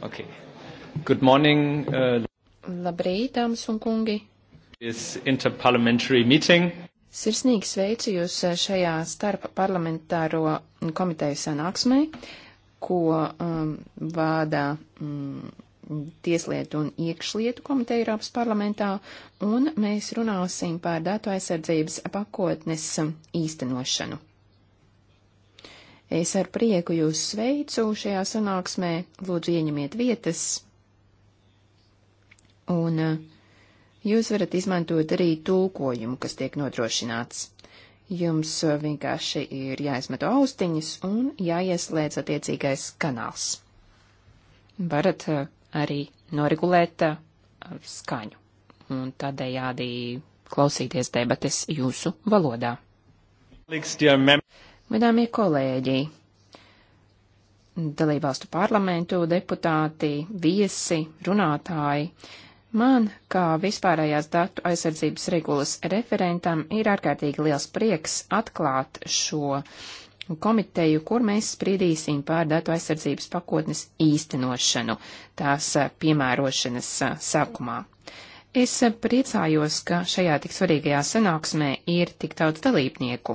Okay. Good morning. Uh, Labrīt, dāmas un kungi. This interparliamentary meeting. Sirsnīgi sveicu jūs uh, šajā starp parlamentāro komiteju sanāksmē, ko um, vādā um, mm, Tieslietu un iekšlietu komiteja Eiropas parlamentā, un mēs runāsim par datu aizsardzības pakotnes um, īstenošanu. Es ar prieku jūs sveicu šajā sanāksmē, lūdzu ieņemiet vietas, un eh, jūs varat izmantot arī tulkojumu, kas tiek nodrošināts. Jums eh, vienkārši ir jāizmeto austiņas un jāieslēdz attiecīgais kanāls. Varat eh, arī noregulēt skaņu un tādējādi klausīties debates jūsu valodā. Liks, Godāmie kolēģi, dalībvalstu parlamentu deputāti, viesi, runātāji, man, kā vispārējās datu aizsardzības regulas referentam, ir ārkārtīgi liels prieks atklāt šo komiteju, kur mēs sprīdīsim pār datu aizsardzības pakotnes īstenošanu tās piemērošanas sākumā. Uh, Es priecājos, ka šajā tik svarīgajā sanāksmē ir tik daudz dalībnieku,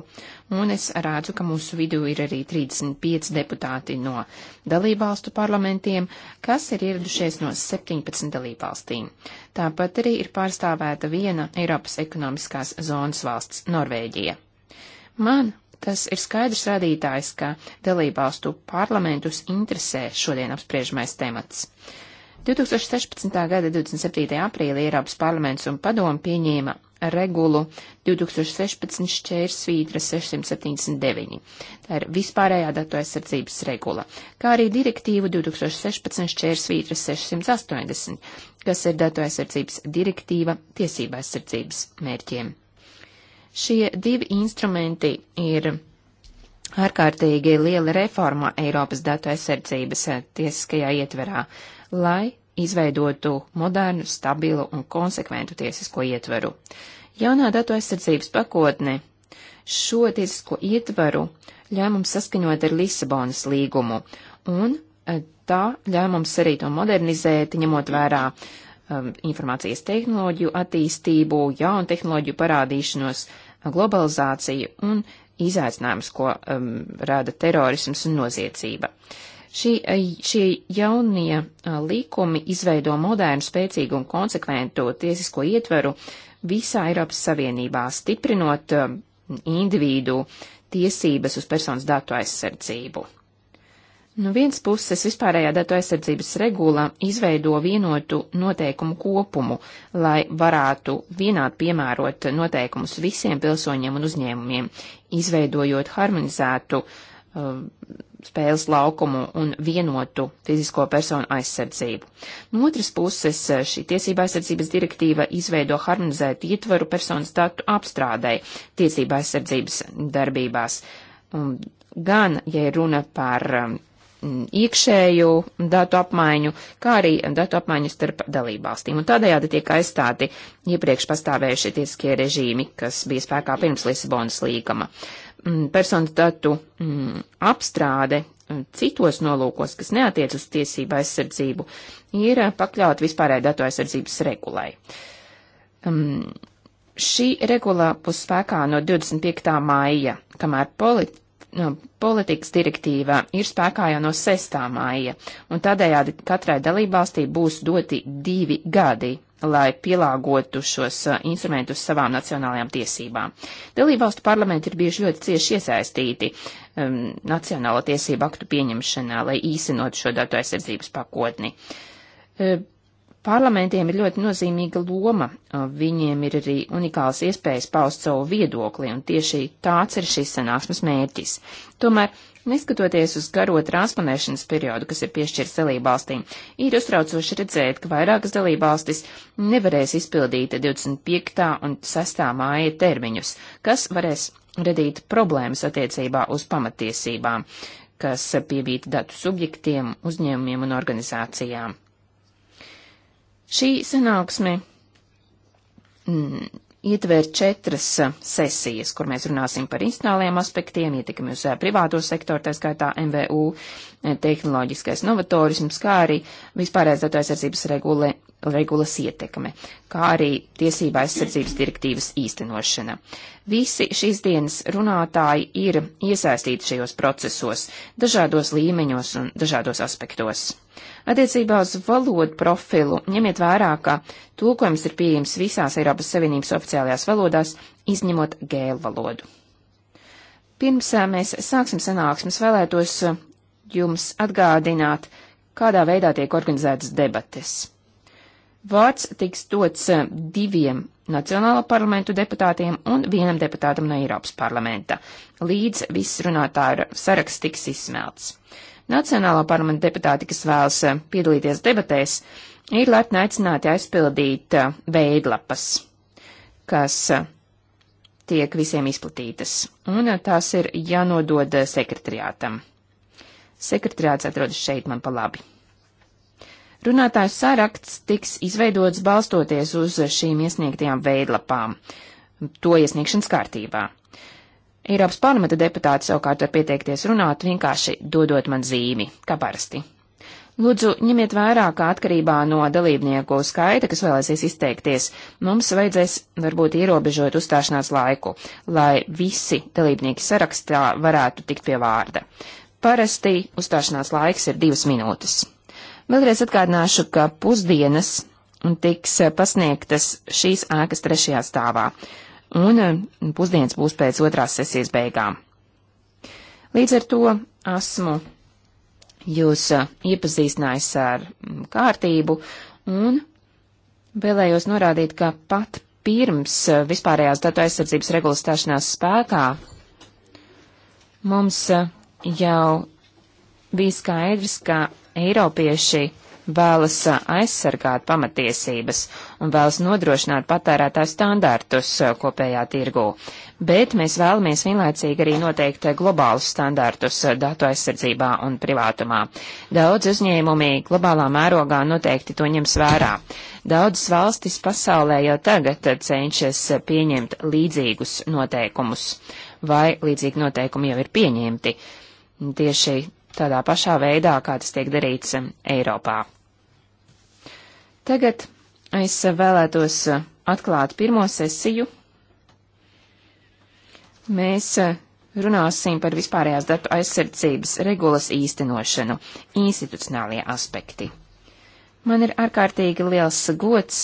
un es redzu, ka mūsu vidū ir arī 35 deputāti no dalībvalstu parlamentiem, kas ir ieradušies no 17 dalībvalstīm. Tāpat arī ir pārstāvēta viena Eiropas ekonomiskās zonas valsts - Norvēģija. Man tas ir skaidrs rādītājs, ka dalībvalstu parlamentus interesē šodien apspriežamais temats. 2016. gada 27. aprīlī Eiropas parlaments un padomu pieņēma regulu 2016 šķērsvītra 679. Tā ir vispārējā datu aizsardzības regula, kā arī direktīvu 2016 šķērsvītra 680, kas ir datu aizsardzības direktīva tiesībā aizsardzības mērķiem. Šie divi instrumenti ir ārkārtīgi liela reforma Eiropas datu aizsardzības tiesiskajā ietverā lai izveidotu modernu, stabilu un konsekventu tiesisko ietvaru. Jaunā datu aizsardzības pakotne šo tiesisko ietvaru ļēmums saskaņot ar Lisabonas līgumu, un eh, tā ļēmums arī to modernizēt, ņemot vērā um, informācijas tehnoloģiju attīstību, jaunu tehnoloģiju parādīšanos, globalizāciju un izaicinājumus, ko um, rada terorisms un noziedzība. Uh, Šī, šie jaunie likumi izveido modernu, spēcīgu un konsekventu tiesisko ietveru visā Eiropas Savienībā, stiprinot individu tiesības uz personas datu aizsardzību. No nu, vienas puses vispārējā datu aizsardzības regula izveido vienotu noteikumu kopumu, lai varētu vienādi piemērot noteikumus visiem pilsoņiem un uzņēmumiem, izveidojot harmonizētu uh, spēles laukumu un vienotu fizisko personu aizsardzību. No otras puses, šī tiesība aizsardzības direktīva izveido harmonizētu ietvaru personas datu apstrādē tiesība aizsardzības darbībās. Gan, ja runa par um, iekšēju datu apmaiņu, kā arī datu apmaiņu starp dalībvalstīm. Un tādējādi tiek aizstāti iepriekš pastāvējušie tiesiskie režīmi, kas bija spēkā pirms Lisabonas līguma. Uh, Mm, personu datu mm, apstrāde mm, citos nolūkos, kas neatiec uz tiesību aizsardzību, ir eh, pakļaut vispārēj datu aizsardzības regulai. Um, šī regula būs spēkā no 25. maija, kamēr politi no, politikas direktīva ir spēkā jau no 6. maija, un tādējādi katrai dalībvalstī būs doti divi gadi lai pielāgotu šos uh, instrumentus savām nacionālajām tiesībām. Dalībvalstu parlamenti ir bieži ļoti cieši iesaistīti um, nacionālo tiesību aktu pieņemšanā, lai īstenot šo datu aizsardzības pakotni. E, parlamentiem ir ļoti nozīmīga loma, uh, viņiem ir arī unikāls iespējas paust savu viedokli, un tieši tāds ir šis sanāksmes mērķis. Tomēr Neskatoties uz garo transponēšanas periodu, kas ir piešķirts dalībvalstīm, ir uztraucoši redzēt, ka vairākas dalībvalstis nevarēs izpildīt 25. un 6. māja termiņus, kas varēs radīt problēmas attiecībā uz pamatiesībām, kas piebīta datu subjektiem, uzņēmumiem un organizācijām. Šī sanāksme mm, ietver četras eh, sesijas, kur mēs runāsim par institucionālajiem aspektiem, ietekmi uz eh, privāto sektoru, tā skaitā MVU, eh, tehnoloģiskais novatorisms, kā arī vispārējais datu aizsardzības regula, regulas ietekme, kā arī tiesībā aizsardzības direktīvas īstenošana. Visi šīs dienas runātāji ir iesaistīti šajos procesos, dažādos līmeņos un dažādos aspektos. Attiecībā uz valodu profilu ņemiet vērā, ka tulkojums ir pieejams visās Eiropas Savienības oficiālajās valodās, izņemot gēlu valodu. Pirms mēs sāksim sanāksmes, vēlētos jums atgādināt, kādā veidā tiek organizētas debates. Vārds tiks dots eh, diviem Nacionālo parlamentu deputātiem un vienam deputātam no Eiropas parlamenta, līdz viss runātāju saraksts tiks izsmelts. Nacionālo parlamentu deputāti, kas vēlas eh, piedalīties debatēs, ir lepni aicināti aizpildīt eh, veidlapas, kas tiek visiem izplatītas, un tās ir jānodod sekretariātam. Sekretariāts atrodas šeit man pa labi. Runātājs saraksts tiks izveidots balstoties uz šīm iesniegtajām veidlapām, to iesniegšanas kārtībā. Eiropas parlamenta deputāti savukārt var pieteikties runāt vienkārši dodot man zīmi, kā parasti. Lūdzu, ņemiet vērā, ka atkarībā no dalībnieku skaita, kas vēlēsies izteikties, mums vajadzēs varbūt ierobežot uzstāšanās laiku, lai visi dalībnieki sarakstā varētu tikt pie vārda. Parasti uzstāšanās laiks ir divas minūtes. Vēlreiz atgādināšu, ka pusdienas tiks eh, pasniegtas šīs ēkas trešajā stāvā, un eh, pusdienas būs pēc otrās sesijas beigām. Līdz ar to esmu jūs eh, iepazīstinājis ar mm, kārtību, un vēlējos norādīt, ka pat pirms vispārējās datu aizsardzības regulas stāšanās spēkā mums jau bija skaidrs, ka Eiropieši vēlas uh, aizsargāt pamatiesības un vēlas nodrošināt patērētāju standārtus uh, kopējā tirgū, bet mēs vēlamies vienlaicīgi arī noteikt uh, globālus standārtus datu aizsardzībā un privātumā. Daudz uzņēmumi globālā mērogā noteikti to ņems vērā. Daudzas valstis pasaulē jau tagad cenšas pieņemt līdzīgus noteikumus, vai līdzīgi noteikumi jau ir pieņemti. Tieši tādā pašā veidā, kā tas tiek darīts um, Eiropā. Tagad es vēlētos uh, atklāt pirmo sesiju. Mēs uh, runāsim par vispārējās darba aizsardzības regulas īstenošanu, institucionālie aspekti. Man ir ārkārtīgi liels gods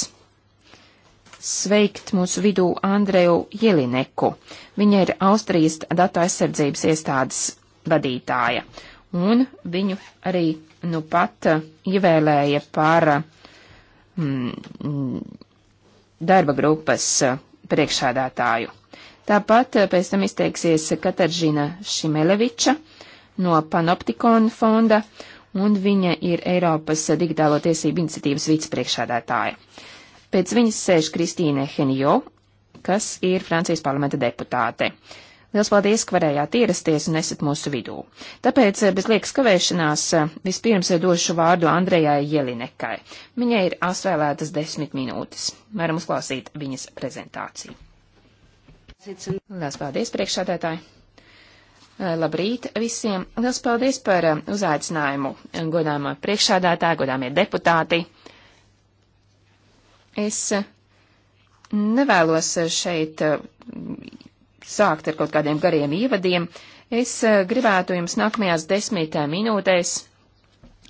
sveikt mūsu vidū Andreju Jelineku. Viņa ir Austrijas datu aizsardzības iestādes vadītāja un viņu arī nu pat eh, ievēlēja par eh, mm, darba grupas eh, priekšādātāju. Tāpat pēc tam izteiksies Katarzyna Šimeleviča no Panoptikona fonda, un viņa ir Eiropas digitālo tiesību iniciatīvas vicepriekšādātāja. Pēc viņas sēž Kristīne Henjo, kas ir Francijas parlamenta deputāte. Uh, Liels paldies, ka varējāt ierasties un esat mūsu vidū. Tāpēc eh, bez liekas kavēšanās eh, vispirms eh, došu vārdu Andrejai Jelinekai. Viņai ir asvēlētas desmit minūtes. Varam uzklausīt viņas prezentāciju. Liels paldies, priekšsādētāji! Labrīt visiem! Liels paldies par uzaicinājumu, godāmā priekšādātāja, godāmie deputāti! Es nevēlos šeit sākt ar kaut kādiem gariem ievadiem. Es eh, gribētu jums nākamajās desmitā eh, minūtēs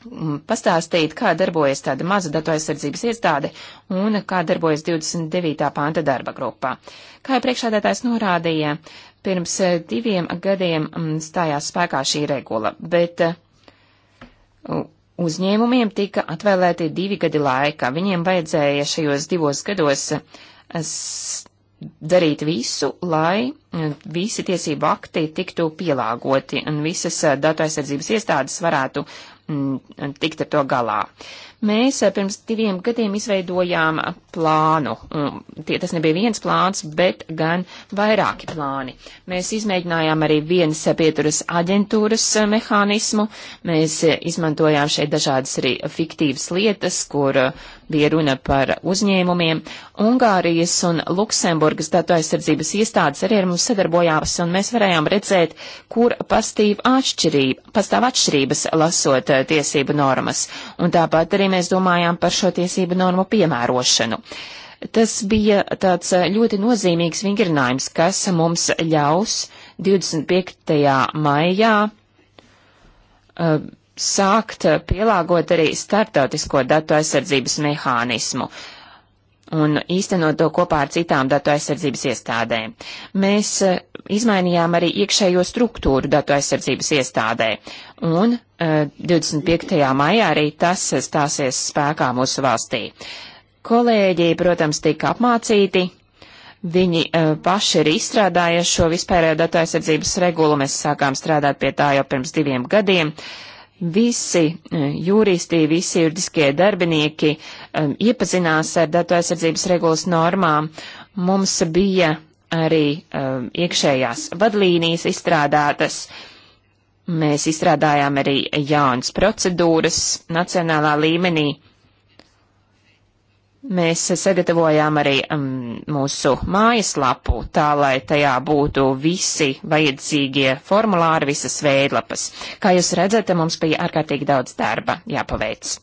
mm, pastāstīt, kā darbojas tāda maza datu aizsardzības iestāde un kā darbojas 29. panta darba grupā. Kā jau priekšādātājs norādīja, pirms eh, diviem gadiem mm, stājās spēkā šī regula, bet uzņēmumiem tika atvēlēti divi gadi laika. Viņiem vajadzēja šajos divos gados darīt visu, lai eh, visi tiesību akti tiktu pielāgoti un visas eh, datu aizsardzības iestādes varētu mm, tikt ar to galā. Uh, Mēs eh, pirms diviem gadiem izveidojām eh, plānu. Mm, tie tas nebija viens plāns, bet gan vairāki plāni. Mēs izmēģinājām arī vienas eh, pieturas aģentūras mehānismu. Mēs izmantojām šeit dažādas arī fiktīvas lietas, kur bija runa par uzņēmumiem. Ungārijas un Luksemburgas datu aizsardzības iestādes arī ar mums sadarbojās, un mēs varējām redzēt, kur pastāv atšķirība, pastāv atšķirības lasot tiesību normas. Un tāpat arī arī mēs domājām par šo tiesību normu piemērošanu. Tas bija tāds eh, ļoti nozīmīgs vingrinājums, kas mums ļaus 25. maijā uh, sākt pielāgot arī starptautisko datu aizsardzības mehānismu. Uh, un īstenot to kopā ar citām datu aizsardzības iestādēm. Mēs eh, izmainījām arī iekšējo struktūru datu aizsardzības iestādē, un 25. Eh, maijā arī tas stāsies spēkā mūsu valstī. Kolēģi, protams, tika apmācīti, Viņi uh, paši ir izstrādājuši šo vispārējo datu aizsardzības regulu, mēs sākām strādāt pie tā jau pirms diviem gadiem. Uh, visi e, jūristī, visi juridiskie darbinieki e, iepazinās ar datu aizsardzības regulas normām. Mums bija arī e, iekšējās vadlīnijas izstrādātas. Mēs izstrādājām arī jaunas procedūras nacionālā līmenī. Mēs sagatavojām arī um, mūsu mājaslapu, tā lai tajā būtu visi vajadzīgie formulāri, visas veidlapas. Kā jūs redzat, mums bija ārkārtīgi daudz darba jāpaveic.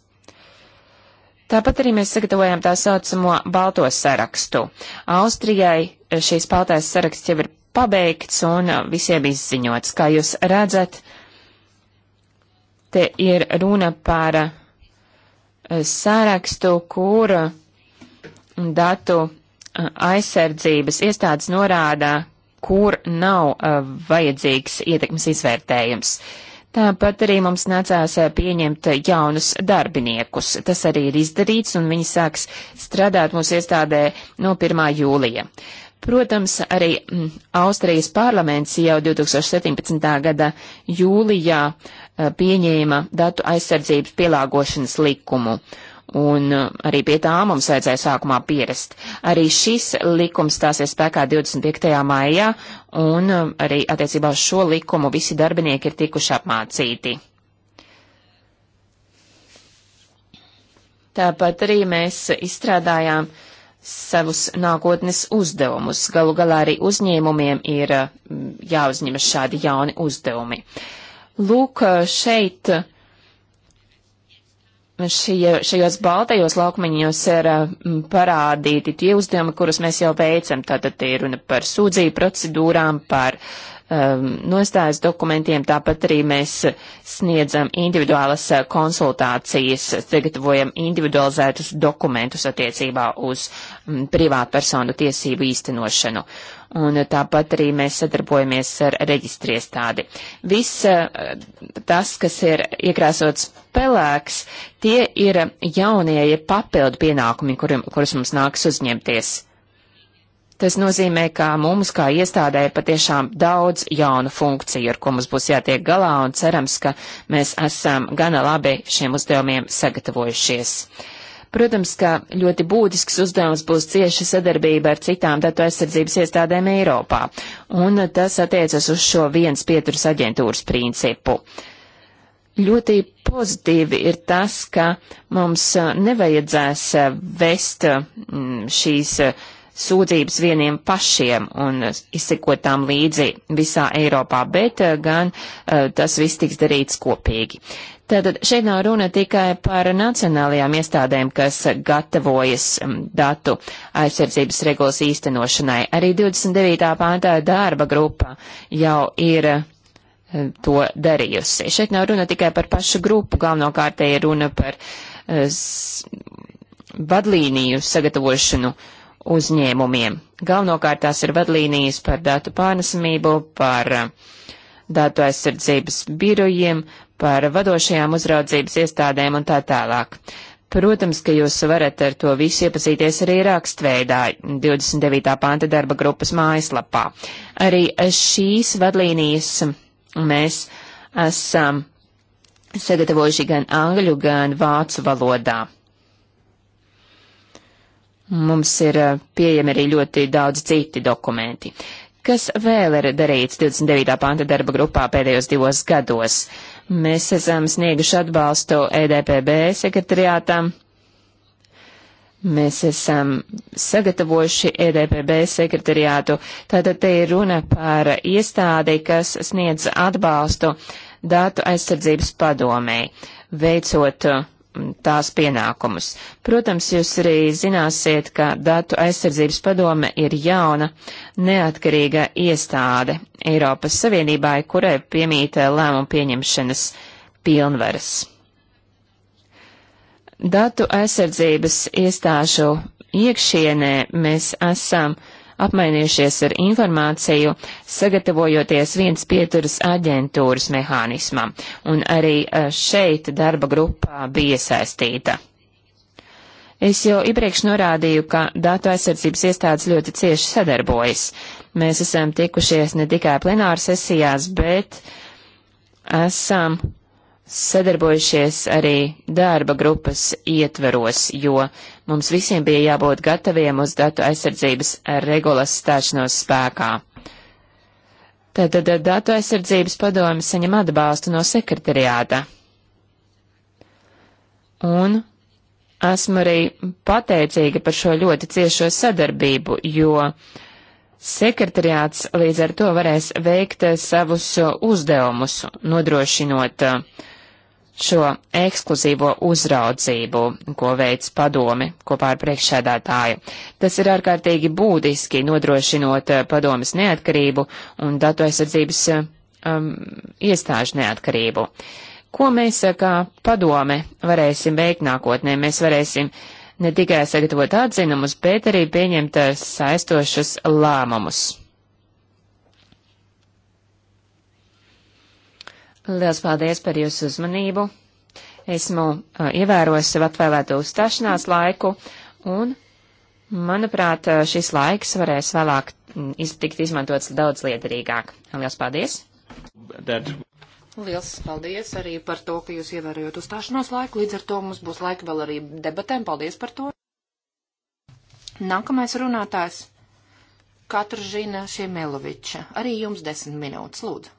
Tāpat arī mēs sagatavojām tā saucamo balto sarakstu. Austrijai šīs baltais saraksts jau ir pabeigts un uh, visiem izziņots. Kā jūs redzat, te ir runa par uh, sarakstu, kura datu aizsardzības iestādes norāda, kur nav uh, vajadzīgs ietekmes izvērtējums. Tāpat arī mums nācās pieņemt jaunus darbiniekus. Tas arī ir izdarīts, un viņi sāks strādāt mūsu iestādē no 1. jūlija. Protams, arī m, Austrijas parlaments jau 2017. gada jūlijā uh, pieņēma datu aizsardzības pielāgošanas likumu. Uh, un uh, arī pie tā mums vajadzēja sākumā pierast. Arī šis likums stāsies spēkā 25. maijā, un um, arī attiecībā uz šo likumu visi darbinieki ir tikuši apmācīti. Tāpat arī mēs izstrādājām savus nākotnes uzdevumus. Galu galā arī uzņēmumiem ir uh, jāuzņemas šādi jauni uzdevumi. Lūk, uh, šeit uh, šie, šajos baltajos laukumiņos ir mm, parādīti tie uzdevumi, kurus mēs jau veicam. Tātad ir runa par sūdzību procedūrām, par uh, um, nostājas dokumentiem, tāpat arī mēs sniedzam individuālas uh, konsultācijas, sagatavojam individualizētus dokumentus attiecībā uz um, privātpersonu tiesību īstenošanu. Un uh, tāpat arī mēs sadarbojamies ar reģistriestādi. Viss uh, tas, kas ir iekrāsots pelēks, tie ir jaunie ja papildu pienākumi, kuriem, kurus mums nāks uzņemties. Tas nozīmē, ka mums kā iestādē patiešām daudz jaunu funkciju, ar ko mums būs jātiek galā, un cerams, ka mēs esam gana labi šiem uzdevumiem sagatavojušies. Protams, ka ļoti būtisks uzdevums būs cieša sadarbība ar citām datu aizsardzības iestādēm Eiropā, un tas attiecas uz šo viens pieturas aģentūras principu. Ļoti pozitīvi ir tas, ka mums nevajadzēs vest mm, šīs uh, sūdzības vieniem pašiem un izsekot tām līdzi visā Eiropā, bet eh, gan eh, tas viss tiks darīts kopīgi. Tātad šeit nav runa tikai par nacionālajām iestādēm, kas gatavojas mm, datu aizsardzības regulas īstenošanai. Arī 29. pāntā darba grupa jau ir eh, to darījusi. Šeit nav runa tikai par pašu grupu, galvenokārt ir runa par vadlīniju sagatavošanu uh, uzņēmumiem. Galvenokārt tās ir vadlīnijas par datu pārnesamību, par uh, datu aizsardzības birojiem, par vadošajām uzraudzības iestādēm un tā tālāk. Protams, ka jūs varat ar to visu iepazīties arī rakstveidā 29. panta darba grupas mājaslapā. Arī šīs vadlīnijas mēs esam sagatavojuši gan angļu, gan vācu valodā. Mums ir eh, pieejami arī ļoti daudz citi dokumenti. Kas vēl ir darīts 29. panta darba grupā pēdējos divos gados? Mēs esam snieguši atbalstu EDPB sekretariātam. Mēs esam sagatavojuši EDPB sekretariātu. Tātad te ir runa par iestādi, kas sniedz atbalstu datu aizsardzības padomēji, veicot uh, tās pienākumus. Protams, jūs arī zināsiet, ka Datu aizsardzības padome ir jauna, neatkarīga iestāde Eiropas Savienībai, kurai piemīta lēmumu pieņemšanas pilnvaras. Datu aizsardzības iestāžu iekšienē mēs esam uh, apmainījušies ar informāciju, sagatavojoties viens pieturas aģentūras mehānismam, un arī e, šeit darba grupā bija iesaistīta. Es jau iepriekš norādīju, ka datu aizsardzības iestādes ļoti cieši sadarbojas. Mēs esam tikušies ne tikai plenāra sesijās, bet esam sadarbojušies arī darba grupas ietveros, jo mums visiem bija jābūt gataviem uz datu aizsardzības regulas stāšanos spēkā. Tātad datu aizsardzības padomi saņem atbalstu no sekretariāta. Un esmu arī pateicīga par šo ļoti ciešo sadarbību, jo sekretariāts līdz ar to varēs veikt savus uzdevumus, nodrošinot uh, šo ekskluzīvo uzraudzību, ko veids padomi kopā ar priekšsēdētāju. Tas ir ārkārtīgi būtiski nodrošinot eh, padomas neatkarību un datu aizsardzības eh, um, iestāžu neatkarību. Ko mēs eh, kā padome varēsim veikt nākotnē? Mēs varēsim ne tikai sagatavot atzinumus, bet arī pieņemt saistošus lēmumus. Liels paldies par jūsu uzmanību. Esmu uh, ievērojis sev atvēlēto uzstāšanās laiku, un, manuprāt, uh, šis laiks varēs vēlāk mm, tikt izmantots daudz liederīgāk. Liels paldies! That... Liels paldies arī par to, ka jūs ievērojot uzstāšanos laiku. Līdz ar to mums būs laika vēl arī debatēm. Paldies par to. Nākamais runātājs - Katržina Šiemeloviča. Arī jums desmit minūtes, lūdzu.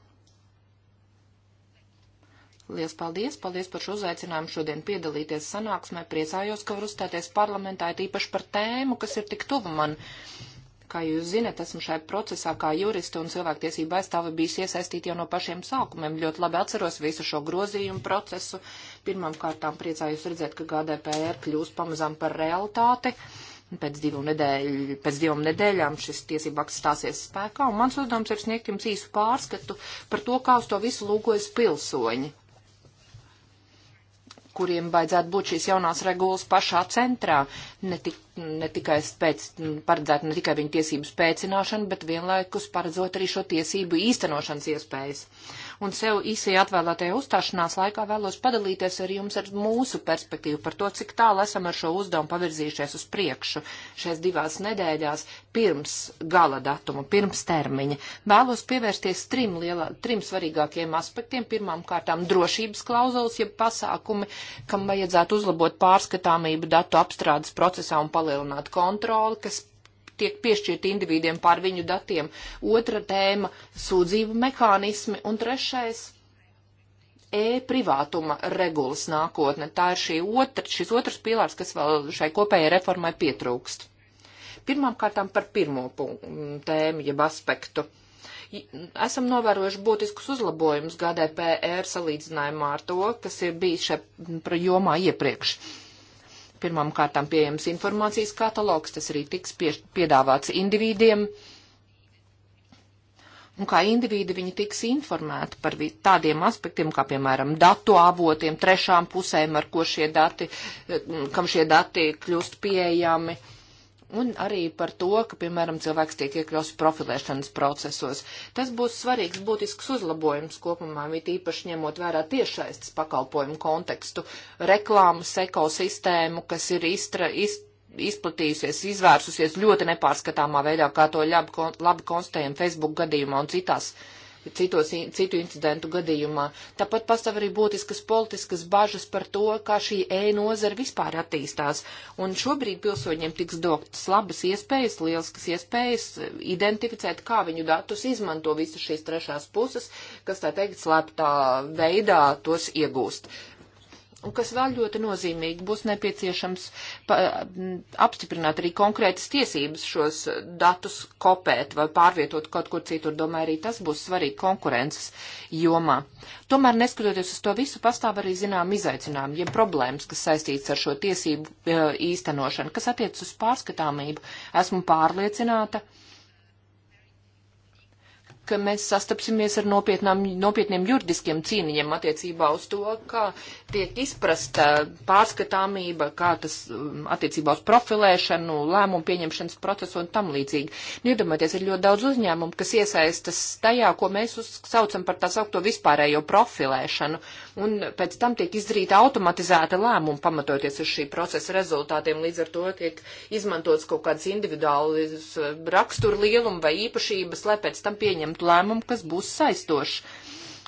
Liels paldies! Paldies par šo uzaicinājumu šodien piedalīties sanāksmē. Priecājos, ka var uzstāties parlamentā, tīpaši par tēmu, kas ir tik tuva man. Kā jūs zinat, esmu šajā procesā kā jurista un cilvēktiesība aizstāve bijis iesaistīti jau no pašiem sākumiem. Ļoti labi atceros visu šo grozījumu procesu. Pirmām kārtām priecājos redzēt, ka GDPR kļūst pamazām par realitāti. Pēc, nedēļ, pēc divām nedēļām šis tiesībāks stāsies spēkā, un mans uzdevums ir sniegt jums īsu pārskatu par to, kā uz to visu lūgojas pilsoņi kuriem vajadzētu būt šīs jaunās regulas pašā centrā, ne, tik, ne tikai spēc, paredzēt ne tikai viņu tiesību spēcināšanu, bet vienlaikus paredzot arī šo tiesību īstenošanas iespējas. Uh, un sev īsī atvēlētajā uzstāšanās laikā vēlos padalīties ar jums ar mūsu perspektīvu par to, cik tālu esam ar šo uzdevumu pavirzījušies uz priekšu šajās divās nedēļās pirms gala datuma, pirms termiņa. Vēlos pievērsties trim, lielā, trim svarīgākiem aspektiem. Pirmām kārtām drošības klauzulas, jeb ja pasākumi, kam vajadzētu uzlabot pārskatāmību datu apstrādes procesā un palielināt kontroli, kas tiek piešķirti individiem pār viņu datiem. Otra tēma - sūdzību mehānismi. Un trešais e-privātuma regulas nākotne. Tā ir šī otra, šis otrs pilārs, kas vēl šai kopējai reformai pietrūkst. Pirmām kārtām par pirmo tēmu, jeb aspektu. Esam novērojuši būtiskus uzlabojumus GDPR salīdzinājumā ar to, kas ir bijis šai jomā iepriekš. Uh, Pirmām kārtām pieejams informācijas katalogs, tas arī tiks pie, piedāvāts individiem. Un kā individi viņi tiks informēti par tādiem aspektiem, kā piemēram datu avotiem, trešām pusēm, ar ko šie dati, eh, kam šie dati kļūst pieejami. Uh, un arī par to, ka, piemēram, cilvēks tiek iekļauts profilēšanas procesos. Tas būs svarīgs, būtisks uzlabojums kopumā, it īpaši ņemot vērā tiešaistas pakalpojumu kontekstu, reklāmas ekosistēmu, kas ir iztra, iz, izplatījusies, izvērsusies ļoti nepārskatāmā veidā, kā to ļab, labi konstatējam Facebook gadījumā un citās uh, citos, citu incidentu gadījumā. Tāpat pastāv arī būtiskas politiskas bažas par to, kā šī e-nozara vispār attīstās. Un šobrīd pilsoņiem tiks dotas labas iespējas, lieliskas iespējas identificēt, kā viņu datus izmanto visas šīs trešās puses, kas tā teikt slēptā veidā tos iegūst un kas vēl ļoti nozīmīgi, būs nepieciešams pa, apstiprināt arī konkrētas tiesības šos datus kopēt vai pārvietot kaut kur citur. Domāju, arī tas būs svarīgi konkurences jomā. Tomēr, neskatoties uz to visu, pastāv arī zinām izaicinājumi, ja problēmas, kas saistīts ar šo tiesību e, īstenošanu, kas attiec uz pārskatāmību, esmu pārliecināta, ka mēs sastapsimies ar nopietniem juridiskiem cīniņiem attiecībā uz to, kā tiek izprasta pārskatāmība, kā tas um, attiecībā uz profilēšanu, lēmumu pieņemšanas procesu un tam līdzīgi. Nu, iedomājieties, ir ļoti daudz uzņēmumu, kas iesaistas tajā, ko mēs saucam par tā saukto vispārējo profilēšanu, un pēc tam tiek izdarīta automatizēta lēmuma pamatoties uz šī procesa rezultātiem. Līdz ar to tiek izmantots kaut kāds individuāls uh, rakstura lielums vai īpašības, lai pēc tam pieņemtu pieņemt lēmumu, kas būs saistošs.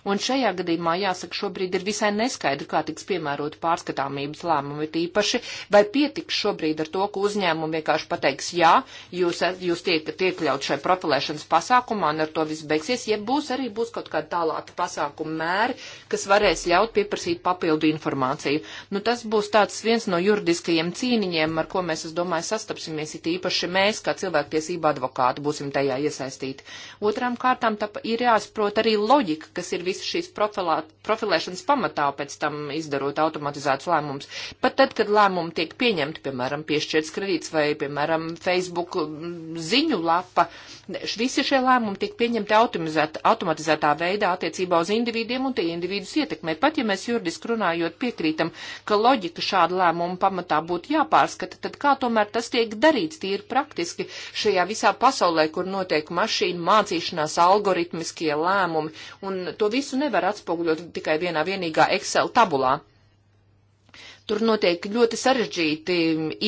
Un šajā gadījumā, jāsaka, šobrīd ir visai neskaidri, kā tiks piemērot pārskatāmības lēmumi tīpaši, vai pietiks šobrīd ar to, ka uzņēmumi vienkārši pateiks, jā, jūs, jūs tiek, tiek ļaut šai profilēšanas pasākumā un ar to viss beigsies, ja būs arī būs kaut kāda tālāka pasākuma mēri, kas varēs ļaut pieprasīt papildu informāciju. Nu, tas būs tāds viens no juridiskajiem cīniņiem, ar ko mēs, es domāju, sastapsimies, it īpaši mēs, kā cilvēktiesība advokāti, būsim tajā iesaistīti. Otrām kārtām ir jāsaprot arī loģika, kas ir visu šīs profilā, profilēšanas pamatā, pēc tam izdarot automatizētus lēmumus. Pat tad, kad lēmumi tiek pieņemti, piemēram, piešķirts kredīts vai, piemēram, Facebook ziņu lapa, visi šie lēmumi tiek pieņemti automatizētā veidā attiecībā uz individiem un tie individus ietekmē. Pat ja mēs juridiski runājot piekrītam, ka loģika šāda lēmuma pamatā būtu jāpārskata, tad kā tomēr tas tiek darīts tīri praktiski šajā visā pasaulē, kur notiek mašīna mācīšanās, algoritmiskie lēmumi un to visu visu nevar atspoguļot tikai vienā vienīgā Excel tabulā. Tur notiek ļoti sarežģīti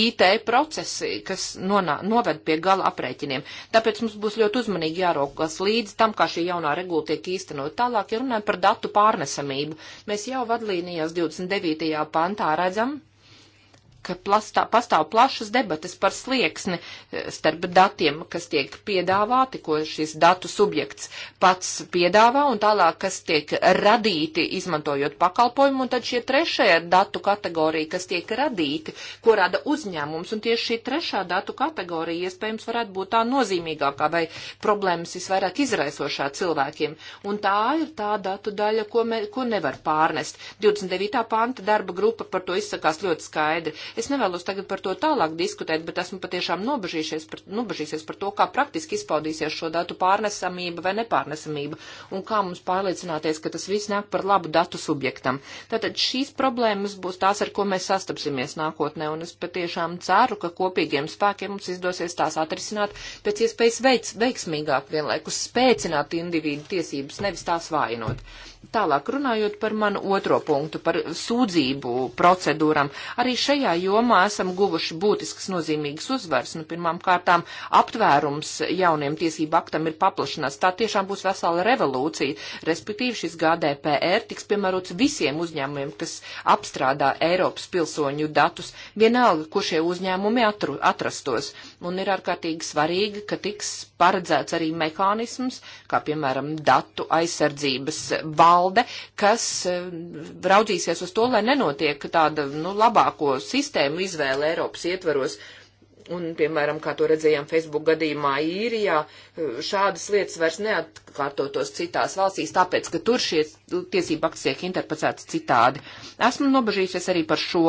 IT procesi, kas nonā, noved pie gala aprēķiniem. Tāpēc mums būs ļoti uzmanīgi jāraukas līdz tam, kā šī jaunā regula tiek īstenot. Tālāk, ja runājam par datu pārnesamību, mēs jau vadlīnijās 29. pantā redzam, ka plastā, pastāv plašas debatas par slieksni e, starp datiem, kas tiek piedāvāti, ko šis datu subjekts pats piedāvā, un tālāk, kas tiek radīti, izmantojot pakalpojumu, un tad šie trešajā datu kategorija, kas tiek radīti, ko rada uzņēmums, un tieši šī trešā datu kategorija iespējams varētu būt tā nozīmīgākā vai problēmas visvairāk izraisošā cilvēkiem, un tā ir tā datu daļa, ko, me, ko nevar pārnest. 29. panta darba grupa par to izsakās ļoti skaidri Es nevēlos tagad par to tālāk diskutēt, bet esmu patiešām nobežīsies par, nobežīsies par to, kā praktiski izpaudīsies šo datu pārnesamība vai nepārnesamība un kā mums pārliecināties, ka tas viss nāk par labu datu subjektam. Tātad šīs problēmas būs tās, ar ko mēs sastapsimies nākotnē, un es patiešām ceru, ka kopīgiem spēkiem mums izdosies tās atrisināt pēc iespējas veiks, veiksmīgāk vienlaikus spēcināt individu tiesības, nevis tās vājinot. Tālāk runājot par manu otro punktu, par sūdzību procedūram, arī šajā jomā esam guvuši būtiskas nozīmīgas uzvaras. Nu, pirmām kārtām aptvērums jauniem tiesību aktam ir paplašanās. Tā tiešām būs vesela revolūcija, respektīvi šis GDPR tiks piemērots visiem uzņēmumiem, kas apstrādā Eiropas pilsoņu datus, vienalga, kur šie uzņēmumi atru, atrastos. Un ir ārkārtīgi svarīgi, ka tiks paredzēts arī mehānisms, kā piemēram datu aizsardzības valsts valde, kas eh, raudzīsies uz to, lai nenotiek tāda nu, labāko sistēmu izvēle Eiropas ietveros. Un, piemēram, kā to redzējām Facebook gadījumā īrijā, eh, šādas lietas vairs neatkārtotos citās valstīs, tāpēc, ka tur šie tiesība akti tiek interpretēts citādi. Esmu nobežījusies arī par šo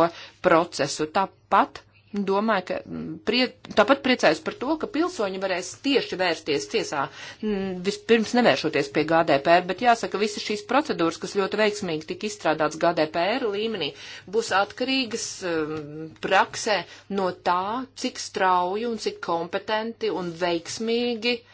procesu. Tāpat Domāju, ka mm, prie, tāpat priecājos par to, ka pilsoņi varēs tieši vērsties tiesā, mm, vispirms nevēršoties pie GDPR, bet jāsaka, visas šīs procedūras, kas ļoti veiksmīgi tika izstrādāts GDPR līmenī, būs atkarīgas mm, praksē no tā, cik strauji un cik kompetenti un veiksmīgi uh,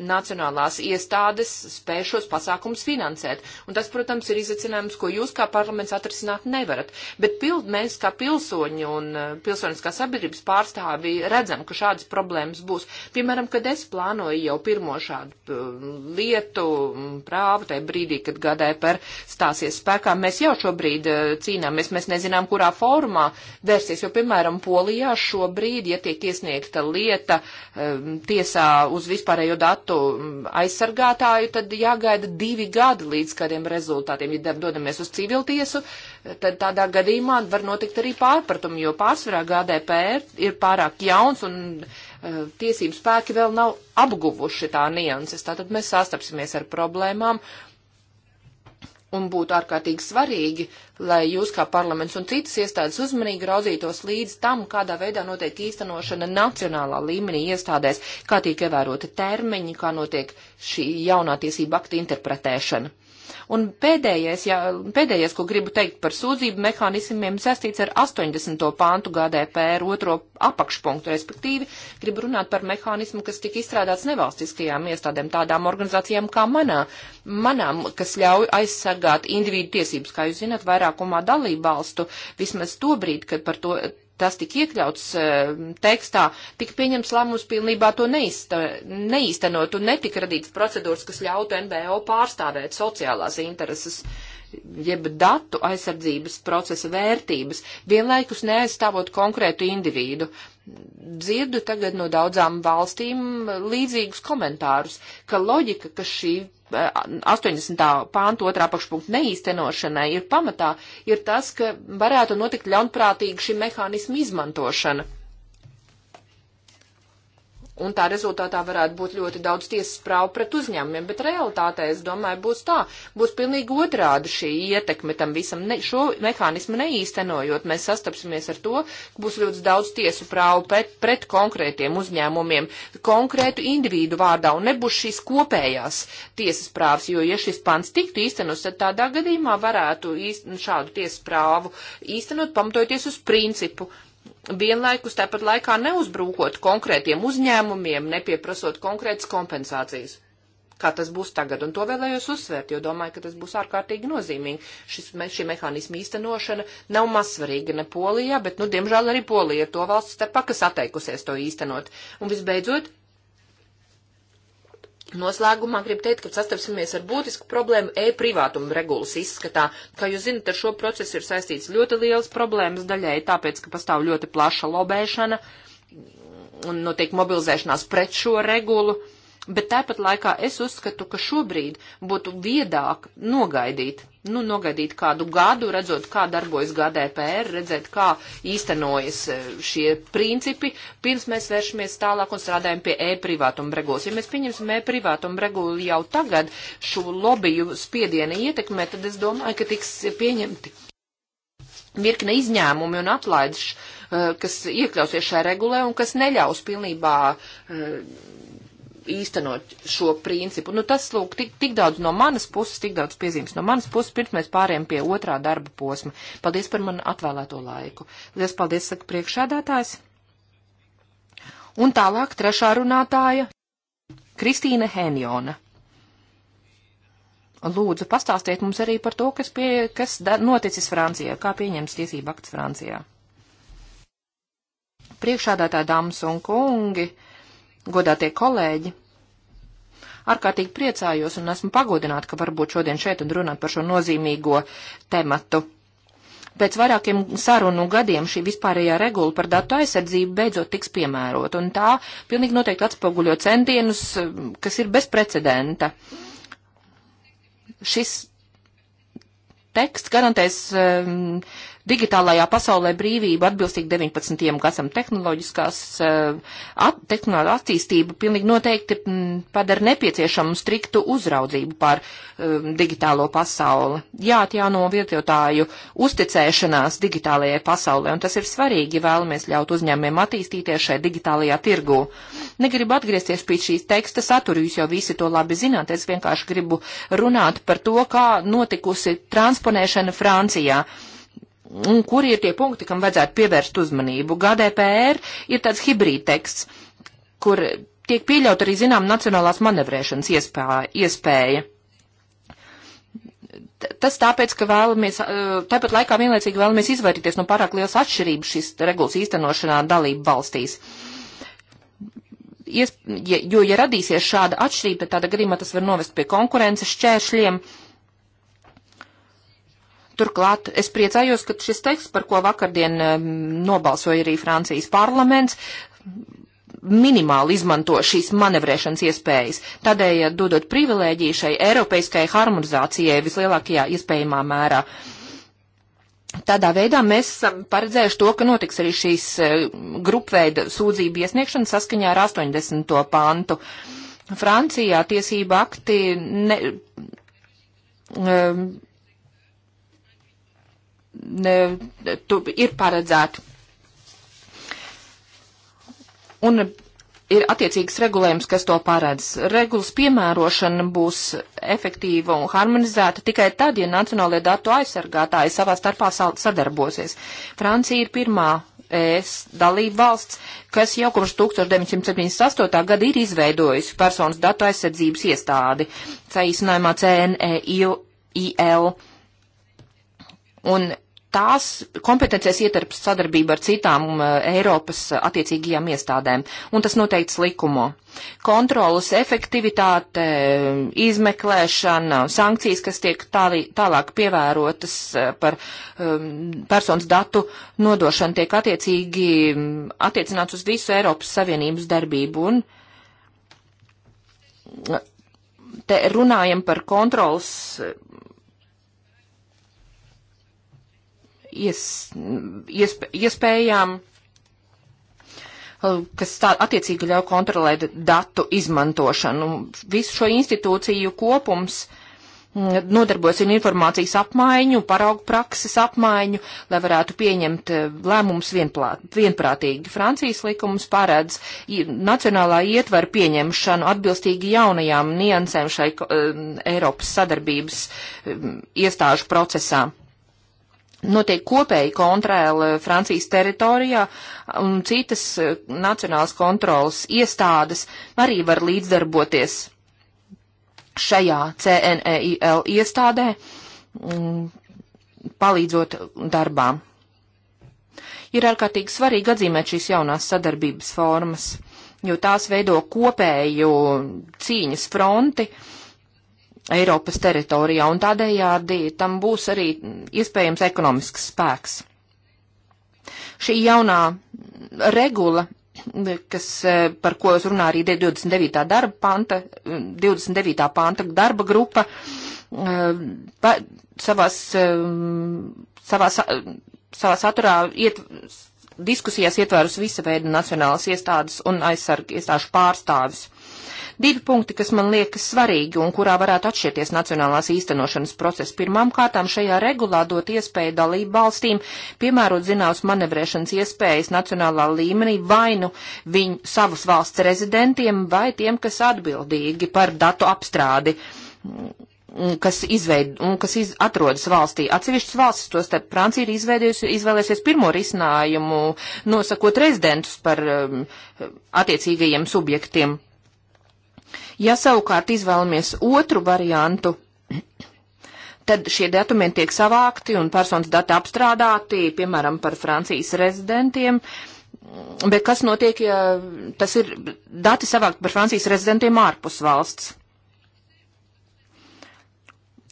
nacionālās iestādes spēj šos pasākumus finansēt. Un tas, protams, ir izaicinājums, ko jūs kā parlaments atrisināt nevarat. Bet pild, mēs kā pilsoņi un uh, pilsoniskā sabiedrības pārstāvji redzam, ka šādas problēmas būs. Piemēram, kad es plānoju jau pirmo šādu um, lietu um, prāvu, tajā brīdī, kad gadē par stāsies spēkā, mēs jau šobrīd uh, cīnāmies, mēs nezinām, kurā formā vērsties, jo, piemēram, Polijā šobrīd, ja tiek iesniegta lieta um, tiesā uz vispārējo datu, datu aizsargātāju, tad jāgaida divi gadi līdz kādiem rezultātiem. Ja dodamies uz civiltiesu, tad tādā gadījumā var notikt arī pārpratumi, jo pārsvarā GDPR ir pārāk jauns un uh, tiesību spēki vēl nav apguvuši tā nianses. Tātad mēs sastapsimies ar problēmām un būtu ārkārtīgi svarīgi, lai jūs kā parlaments un citas iestādes uzmanīgi raudzītos līdz tam, kādā veidā notiek īstenošana nacionālā līmenī iestādēs, kā tiek ievēroti termiņi, kā notiek šī jaunā tiesība akta interpretēšana. Un pēdējais, jā, pēdējais, ko gribu teikt par sūdzību mehānismiem, sastīts ar 80. pāntu GDPR otro apakšpunktu, respektīvi gribu runāt par mehānismu, kas tika izstrādāts nevalstiskajām iestādēm, tādām organizācijām kā manā, manām, kas ļauj aizsargāt individu tiesības, kā jūs zināt, vairākumā dalību valstu, vismaz to brīdi, kad par to tas tika iekļauts e, tekstā, tika pieņems lēmums pilnībā to neizta, neiztenot un netika radītas procedūras, kas ļautu NVO pārstāvēt sociālās intereses. Uh, jeb datu aizsardzības procesa vērtības, vienlaikus neaizstāvot konkrētu individu. Dzirdu tagad no daudzām valstīm līdzīgus komentārus, ka loģika, ka šī 80. Eh, pānta otrā pakšpunkta neīstenošanai ir pamatā, ir tas, ka varētu notikt ļaunprātīgi šī mehānisma izmantošana un tā rezultātā varētu būt ļoti daudz tiesas prāvu pret uzņēmumiem, bet realitātē, es domāju, būs tā, būs pilnīgi otrādi šī ietekme tam visam, ne, šo mehānismu neīstenojot, mēs sastapsimies ar to, ka būs ļoti daudz tiesu prāvu pret, pret konkrētiem uzņēmumiem, konkrētu individu vārdā, un nebūs šīs kopējās tiesas prāvas, jo, ja šis pants tiktu īstenos, tad tādā gadījumā varētu īsten, šādu tiesas prāvu īstenot, pamatojoties uz principu, vienlaikus tāpat laikā neuzbrūkot konkrētiem uzņēmumiem, nepieprasot konkrētas kompensācijas. Kā tas būs tagad, un to vēlējos uzsvērt, jo domāju, ka tas būs ārkārtīgi nozīmīgi. Šis, šī mehānisma īstenošana nav mazsvarīga ne Polijā, bet, nu, diemžēl arī Polija ir to valsts starpā, kas atteikusies to īstenot. Un visbeidzot, Noslēgumā gribu teikt, ka sastapsimies ar būtisku problēmu e-privātuma regulas izskatā. Kā jūs zinat, ar šo procesu ir saistīts ļoti liels problēmas daļai, tāpēc, ka pastāv ļoti plaša lobēšana un notiek mobilizēšanās pret šo regulu. Bet tāpat laikā es uzskatu, ka šobrīd būtu viedāk nogaidīt nu, nogaidīt kādu gadu, redzot, kā darbojas GDPR, redzēt, kā īstenojas e, šie principi, pirms mēs vēršamies tālāk un strādājam pie e-privātuma regulas. Ja mēs pieņemsim e-privātuma regulu jau tagad šo lobiju spiediena ietekmē, tad es domāju, ka tiks pieņemti virkne izņēmumi un atlaides, e, kas iekļausies šajā regulē un kas neļaus pilnībā e, īstenot šo principu. Nu, tas, lūk, tik, tik daudz no manas puses, tik daudz piezīmes no manas puses, pirms mēs pārējām pie otrā darba posma. Paldies par man atvēlēto laiku. Lielas paldies, saka priekšēdētājs. Un tālāk trešā runātāja - Kristīna Henjona. Lūdzu, pastāstiet mums arī par to, kas, pie, kas da, noticis Francijā, kā pieņems tiesība akts Francijā. Priekšādātā dāmas un kungi, godātie kolēģi, ārkārtīgi priecājos un esmu pagodināta, ka varbūt šodien šeit un runāt par šo nozīmīgo tematu. Pēc vairākiem sarunu gadiem šī vispārējā regula par datu aizsardzību beidzot tiks piemērot, un tā pilnīgi noteikti atspoguļo centienus, kas ir bezprecedenta. Šis teksts garantēs um, digitālajā pasaulē brīvība atbilstīgi 19. gadam tehnoloģiskās eh, at, tehnoloģiskā attīstība pilnīgi noteikti mm, padara nepieciešamu striktu uzraudzību pār um, eh, digitālo pasauli. Jāatjāno vietotāju uzticēšanās digitālajai pasaulē, un tas ir svarīgi, ja vēlamies ļaut uzņēmumiem attīstīties šai digitālajā tirgū. Negribu atgriezties pie šīs teksta satura, jūs jau visi to labi zināt, es vienkārši gribu runāt par to, kā notikusi transponēšana Francijā. Uh, un kur ir tie punkti, kam vajadzētu pievērst uzmanību. GDPR ir tāds hibrīdteksts, kur tiek pieļaut arī zinām nacionālās manevrēšanas iespēja. iespēja. Tas tāpēc, ka vēlamies, uh, tāpat laikā vienlaicīgi vēlamies izvairīties no pārāk lielas atšķirības šīs regulas īstenošanā dalību valstīs. Ies, ja, jo, ja radīsies šāda atšķirība, tad tādā gadījumā tas var novest pie konkurences šķēršļiem, uh, Turklāt es priecājos, ka šis teksts, par ko vakardien um, nobalsoja arī Francijas parlaments, minimāli izmanto šīs manevrēšanas iespējas, tādēļ dodot privilēģiju šai Eiropeiskai harmonizācijai vislielākajā iespējamā mērā. Tādā veidā mēs esam paredzējuši to, ka notiks arī šīs uh, grupveida sūdzību iesniegšana saskaņā ar 80. pantu. Francijā tiesība akti ne, um, ne, tu, ir paredzēti. Un ir attiecīgs regulējums, kas to paredz. Regulas piemērošana būs efektīva un harmonizēta tikai tad, ja nacionālajie datu aizsargātāji savā starpā sadarbosies. Francija ir pirmā ES dalība valsts, kas jau kopš 1978. gada ir izveidojusi personas datu aizsardzības iestādi, saīsinājumā CNEIL. Un tās kompetencijas ietarps sadarbība ar citām um, Eiropas uh, attiecīgajām iestādēm, un tas noteikts likumo. Kontrolas efektivitāte, izmeklēšana, sankcijas, kas tiek tālī, tālāk pievērotas uh, par um, personas datu nodošanu, tiek attiecīgi um, attiecināts uz visu Eiropas Savienības darbību. Un uh, te runājam par kontrolas ies, iesp, iespējām, kas tā attiecīgi ļauj kontrolēt datu izmantošanu. Visu šo institūciju kopums mm, nodarbojas ar informācijas apmaiņu, paraugu prakses apmaiņu, lai varētu pieņemt eh, lēmumus vienprātīgi. Francijas likums paredz nacionālā ietvera pieņemšanu atbilstīgi jaunajām niansēm šai uh, Eiropas sadarbības uh, iestāžu procesā. Notiek kopēji kontrēla Francijas teritorijā, un citas e, nacionālas kontrolas iestādes arī var līdzdarboties šajā CNEIL iestādē, mm, palīdzot darbām. Ir ārkārtīgi svarīgi atzīmēt šīs jaunās sadarbības formas, jo tās veido kopēju cīņas fronti, uh, Eiropas teritorijā, un tādējādi tam būs arī iespējams ekonomisks spēks. Šī jaunā regula, kas, eh, par ko es runāju arī 29. darba panta, 29. Mm, panta darba grupa, eh, pa, savās, eh, savā, savā saturā iet, diskusijās ietvērus visa veida nacionālas iestādes un aizsarg iestāžu pārstāvis. Divi punkti, kas man liekas svarīgi un kurā varētu atšķirties nacionālās īstenošanas process. Pirmām kārtām šajā regulā dot iespēju dalību valstīm piemērot zināmas manevrēšanas iespējas nacionālā līmenī vainu viņu savus valsts rezidentiem vai tiem, kas atbildīgi par datu apstrādi mm, kas, izveid, un kas iz, atrodas valstī. Atsevišķas valstis, to starp Francija, ir izvēlēsies pirmo risinājumu, nosakot rezidentus par um, attiecīgajiem subjektiem. Ja savukārt izvēlamies otru variantu, tad šie datumi tiek savākti un personas dati apstrādāti, piemēram, par Francijas rezidentiem. Bet kas notiek, ja tas ir dati savākt par Francijas rezidentiem ārpus valsts?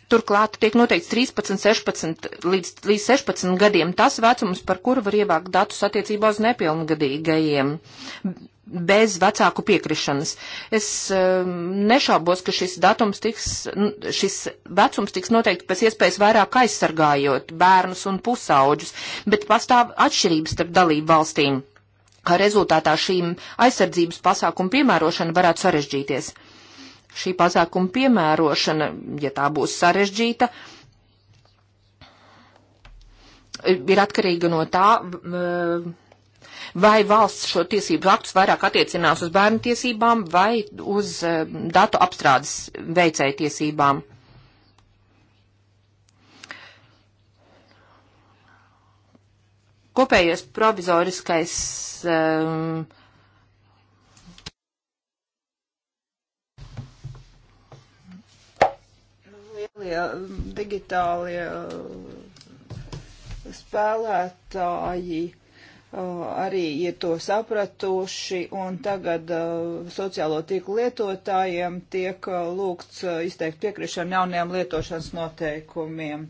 Turklāt tiek noteikts 13, 16 līdz, līdz 16 gadiem tas vecums, par kuru var ievākt datus attiecībā uz nepilngadīgajiem bez vecāku piekrišanas. Es um, nešaubos, ka šis datums tiks, šis vecums tiks noteikti pēc iespējas vairāk aizsargājot bērnus un pusauģus, bet pastāv atšķirības starp dalību valstīm. Kā rezultātā šīm aizsardzības pasākumu piemērošana varētu sarežģīties. Šī pasākuma piemērošana, ja tā būs sarežģīta, ir atkarīga no tā, vai valsts šo tiesību aktus vairāk attiecinās uz bērnu tiesībām vai uz eh, datu apstrādes veicēja tiesībām. Kopējais provizoriskais um, lielie digitālie eh, spēlētāji Uh, arī ir to sapratuši, un tagad uh, sociālo tīklu lietotājiem tiek uh, lūgts uh, izteikt piekrišanu jauniem lietošanas noteikumiem.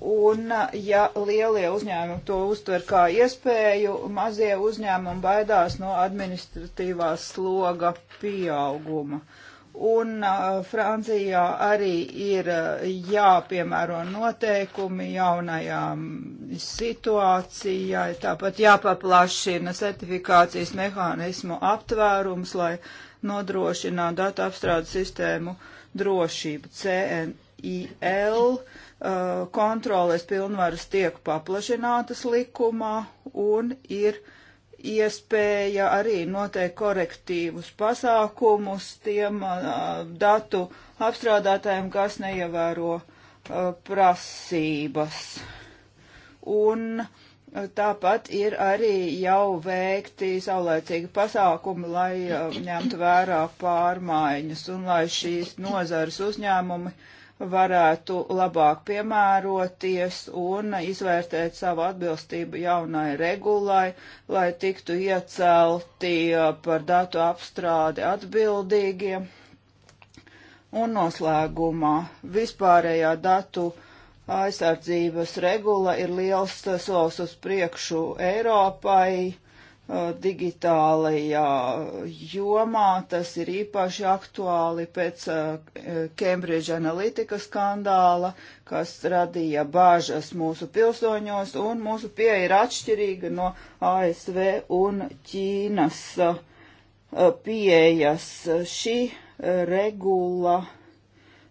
Un, uh, ja lielie uzņēmumi to uztver kā iespēju, mazie uzņēmumi baidās no administratīvā sloga pieauguma. Uh, Un uh, Francijā arī ir uh, jāpiemēro noteikumi jaunajām situācijai, tāpat jāpaplašina certifikācijas mehānismu aptvērums, lai nodrošinātu datu apstrādes sistēmu drošību. CNIL uh, kontroles pilnvaras tiek paplašinātas likumā un ir uh, iespēja arī noteikt korektīvus pasākumus tiem uh, datu apstrādātājiem, kas neievēro uh, prasības. Un uh, tāpat ir arī jau veikti saulēcīgi pasākumi, lai uh, ņemtu vērā pārmaiņas un lai šīs nozares uzņēmumi uh, varētu labāk piemēroties un izvērtēt savu atbilstību jaunai regulai, lai tiktu iecelti uh, par datu apstrādi atbildīgie. Un noslēgumā vispārējā datu aizsardzības regula ir liels solis uz priekšu Eiropai Uh, digitālajā jomā. Tas ir īpaši aktuāli pēc uh, Cambridge Analytica skandāla, kas radīja bāžas mūsu pilsoņos, un mūsu pieeja ir atšķirīga no ASV un Ķīnas uh, pieejas. Šī regula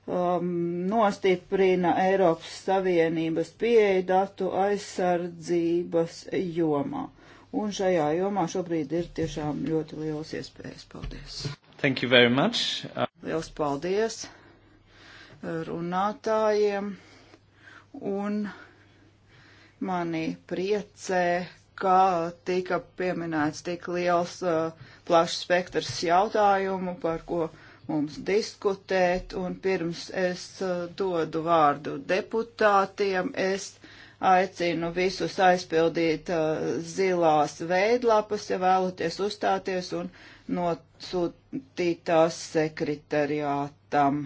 um, nostiprina Eiropas Savienības pieeja datu aizsardzības jomā un šajā jomā šobrīd ir tiešām ļoti liels iespējas. Paldies! Thank you very much! Uh... Liels paldies runātājiem, un mani priecē, kā tika pieminēts tik liels uh, plašs spektrs jautājumu, par ko mums diskutēt, un pirms es uh, dodu vārdu deputātiem, es Aicinu visus aizpildīt uh, zilās veidlapas, ja vēlaties uzstāties un nosūtīt tās sekretariātam.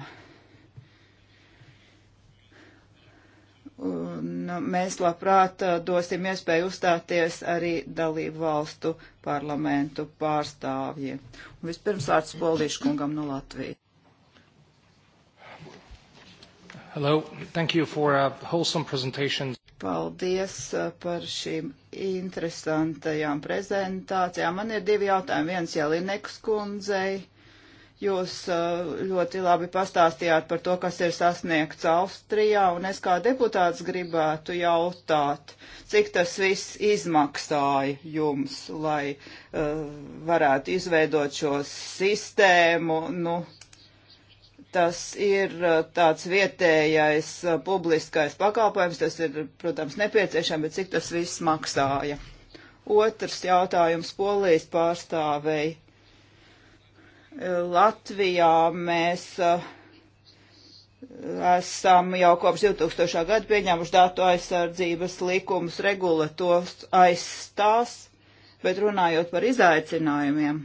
Un uh, mēs labprāt uh, dosim iespēju uzstāties arī dalību valstu parlamentu pārstāvjiem. Un vispirms vārds Polīškungam no Latvijas. Hello. Thank you for a uh, wholesome presentation. Paldies uh, par šīm interesantajām prezentācijām. Man ir divi jautājumi. Viens Jelinekas kundzei. Jūs uh, ļoti labi pastāstījāt par to, kas ir sasniegts Austrijā, un es kā deputāts gribētu jautāt, cik tas viss izmaksāja jums, lai uh, varētu izveidot šo sistēmu, nu, Tas ir uh, tāds vietējais uh, publiskais pakalpojums, tas ir, protams, nepieciešams, bet cik tas viss maksāja. Otrs jautājums polijas pārstāvei. Latvijā mēs uh, esam jau kopš 2000. gada pieņēmuši datu aizsardzības likumus, regula tos aizstās, bet runājot par izaicinājumiem,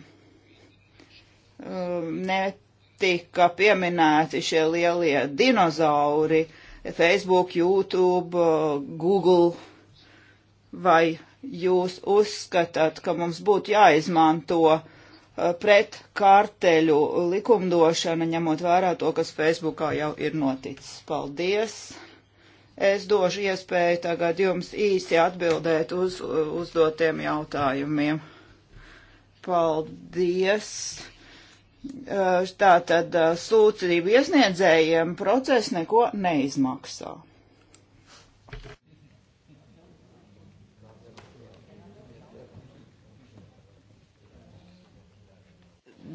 um, ne tika pieminēti šie lielie dinozauri - Facebook, YouTube, Google. Vai jūs uzskatāt, ka mums būtu jāizmanto uh, pret kārteļu likumdošana, ņemot vērā to, kas Facebookā jau ir noticis? Paldies! Es došu iespēju tagad jums īsi atbildēt uz uzdotiem jautājumiem. Paldies! Eh, tātad eh, sūdzību iesniedzējiem process neko neizmaksā.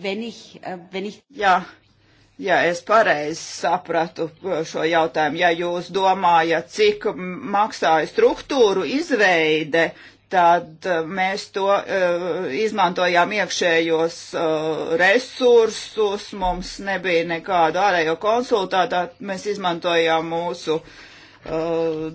Wenn ich, äh, wenn ich... Jā, Ja es pareizi sapratu eh, šo jautājumu, ja jūs domājat, cik maksāja struktūru izveide tad eh, mēs to uh, izmantojām iekšējos uh, resursus, mums nebija nekādu ārējo konsultātā, mēs izmantojām mūsu uh,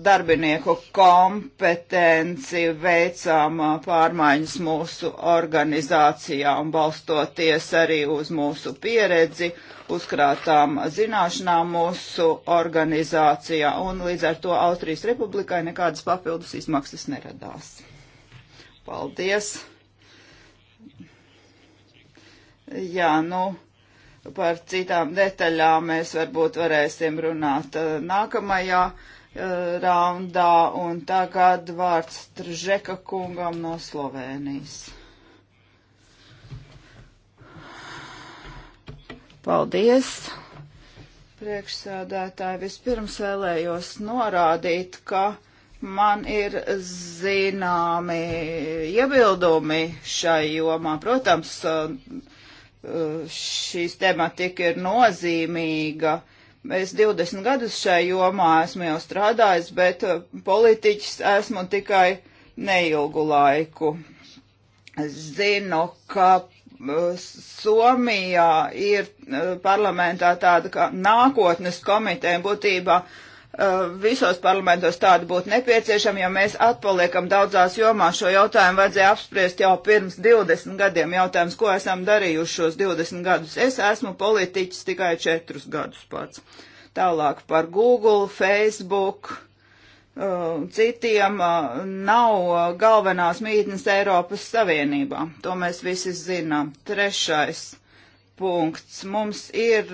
darbinieku kompetenci, veicām pārmaiņas mūsu organizācijā un balstoties arī uz mūsu pieredzi, uzkrātām zināšanām mūsu organizācijā un līdz ar to Austrijas Republikai nekādas papildus izmaksas neradās. Paldies! Jā, nu, par citām detaļām mēs varbūt varēsim runāt eh, nākamajā eh, raundā, un tagad vārds Tržeka kungam no Slovēnijas. Paldies! Priekšsēdētāji, vispirms vēlējos norādīt, ka Man ir zināmi iebildumi šai jomā. Protams, uh, šīs tematika ir nozīmīga. Es 20 gadus šai jomā esmu jau strādājis, bet uh, politiķis esmu tikai neilgu laiku. Es zinu, ka uh, Somijā ir parlamentā tāda kā nākotnes komiteja būtībā Eh, visos parlamentos tāda būtu nepieciešama, jo mēs atpaliekam daudzās jomās. Šo jautājumu vajadzēja apspriest jau pirms 20 gadiem. Jautājums, ko esam darījuši šos 20 gadus. Es esmu politiķis tikai 4 gadus pats. Tālāk par Google, Facebook. Eh, citiem eh, nav galvenās mītnes Eiropas Savienībā. To mēs visi zinām. Trešais punkts. Mums ir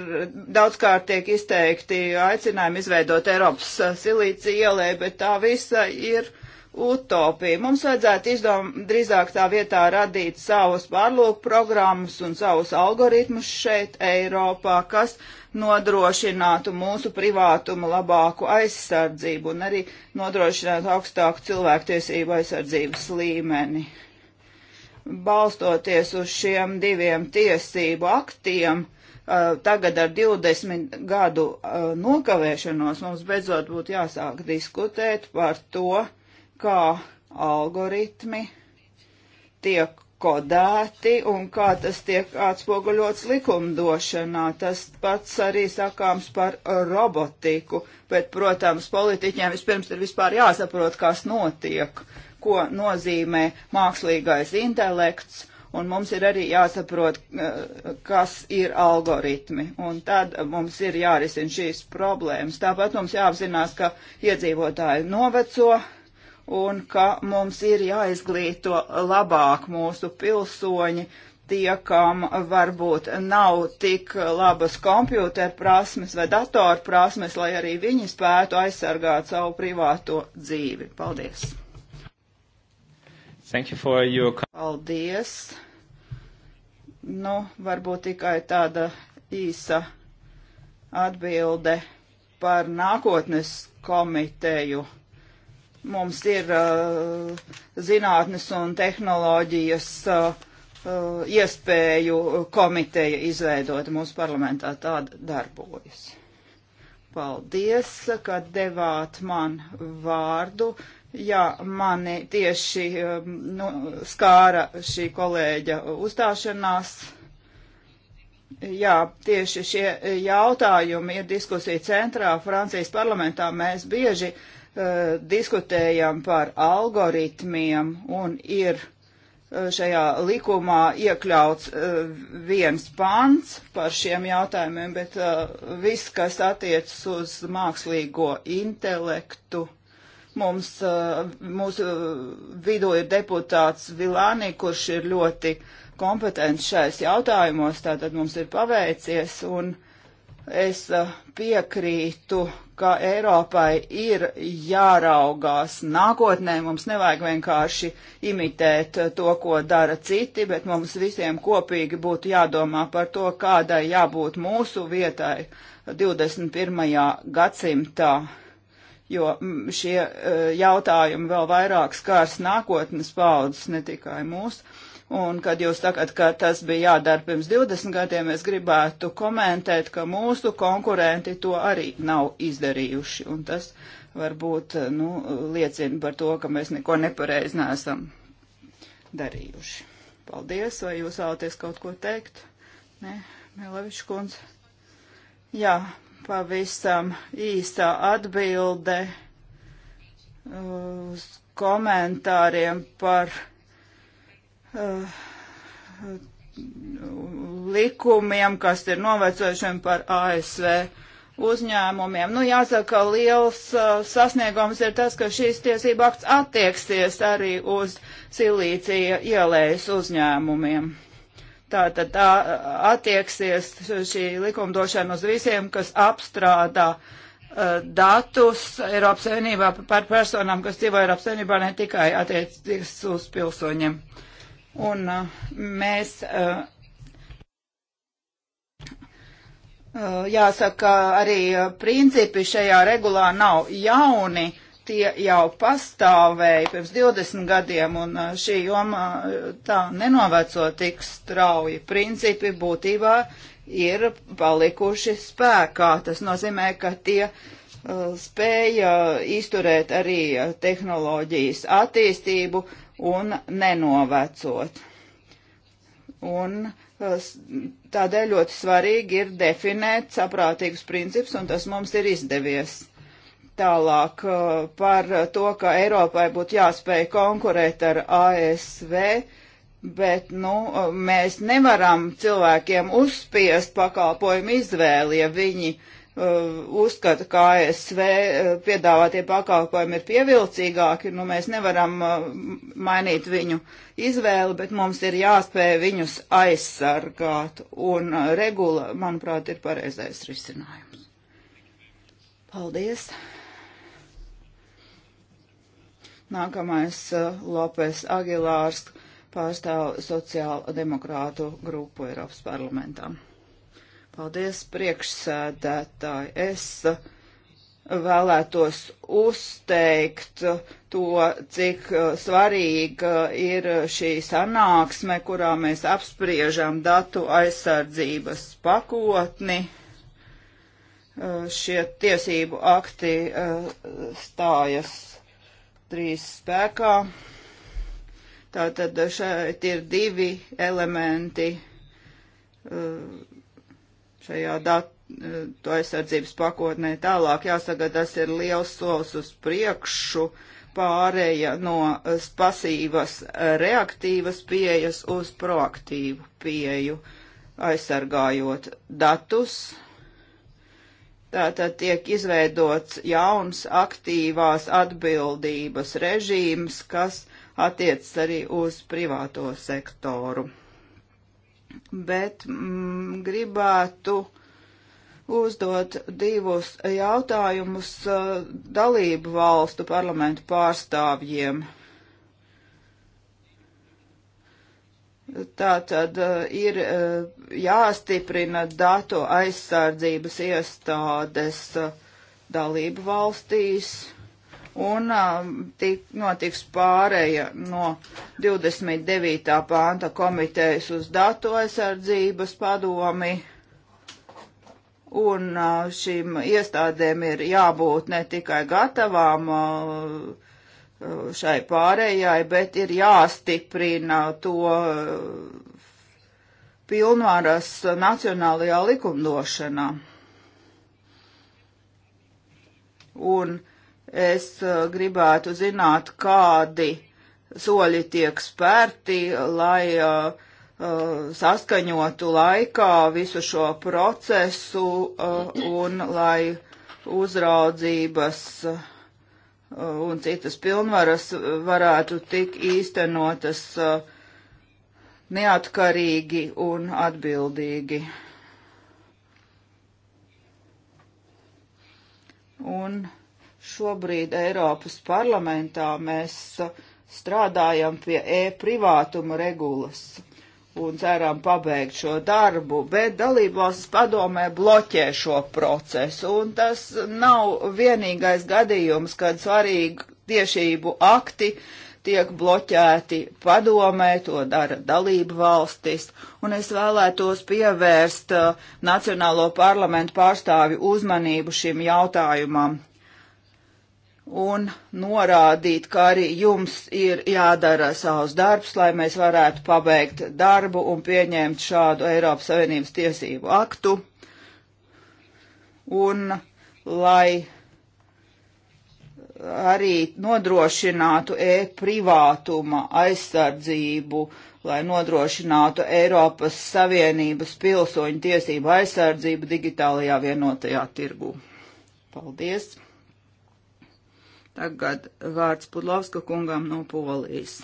daudzkārt tiek izteikti aicinājumi izveidot Eiropas silīcija ielē, bet tā visa ir utopija. Mums vajadzētu izdom, drīzāk tā vietā radīt savus pārlūku programmas un savus algoritmus šeit Eiropā, kas nodrošinātu mūsu privātumu labāku aizsardzību un arī nodrošinātu augstāku cilvēktiesību aizsardzības līmeni balstoties uz šiem diviem tiesību aktiem, uh, tagad ar 20 gadu uh, nokavēšanos mums beidzot būtu jāsāk diskutēt par to, kā algoritmi tiek kodēti un kā tas tiek atspoguļots likumdošanā. Tas pats arī sakāms par robotiku, bet, protams, politiķiem vispirms ir vispār jāsaprot, kas notiek ko nozīmē mākslīgais intelekts, un mums ir arī jāsaprot, eh, kas ir algoritmi, un tad mums ir jārisina šīs problēmas. Tāpat mums jāapzinās, ka iedzīvotāji noveco, un ka mums ir jāizglīto labāk mūsu pilsoņi, tie, kam varbūt nav tik labas kompjūterprasmes vai datorprasmes, lai arī viņi spētu aizsargāt savu privāto dzīvi. Paldies! Thank you for your... Paldies. Nu, varbūt tikai tāda īsa atbilde par nākotnes komiteju. Mums ir uh, zinātnes un tehnoloģijas uh, uh, iespēju komiteja izveidot. Mūsu parlamentā tāda darbojas. Paldies, ka devāt man vārdu. Jā, mani tieši um, nu, skāra šī kolēģa uzstāšanās. Jā, tieši šie jautājumi ir diskusija centrā. Francijas parlamentā mēs bieži uh, diskutējam par algoritmiem un ir uh, šajā likumā iekļauts uh, viens pants par šiem jautājumiem, bet uh, viss, kas attiecas uz mākslīgo intelektu, uh, Mums, eh, mūsu vidū ir deputāts Vilāni, kurš ir ļoti kompetents šais jautājumos, tātad mums ir paveicies, un es eh, piekrītu, ka Eiropai ir jāraugās nākotnē, mums nevajag vienkārši imitēt eh, to, ko dara citi, bet mums visiem kopīgi būtu jādomā par to, kādai jābūt mūsu vietai 21. gadsimtā jo šie e, jautājumi vēl vairāk skārs nākotnes paudzes, ne tikai mūs. Un, kad jūs sakat, ka tas bija jādara pirms 20 gadiem, es gribētu komentēt, ka mūsu konkurenti to arī nav izdarījuši. Un tas varbūt e, nu, liecina par to, ka mēs neko nepareizi nesam darījuši. Paldies, vai jūs vēlaties kaut ko teikt? Nē, Milavičs kundze. Jā, Pavisam īsā atbilde uh, uz komentāriem par uh, likumiem, kas ir novecojušiem par ASV uzņēmumiem. Nu, jāsaka, liels uh, sasniegums ir tas, ka šīs tiesība akts attieksies arī uz silīcija ielējas uzņēmumiem. Tātad tā attieksies šī likumdošana uz visiem, kas apstrādā uh, datus Eiropas Savienībā par personām, kas dzīvo Eiropas Savienībā, ne tikai attiecīgs uz pilsoņiem. Un uh, mēs uh, uh Jāsaka, arī uh, principi šajā regulā nav jauni tie jau pastāvēja pirms 20 gadiem, un uh, šī joma uh, tā nenoveco tik strauji. Principi būtībā ir palikuši spēkā. Tas nozīmē, ka tie uh, spēja izturēt arī tehnoloģijas attīstību un nenovecot. Un tādēļ ļoti svarīgi ir definēt saprātīgus principus, un tas mums ir izdevies. Tālāk uh, par to, ka Eiropai būtu jāspēj konkurēt ar ASV, bet nu, mēs nevaram cilvēkiem uzspiest pakalpojumu izvēli, ja viņi uh, uzskata, ka ASV uh, piedāvātie pakalpojumi ir pievilcīgāki, nu mēs nevaram mainīt viņu izvēli, bet mums ir jāspēj viņus aizsargāt, un regula, manuprāt, ir pareizais risinājums. Paldies! Nākamais eh, Lopes Agilārs pārstāv sociāla demokrātu grupu Eiropas parlamentā. Paldies, priekšsēdētāji. Es eh, vēlētos uzteikt eh, to, cik svarīga ir šī sanāksme, kurā mēs apspriežam datu aizsardzības pakotni. Šie tiesību akti stājas trīs spēkā. Tātad šeit ir divi elementi uh, šajā datu uh, to aizsardzības pakotnē tālāk. Jāsaka, tas ir liels solis uz priekšu pārēja no uh, pasīvas reaktīvas pieejas uz proaktīvu pieju, aizsargājot datus, Tātad tiek izveidots jauns aktīvās atbildības režīms, kas attiecas arī uz privāto sektoru. Bet mm, gribētu uzdot divus jautājumus uh, dalību valstu parlamentu pārstāvjiem. Tā tad eh, ir eh, jāstiprina datu aizsardzības iestādes eh, dalību valstīs un tik, notiks pārēja no 29. pānta komitejas uz datu aizsardzības padomi. Un šīm iestādēm ir jābūt ne tikai gatavām uh, šai pārējai, bet ir jāstiprina to uh, pilnvaras nacionālajā likumdošanā. Un es uh, gribētu zināt, kādi soļi tiek spērti, lai uh, uh, saskaņotu laikā visu šo procesu uh, un lai uzraudzības uh, un citas pilnvaras varētu tik īstenotas uh, neatkarīgi un atbildīgi. Un šobrīd Eiropas parlamentā mēs uh, strādājam pie e-privātuma regulas un ceram pabeigt šo darbu, bet dalībvalstis padomē bloķē šo procesu, un tas nav vienīgais gadījums, kad svarīgi tiešību akti tiek bloķēti padomē, to dara dalību valstis, un es vēlētos pievērst uh, Nacionālo parlamentu pārstāvju uzmanību šim jautājumam un norādīt, ka arī jums ir jādara savs darbs, lai mēs varētu pabeigt darbu un pieņemt šādu Eiropas Savienības tiesību aktu, un lai arī nodrošinātu e-privātuma aizsardzību, lai nodrošinātu Eiropas Savienības pilsoņu tiesību aizsardzību digitālajā vienotajā tirgū. Paldies! Tagad vārds Pudlovska kungam no Polijas.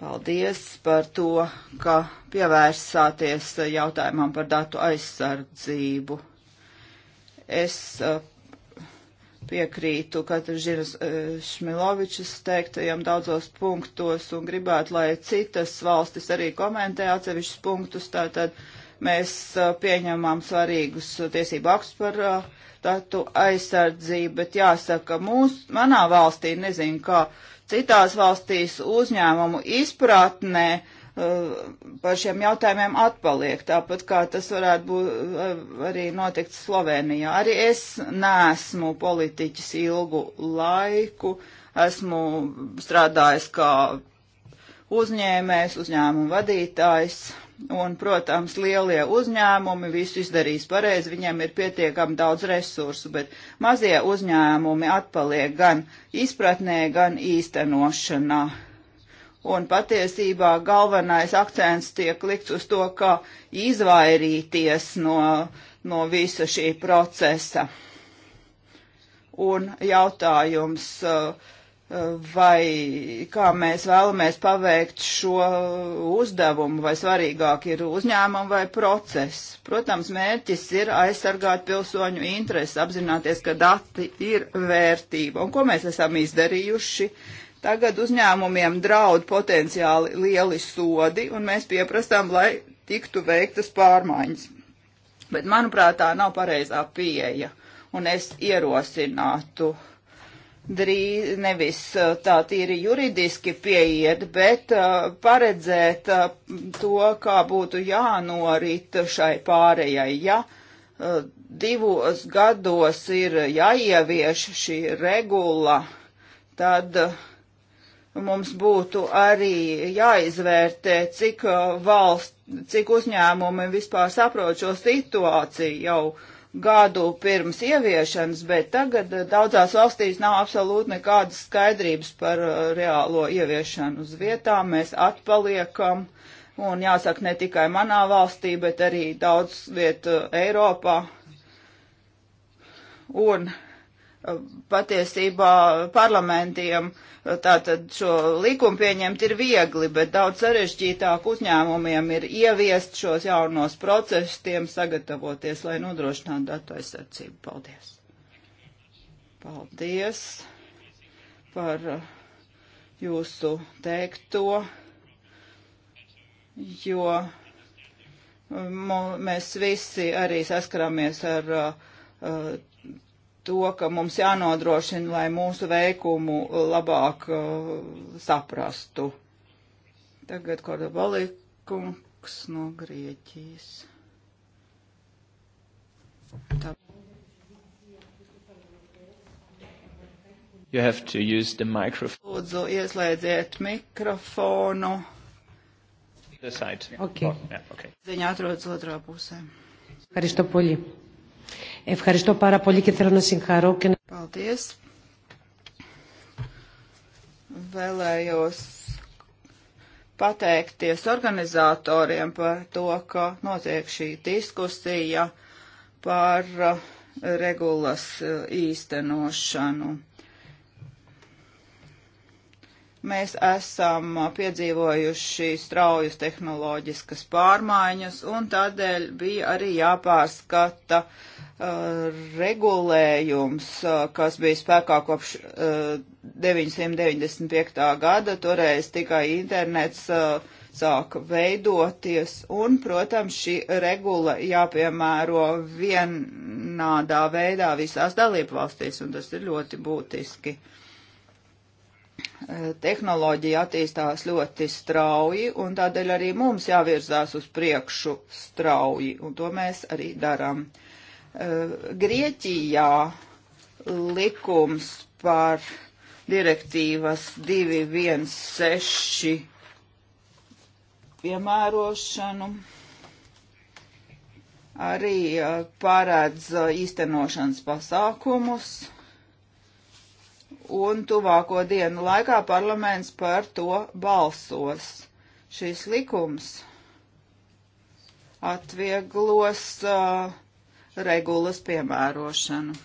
Paldies par to, ka pievērsāties jautājumam par datu aizsardzību. Es eh, piekrītu Katržinas eh, Šmilovičas teiktajam daudzos punktos un gribētu, lai citas valstis arī komentē atsevišķus punktus. Tātad, uh, Mēs uh, pieņemam svarīgus uh, tiesību aktus par uh, datu aizsardzību, bet jāsaka, mūs, manā valstī, nezinu, kā citās valstīs uzņēmumu izpratnē par šiem jautājumiem atpaliek, tāpat kā tas varētu būt arī notikt Slovenijā. Arī es neesmu politiķis ilgu laiku, esmu strādājis kā uzņēmējs, uzņēmumu vadītājs, Un, protams, lielie uzņēmumi visu izdarīs pareizi, viņiem ir pietiekami daudz resursu, bet mazie uzņēmumi atpaliek gan izpratnē, gan īstenošanā. Un patiesībā galvenais akcents tiek likts uz to, kā izvairīties no, no visa šī procesa. Un jautājums. Uh, vai kā mēs vēlamies paveikt šo uzdevumu, vai svarīgāk ir uzņēmumu vai process. Protams, mērķis ir aizsargāt pilsoņu intereses, apzināties, ka dati ir vērtība. Un ko mēs esam izdarījuši? Tagad uzņēmumiem draud potenciāli lieli sodi, un mēs pieprastām, lai tiktu veiktas pārmaiņas. Bet, manuprāt, tā nav pareizā pieeja, un es ierosinātu uh, drīz nevis uh, tā tīri juridiski pieiet, bet uh, paredzēt uh, to, kā būtu jānorit šai pārējai. Ja uh, divos gados ir jāievieš šī regula, tad uh, mums būtu arī jāizvērtē, cik uh, valsts, cik uzņēmumi vispār saprot šo situāciju jau gadu pirms ieviešanas, bet tagad eh, daudzās valstīs nav absolūti nekādas skaidrības par eh, reālo ieviešanu uz vietām. Mēs atpaliekam, un jāsaka, ne tikai manā valstī, bet arī daudz vietu eh, Eiropā. Un patiesībā parlamentiem tātad šo likumu pieņemt ir viegli, bet daudz sarežģītāk uzņēmumiem ir ieviest šos jaunos procesus, tiem sagatavoties, lai nodrošinātu datu aizsardzību. Paldies! Paldies par jūsu teikto, jo mm, mēs visi arī saskaramies ar uh, to, ka mums jānodrošina, lai mūsu veikumu labāk uh, saprastu. Tagad Kordobalīkungs no Grieķijas. Tā. You have to use the microphone. Lūdzu, ieslēdziet mikrofonu. The side. Okay. Oh, yeah, okay. Ziņa atrodas otrā pusē. Ευχαριστώ πολύ. Ευχαριστώ πάρα πολύ και θέλω να συγχαρώ και να... Paldies. Vēlējos pateikties organizatoriem par to, ka notiek šī diskusija par eh, regulas eh, īstenošanu. Mēs esam piedzīvojuši straujas tehnoloģiskas pārmaiņas, un tādēļ bija arī jāpārskata uh, regulējums, uh, kas bija spēkā kopš uh, 995. gada. Toreiz tikai internets uh, sāka veidoties, un, protams, šī regula jāpiemēro vienādā veidā visās dalību valstīs, un tas ir ļoti būtiski. Uh, Eh, tehnoloģija attīstās ļoti strauji, un tādēļ arī mums jāvirzās uz priekšu strauji, un to mēs arī darām. Eh, Grieķijā likums par direktīvas 216 piemērošanu arī eh, paredz īstenošanas pasākumus un tuvāko dienu laikā parlaments par to balsos. Šīs likums atvieglos uh, regulas piemērošanu.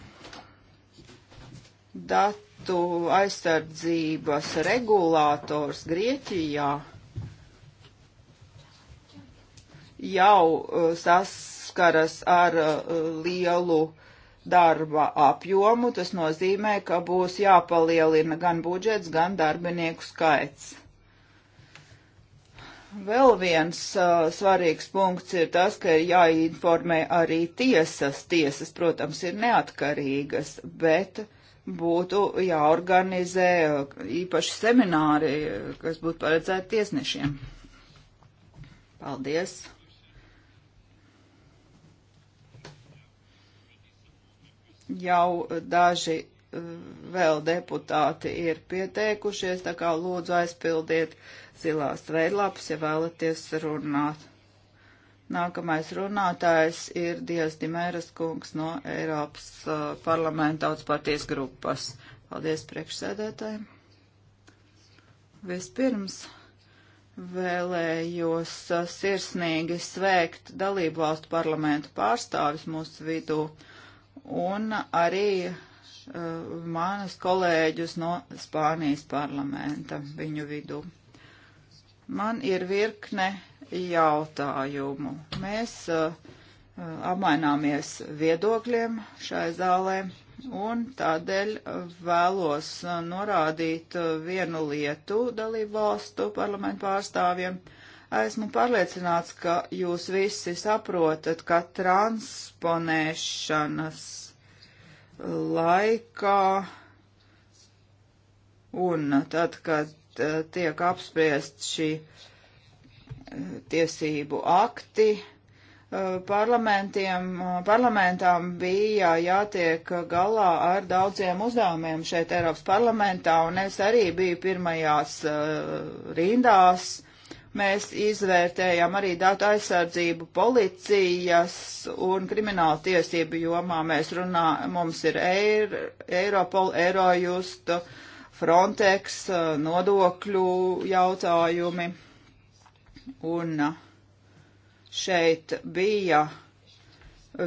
Datu aizsardzības regulators Grieķijā jau uh, saskaras ar uh, lielu uh, darba apjomu, tas nozīmē, ka būs jāpalielina gan budžets, gan darbinieku skaits. Vēl viens uh, svarīgs punkts ir tas, ka ir jāinformē arī tiesas. Tiesas, protams, ir neatkarīgas, bet būtu jāorganizē uh, īpaši semināri, kas būtu paredzēti tiesnešiem. Paldies! jau daži eh, vēl deputāti ir pieteikušies, tā kā lūdzu aizpildiet zilās veidlapas, ja vēlaties runāt. Nākamais runātājs ir Dievs Dimēras kungs no Eiropas uh, parlamenta tautas partijas grupas. Paldies priekšsēdētājiem. Vispirms vēlējos eh, sirsnīgi sveikt dalību valstu parlamentu pārstāvis mūsu vidū. Uh, un arī uh, manus kolēģus no Spānijas parlamenta viņu vidū. Man ir virkne jautājumu. Mēs uh, apmaināmies viedokļiem šai zālē un tādēļ vēlos uh, norādīt uh, vienu lietu dalību valstu parlamentu pārstāvjiem Esmu pārliecināts, ka jūs visi saprotat, ka transponēšanas laikā un tad, kad eh, tiek apspriest šī eh, tiesību akti, eh, parlamentiem, parlamentām bija jātiek galā ar daudziem uzdevumiem šeit Eiropas parlamentā, un es arī biju pirmajās uh, rindās Mēs izvērtējam arī datu aizsardzību policijas un krimināla tiesību jomā. Mēs runā, mums ir Eir, Eiropol, Eirojust, Frontex, nodokļu jautājumi. Un šeit bija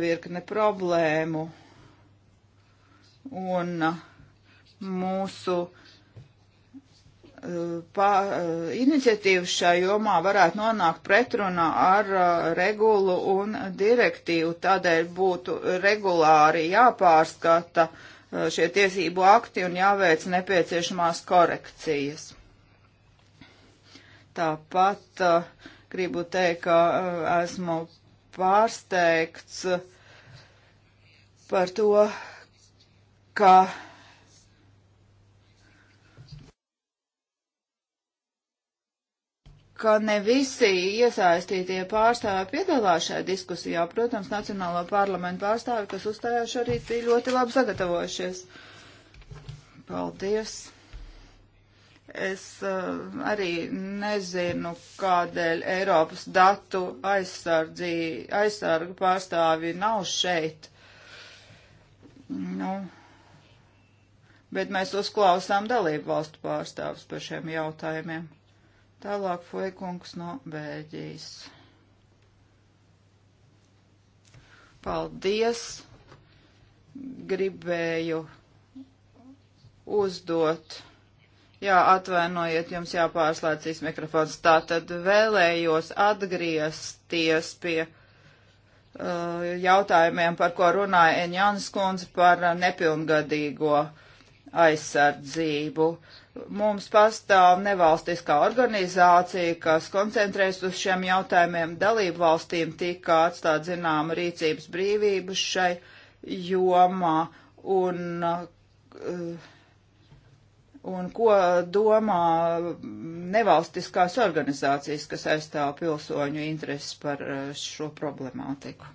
virkne problēmu. Un mūsu uh, pa, eh, iniciatīvas šajā jomā varētu nonākt pretrunā ar eh, regulu un direktīvu. Tādēļ būtu regulāri jāpārskata eh, šie tiesību akti un jāveic nepieciešamās korekcijas. Tāpat gribu teikt, ka esmu pārsteigts par to, ka ka ne visi iesaistītie pārstāvi piedalās šajā diskusijā. Protams, Nacionālo parlamentu pārstāvi, kas uzstājās šorīt, bija ļoti labi sagatavojušies. Paldies! Es uh, arī nezinu, kādēļ Eiropas datu aizsargu pārstāvi nav šeit. Nu, bet mēs uzklausām dalību valstu pārstāvus par šiem jautājumiem. Tālāk Foikungs no Bēļģijas. Paldies! Gribēju uzdot. Jā, atvainojiet, jums jāpārslēdzīs mikrofons. Tātad vēlējos atgriezties pie uh, jautājumiem, par ko runāja Enjānas kundze par nepilngadīgo aizsardzību. Uh, mums pastāv nevalstiskā organizācija, kas koncentrēs uz šiem jautājumiem. Dalību valstīm tika atstāt zināma rīcības brīvība šai jomā. Un, uh, un ko domā nevalstiskās organizācijas, kas aizstāv pilsoņu intereses par uh, šo problemātiku?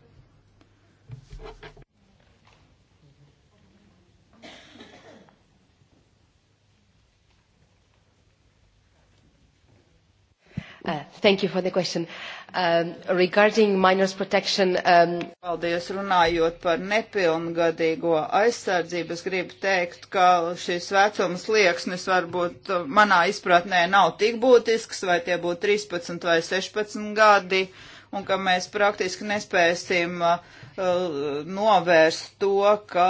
Uh, thank you for the question. Um, regarding minors protection. Um... Paldies, runājot par nepilngadīgo aizsardzības, gribu teikt, ka šis vecums lieksnis varbūt manā izpratnē nav tik būtisks, vai tie būtu 13 vai 16 gadi, un ka mēs praktiski nespēsim uh, novērst to, ka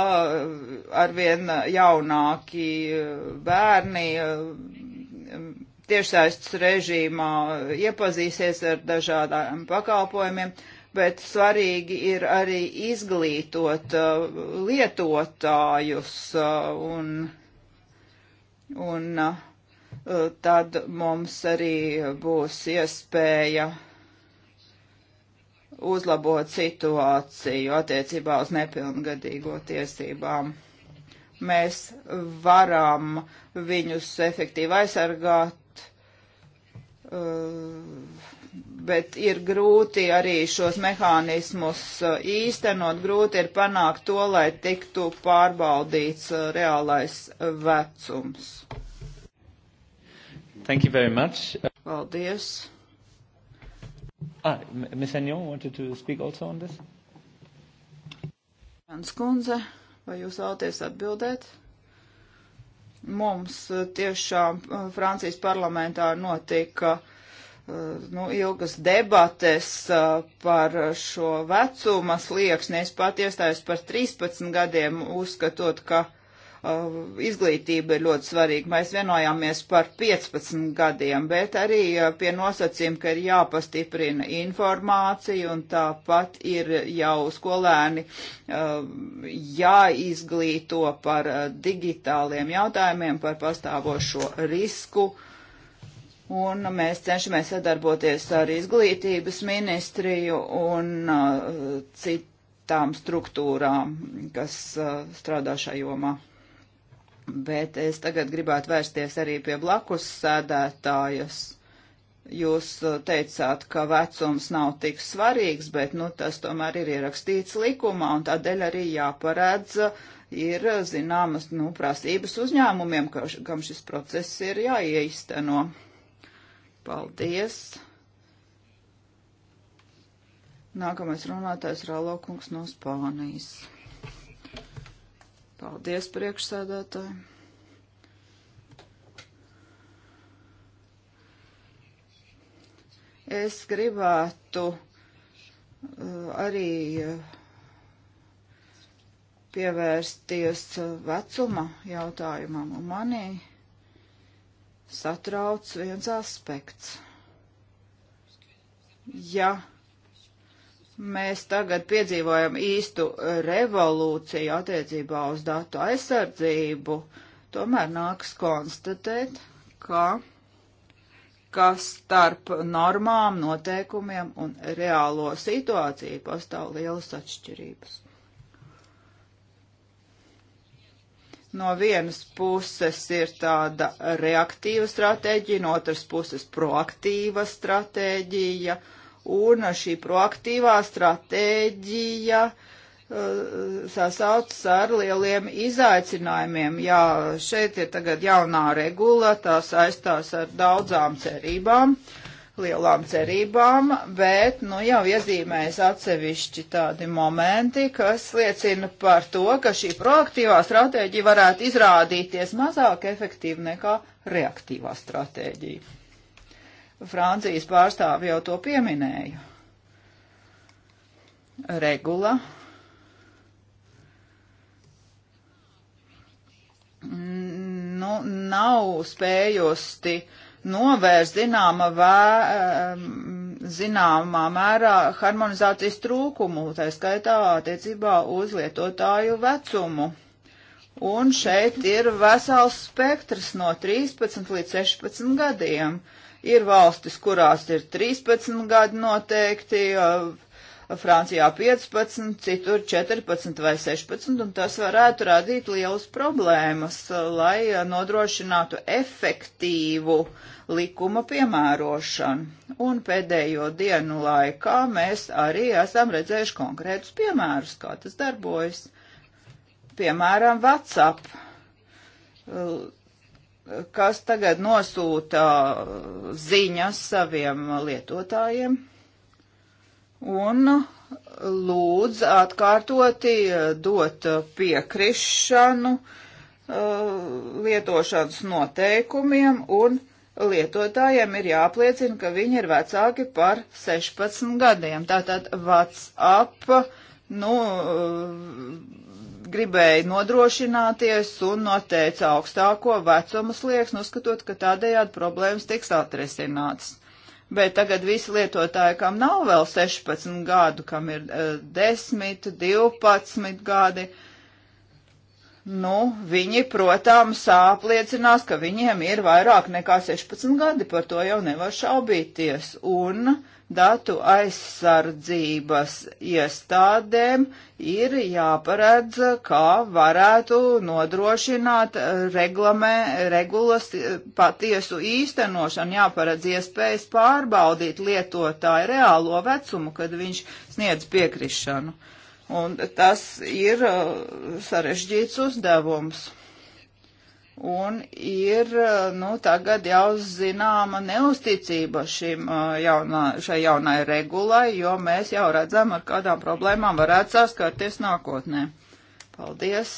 arvien jaunāki uh, bērni uh, tiešsaistes režīmā iepazīsies ar dažādām pakalpojumiem, bet svarīgi ir arī izglītot uh, lietotājus uh, un, un uh, tad mums arī būs iespēja uzlabot situāciju attiecībā uz nepilngadīgo tiesībām. Mēs varam viņus efektīvi aizsargāt Eh, bet ir grūti arī šos mehānismus eh, īstenot, grūti ir panākt to, lai tiktu pārbaudīts eh, reālais vecums. Thank you very much. Paldies. Ah, Ms. Agnon wanted to speak also on this? Hans Kunze, vai jūs vēlaties atbildēt? Mums eh, tiešām eh, Francijas parlamentā notika eh, nu, ilgas debates par šo vecuma slieksni. Es pat iestājos par 13 gadiem, uzskatot, ka uh, Uh, izglītība ir ļoti svarīga. Mēs vienojāmies par 15 gadiem, bet arī uh, pie nosacījuma, ka ir jāpastiprina informācija un tāpat ir jau skolēni uh, jāizglīto par digitāliem jautājumiem, par pastāvošo risku. Un mēs cenšamies sadarboties ar izglītības ministriju un uh, citām struktūrām, kas uh, strādā šajā jomā. Bet es tagad gribētu vērsties arī pie blakus sēdētājas. Jūs uh, teicāt, ka vecums nav tik svarīgs, bet nu, tas tomēr ir ierakstīts likumā, un tādēļ arī jāparedz uh, ir uh, zināmas nu, prasības uzņēmumiem, ka, kam šis process ir jāieisteno. Paldies! Nākamais runātājs Ralokungs no Spānijas. Paldies, priekšsēdētāji. Es gribētu uh, arī uh, pievērsties uh, vecuma jautājumam, un manī satrauc viens aspekts. Ja Mēs tagad piedzīvojam īstu revolūciju attiecībā uz datu aizsardzību, tomēr nāks konstatēt, ka kas starp normām, noteikumiem un reālo situāciju pastāv lielas atšķirības. No vienas puses ir tāda reaktīva stratēģija, no otras puses proaktīva stratēģija. Uh, un šī proaktīvā stratēģija eh, sasaucas ar lieliem izaicinājumiem. Jā, šeit ir tagad jaunā regula, tā saistās ar daudzām cerībām, lielām cerībām, bet nu jau iezīmējas atsevišķi tādi momenti, kas liecina par to, ka šī proaktīvā stratēģija varētu izrādīties mazāk efektīva nekā reaktīvā stratēģija. Francijas pārstāvi jau to pieminēju. Regula nu, nav spējusti novērst zināma, vē, zināmā mērā harmonizācijas trūkumu, tā skaitā attiecībā uz lietotāju vecumu. Un šeit ir vesels spektrs no 13 līdz 16 gadiem. Uh, Ir valstis, kurās ir 13 gadi noteikti, Francijā 15, citur 14 vai 16, un tas varētu radīt lielas problēmas, lai nodrošinātu efektīvu likuma piemērošanu. Un pēdējo dienu laikā mēs arī esam redzējuši konkrētus piemērus, kā tas darbojas. Piemēram, WhatsApp kas tagad nosūta uh, ziņas saviem lietotājiem un lūdz atkārtoti uh, dot piekrišanu uh, lietošanas noteikumiem un lietotājiem ir jāpliecina, ka viņi ir vecāki par 16 gadiem. Tātad WhatsApp, nu, gribēja nodrošināties un noteica augstāko vecumu slieksni, uzskatot, ka tādējādi problēmas tiks atrisinātas. Bet tagad visi lietotāji, kam nav vēl 16 gadu, kam ir 10, eh, 12 gadi, Nu, viņi, protams, apliecinās, ka viņiem ir vairāk nekā 16 gadi, par to jau nevar šaubīties. Un uh, datu aizsardzības iestādēm ir jāparedz, kā varētu nodrošināt reglame, regulas patiesu īstenošanu, jāparedz iespējas pārbaudīt lietotāju reālo vecumu, kad viņš sniedz piekrišanu. Un tas ir uh, sarežģīts uzdevums. Un ir eh, nu, tagad jau zināma neusticība šim, eh, jaunā, šai jaunai regulai, jo mēs jau redzam, ar kādām problēmām varētu saskarties nākotnē. Paldies!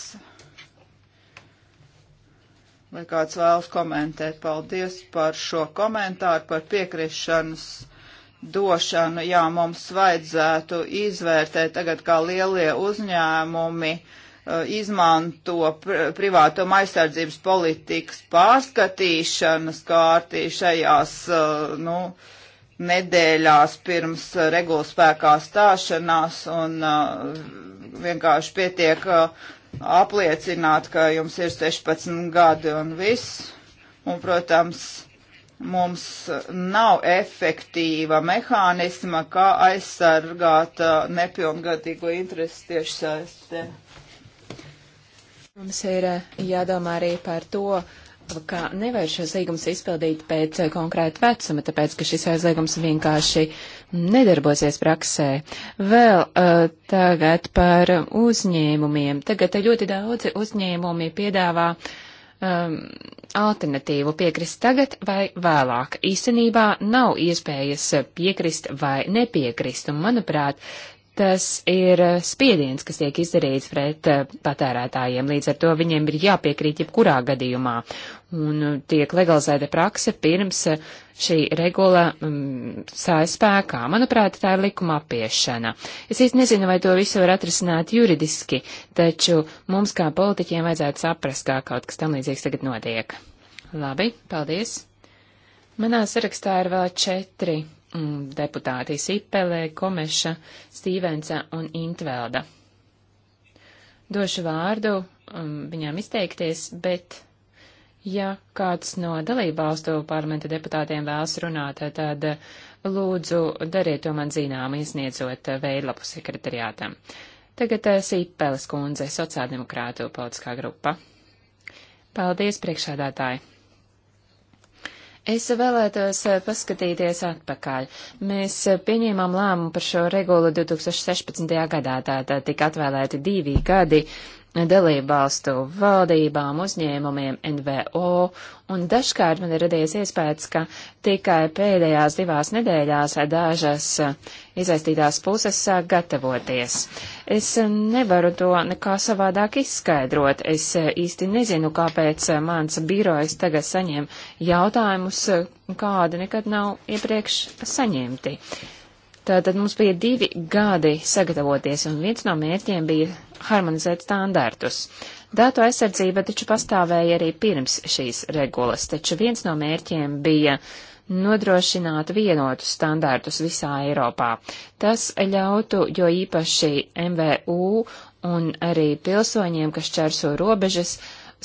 Vai kāds vēlas komentēt? Paldies par šo komentāru, par piekrišanas došanu. Jā, mums vajadzētu izvērtēt tagad, kā lielie uzņēmumi uh, Uh, izmanto privātuma aizsardzības politikas pārskatīšanas kārtī šajās uh, nu, nedēļās pirms regulas spēkā stāšanās un uh, vienkārši pietiek apliecināt, ka jums ir 16 gadi un viss. Un, protams, mums nav efektīva mehānisma, kā aizsargāt nepilngadīgo interesi tieši saistē. Mums ir eh, jādomā arī par to, ka nevar šos līgumus izpildīt pēc eh, konkrēta vecuma, tāpēc, ka šis aizliegums vienkārši nedarbosies praksē. Vēl uh, tagad par uzņēmumiem. Tagad ļoti daudzi uzņēmumi piedāvā um, alternatīvu piekrist tagad vai vēlāk. Īstenībā nav iespējas piekrist vai nepiekrist, un manuprāt, tas ir eh, spiediens, kas tiek izdarīts pret eh, patērētājiem. Līdz ar to viņiem ir jāpiekrīt jebkurā gadījumā. Un eh, tiek legalizēta prakse pirms šī regula um, mm, sāja spēkā. Manuprāt, tā ir likuma apiešana. Es īsti nezinu, vai to visu var atrisināt juridiski, taču mums kā politiķiem vajadzētu saprast, kā kaut kas tam līdzīgs tagad notiek. Labi, paldies. Manā sarakstā ir vēl četri Mm, deputāti Sipelē, Komeša, Stīvensa un Intvelda. Došu vārdu um, viņām izteikties, bet ja kāds no dalībvalstu parlamenta deputātiem vēlas runāt, tad lūdzu dariet to man zinām, iesniedzot veidlapu sekretariātam. Tagad eh, Sīpeles kundze, sociāldemokrātu politiskā grupa. Paldies, priekšādātāji! Es vēlētos eh, paskatīties atpakaļ. Mēs eh, pieņēmām lēmumu par šo regulu 2016. gadā, tātad tika atvēlēti divi gadi dalībvalstu valdībām, uzņēmumiem, NVO, un dažkārt man ir radies iespējas, ka tikai pēdējās divās nedēļās dažas izaistītās puses gatavoties. Es nevaru to nekā savādāk izskaidrot. Es īsti nezinu, kāpēc mans birojs tagad saņem jautājumus, kādi nekad nav iepriekš saņemti. Tātad mums bija divi gadi sagatavoties, un viens no mērķiem bija harmonizēt standartus. Datu aizsardzība taču pastāvēja arī pirms šīs regulas, taču viens no mērķiem bija uh, nodrošināt vienotus standartus visā Eiropā. Tas ļautu, jo īpaši MVU un arī pilsoņiem, kas čerso robežas,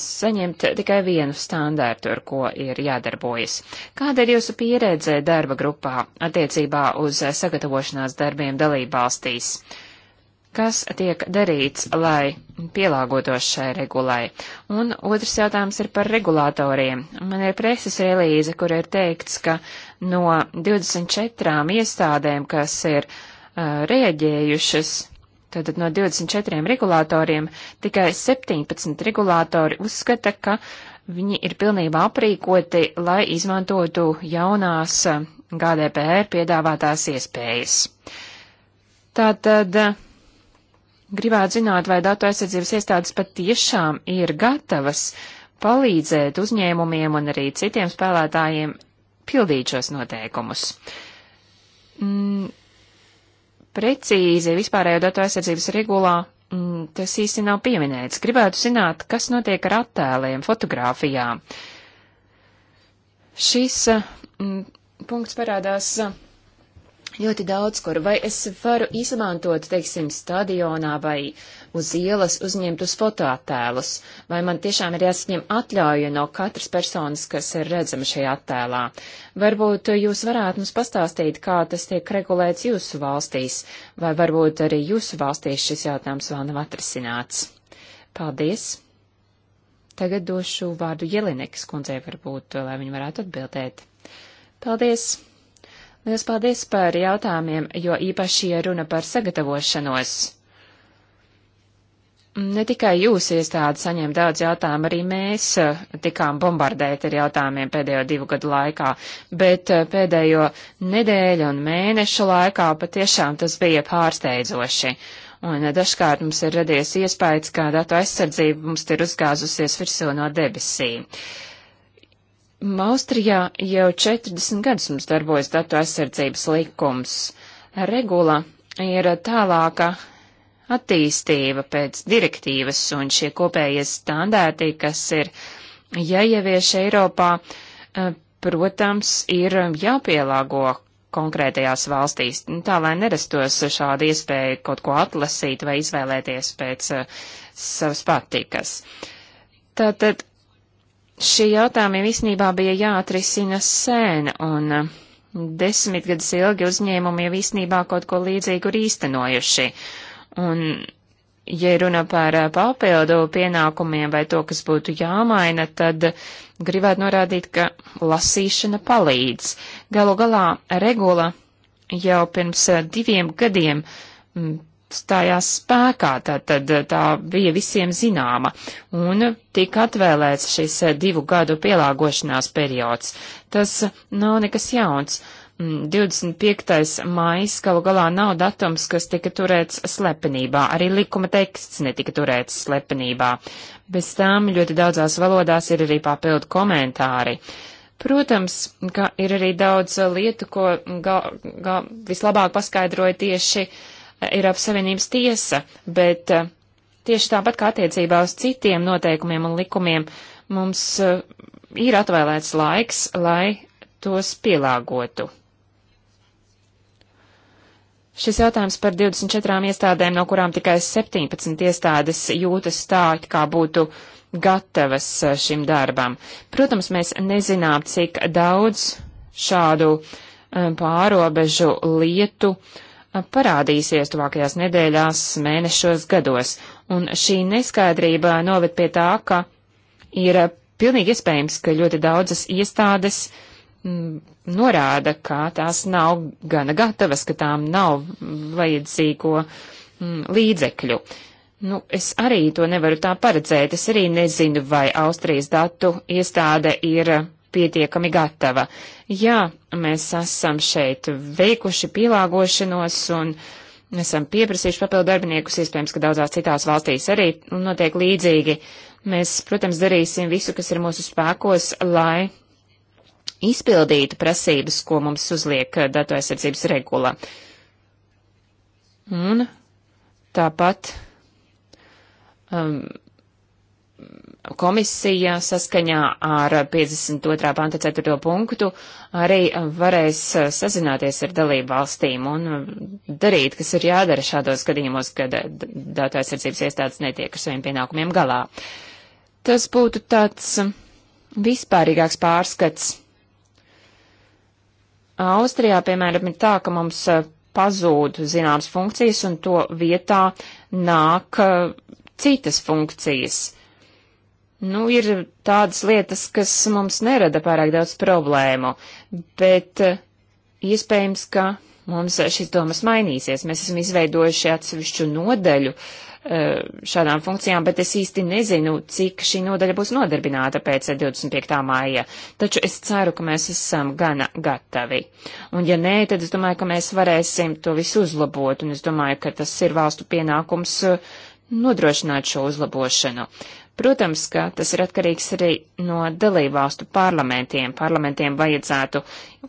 saņemt tikai vienu standārtu, ar ko ir jādarbojas. Kāda ir jūsu pieredze darba grupā attiecībā uz sagatavošanās darbiem dalībvalstīs? valstīs? kas tiek darīts, lai pielāgotos šai regulai. Un otrs jautājums ir par regulātoriem. Man ir preses relīze, kur ir teikts, ka no 24 iestādēm, kas ir uh, rēģējušas, tātad no 24 regulātoriem, tikai 17 regulātori uzskata, ka viņi ir pilnībā aprīkoti, lai izmantotu jaunās GDPR piedāvātās iespējas. Tātad uh, Gribētu zināt, vai datu aizsardzības iestādes patiešām ir gatavas palīdzēt uzņēmumiem un arī citiem spēlētājiem pildīt šos noteikumus. Mm, precīzi vispārējo datu aizsardzības regulā mm, tas īsti nav pieminēts. Gribētu zināt, kas notiek ar attēliem, fotografijām. Šis mm, punkts parādās. Mm, ļoti daudz kur. Vai es varu izmantot, teiksim, stadionā vai uz ielas uzņemtus uz fotoattēlus? Vai man tiešām ir jāsaņem atļauja no katras personas, kas ir redzama šajā attēlā? Varbūt jūs varētu mums pastāstīt, kā tas tiek regulēts jūsu valstīs, vai varbūt arī jūsu valstīs šis jautājums vēl nav atrisināts. Paldies! Tagad došu vārdu Jelineks kundzei varbūt, lai viņa varētu atbildēt. Paldies! Lielas paldies par jautājumiem, jo īpaši, ja runa par sagatavošanos. Ne tikai jūs iestādi saņem daudz jautājumu, arī mēs eh, tikām bombardēti ar jautājumiem pēdējo divu gadu laikā, bet eh, pēdējo nedēļu un mēnešu laikā patiešām tas bija pārsteidzoši. Un eh, dažkārt mums ir radies iespējas, ka datu aizsardzība mums ir uzgāzusies virsū no debesīm. Uh, Austrijā jau 40 gadus mums darbojas datu aizsardzības likums. Regula ir tālāka attīstība pēc direktīvas un šie kopējie standārti, kas ir jāievieš Eiropā, eh, protams, ir jāpielāgo konkrētajās valstīs, tā lai nerastos šāda iespēja kaut ko atlasīt vai izvēlēties pēc uh, savas patikas. Tātad šie jautājumi visnībā bija jāatrisina sen, un uh, desmitgadus ilgi uzņēmumi jau visnībā kaut ko līdzīgu ir īstenojuši. Un, ja runa par uh, papildu pienākumiem vai to, kas būtu jāmaina, tad gribētu norādīt, ka lasīšana palīdz. Galu galā regula jau pirms uh, diviem gadiem stājās spēkā, tātad eh, tā bija visiem zināma, un tika atvēlēts šis eh, divu gadu pielāgošanās periods. Tas eh, nav nekas jauns. 25. Mm, maijs galu galā nav datums, kas tika turēts slepenībā, arī likuma teksts netika turēts slepenībā. Bez tām ļoti daudzās valodās ir arī papildu komentāri. Protams, ka ir arī daudz lietu, ko gal, gal, vislabāk paskaidroja tieši uh, Eiropas Savienības tiesa, bet eh, tieši tāpat kā attiecībā uz citiem noteikumiem un likumiem, mums eh, ir atvēlēts laiks, lai tos pielāgotu. Šis jautājums par 24 iestādēm, no kurām tikai 17 iestādes jūtas tā, it kā būtu gatavas eh, šim darbam. Protams, mēs nezinām, cik daudz šādu pārobežu lietu uh, parādīsies tuvākajās nedēļās, mēnešos, gados, un šī neskaidrība noved pie tā, ka ir pilnīgi iespējams, ka ļoti daudzas iestādes mm, norāda, ka tās nav gana gatavas, ka tām nav vajadzīgo mm, līdzekļu. Nu, es arī to nevaru tā paredzēt. Es arī nezinu, vai Austrijas datu iestāde ir pietiekami gatava. Jā, mēs esam šeit veikuši pielāgošanos un esam pieprasījuši papildu darbiniekus, iespējams, ka daudzās citās valstīs arī notiek līdzīgi. Mēs, protams, darīsim visu, kas ir mūsu spēkos, lai izpildītu prasības, ko mums uzliek datu aizsardzības regula. Un tāpat um, komisija saskaņā ar 52. panta 4. punktu arī varēs uh, sazināties ar dalību valstīm un uh, darīt, kas ir jādara šādos gadījumos, kad uh, datu aizsardzības iestādes netiek ar saviem pienākumiem galā. Tas būtu tāds um, vispārīgāks pārskats. Austrijā, piemēram, ir tā, ka mums pazūd zināmas funkcijas un to vietā nāk citas funkcijas Nu, ir tādas lietas, kas mums nerada pārāk daudz problēmu, bet eh, iespējams, ka mums šīs domas mainīsies. Mēs esam izveidojuši atsevišķu nodeļu eh, šādām funkcijām, bet es īsti nezinu, cik šī nodaļa būs nodarbināta pēc 25. māja. Taču es ceru, ka mēs esam gana gatavi. Un ja nē, tad es domāju, ka mēs varēsim to visu uzlabot, un es domāju, ka tas ir valstu pienākums eh, nodrošināt šo uzlabošanu. Uh, Protams, ka tas ir atkarīgs arī no dalībvalstu parlamentiem. Parlamentiem vajadzētu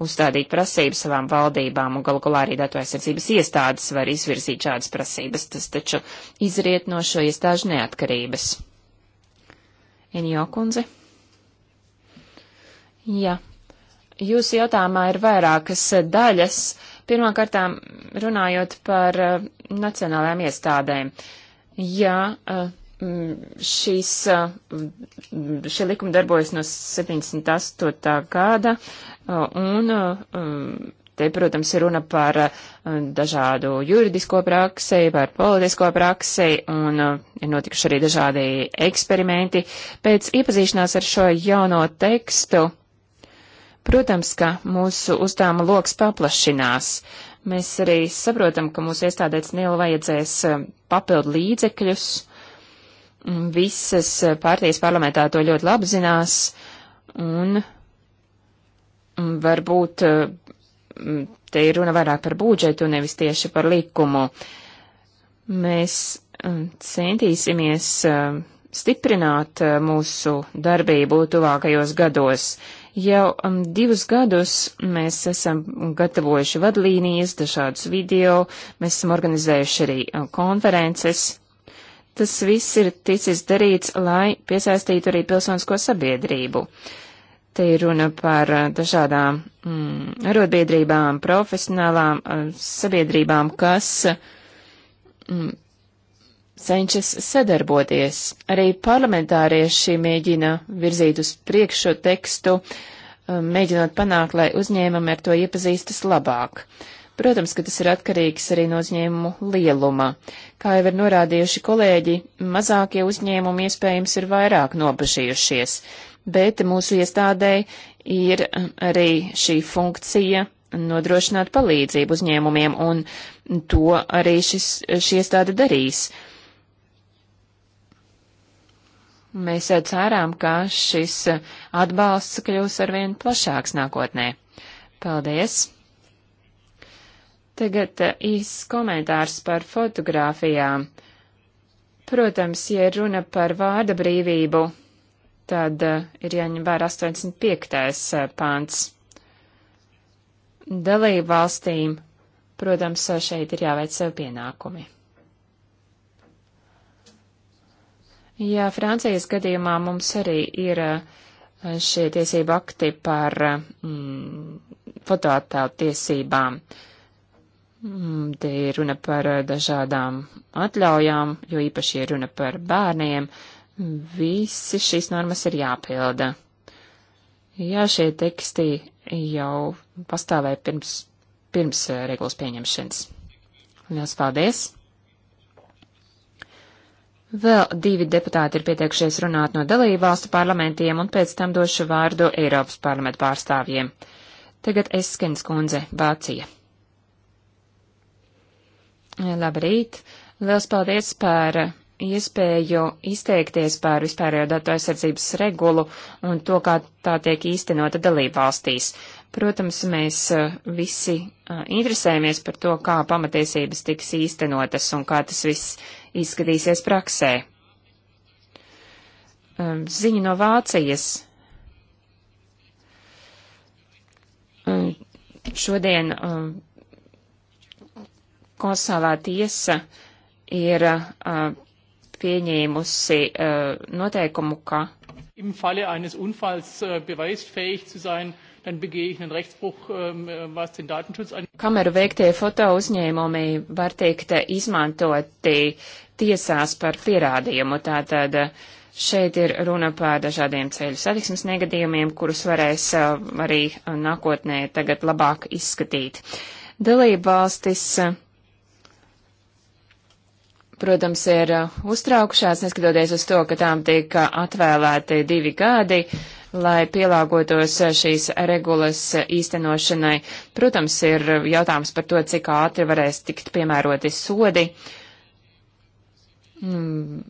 uzstādīt prasības savām valdībām, un galu galā arī datu aizsardzības iestādes var izvirzīt šādas prasības. Tas taču izriet no šo iestāžu neatkarības. Enjo kundze? Jā. Jūsu jautājumā ir vairākas daļas. Pirmkārtām runājot par uh, nacionālajām iestādēm. Jā, uh, Mm, šīs, uh, šie likumi darbojas no 78. gada, uh, un uh, te, protams, ir runa par dažādu juridisko praksi, par politisko praksi, un ir notikuši arī dažādi eksperimenti. Pēc iepazīšanās ar šo jauno tekstu, protams, ka mūsu uzdevuma loks paplašinās. Mēs arī saprotam, ka mūsu iestādēts Nila vajadzēs papildu līdzekļus, uh, Mm, visas partijas parlamentā to ļoti labi zinās, un mm, varbūt mm, te ir runa vairāk par budžetu, nevis tieši par likumu. Mēs centīsimies stiprināt mūsu darbību tuvākajos gados. Jau divus gadus mēs esam gatavojuši vadlīnijas, dažādus video, mēs esam organizējuši arī konferences. Tas viss ir ticis darīts, lai piesaistītu arī pilsonisko sabiedrību. Te ir runa par eh, dažādām mm, arotbiedrībām, profesionālām eh, sabiedrībām, kas mm, cenšas sadarboties. Arī parlamentārieši mēģina virzīt uz priekšu tekstu, eh, mēģinot panākt, lai uzņēmumi ar to iepazīstas labāk. Uh, Protams, ka tas ir atkarīgs arī no uzņēmumu lieluma. Kā jau ir norādījuši kolēģi, mazākie uzņēmumi iespējams ir vairāk nobažījušies, bet mūsu iestādēji ir arī šī funkcija nodrošināt palīdzību uzņēmumiem, un to arī šis, šī iestāde darīs. Mēs cerām, ka šis atbalsts kļūs arvien plašāks nākotnē. Paldies! Tagad eh, īsts komentārs par fotogrāfijām. Protams, ja runa par vārda brīvību, tad eh, ir jāņem vērā 85. pāns. Eh, Dalību valstīm, protams, šeit ir jāveic sev pienākumi. Jā, Francijas gadījumā mums arī ir šie tiesību akti par mm, fotoattēlu tiesībām. Uh, Mm, te ir runa par eh, dažādām atļaujām, jo īpaši ir runa par bērniem. Visi šīs normas ir jāpilda. Jā, šie teksti jau pastāvēja pirms, pirms eh, regulas pieņemšanas. Lielas paldies! Vēl divi deputāti ir pieteikušies runāt no dalībvalstu parlamentiem, un pēc tam došu vārdu Eiropas parlamentu pārstāvjiem. Tagad Eskens kundze, Vācija. Labrīt! Liels paldies par iespēju izteikties par vispārējo datu aizsardzības regulu un to, kā tā tiek īstenota dalībvalstīs. Protams, mēs uh, visi uh, interesējamies par to, kā pamatiesības tiks īstenotas un kā tas viss izskatīsies praksē. Um, ziņa no Vācijas. Um, šodien um, Kosovā tiesa ir uh, pieņēmusi uh, noteikumu, ka. Im Falle eines Unfalls uh, beweisfähig zu sein, dann begehe ich einen Rechtsbruch, um, was den Datenschutz angeht. Kameru veiktie fotouzņēmumi var tikt izmantoti tiesās par pierādījumu. Tātad šeit ir runa par dažādiem ceļu satiksmes negadījumiem, kurus varēs arī nākotnē tagad labāk izskatīt. Dalība valstis protams, ir uh, uztraukušās, neskatoties uz to, ka tām tiek atvēlēti divi gadi, lai pielāgotos uh, šīs regulas uh, īstenošanai. Protams, ir jautājums par to, cik ātri varēs tikt piemēroti sodi. Mm,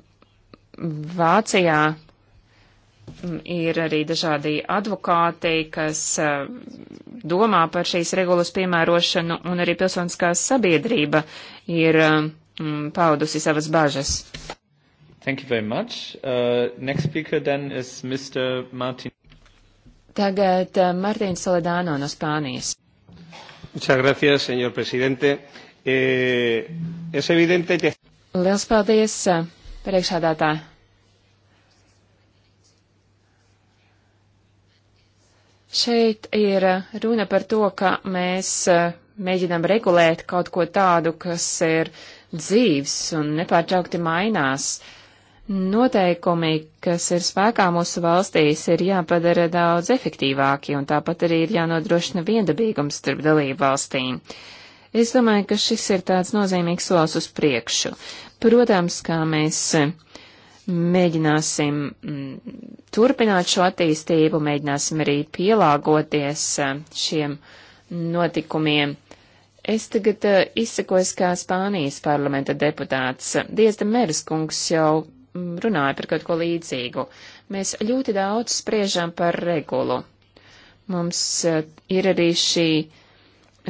Vācijā mm, ir arī dažādi advokāti, kas domā par šīs regulas piemērošanu, un arī pilsoniskā sabiedrība ir mm, paudusi savas bažas. Thank you very much. Uh, next speaker then is Mr. Martin. Tagad uh, Martins Soledāno no Spānijas. Muchas gracias, señor presidente. Eh, es evidente que... Liels paldies, uh, priekšādātā. Šeit ir uh, runa par to, ka mēs uh, mēģinām regulēt kaut ko tādu, kas ir uh, dzīves un nepārtraukti mainās. Noteikumi, kas ir spēkā mūsu valstīs, ir jāpadara daudz efektīvāki, un tāpat arī ir jānodrošina viendabīgums starp dalību valstīm. Es domāju, ka šis ir tāds nozīmīgs solis uz priekšu. Protams, kā mēs eh, mēģināsim mm, turpināt šo attīstību, mēģināsim arī pielāgoties eh, šiem notikumiem Es tagad uh, eh, izsakos kā Spānijas parlamenta deputāts. Diezda Meres kungs jau mm, runāja par kaut ko līdzīgu. Mēs ļoti daudz spriežam par regulu. Mums uh, ir arī šī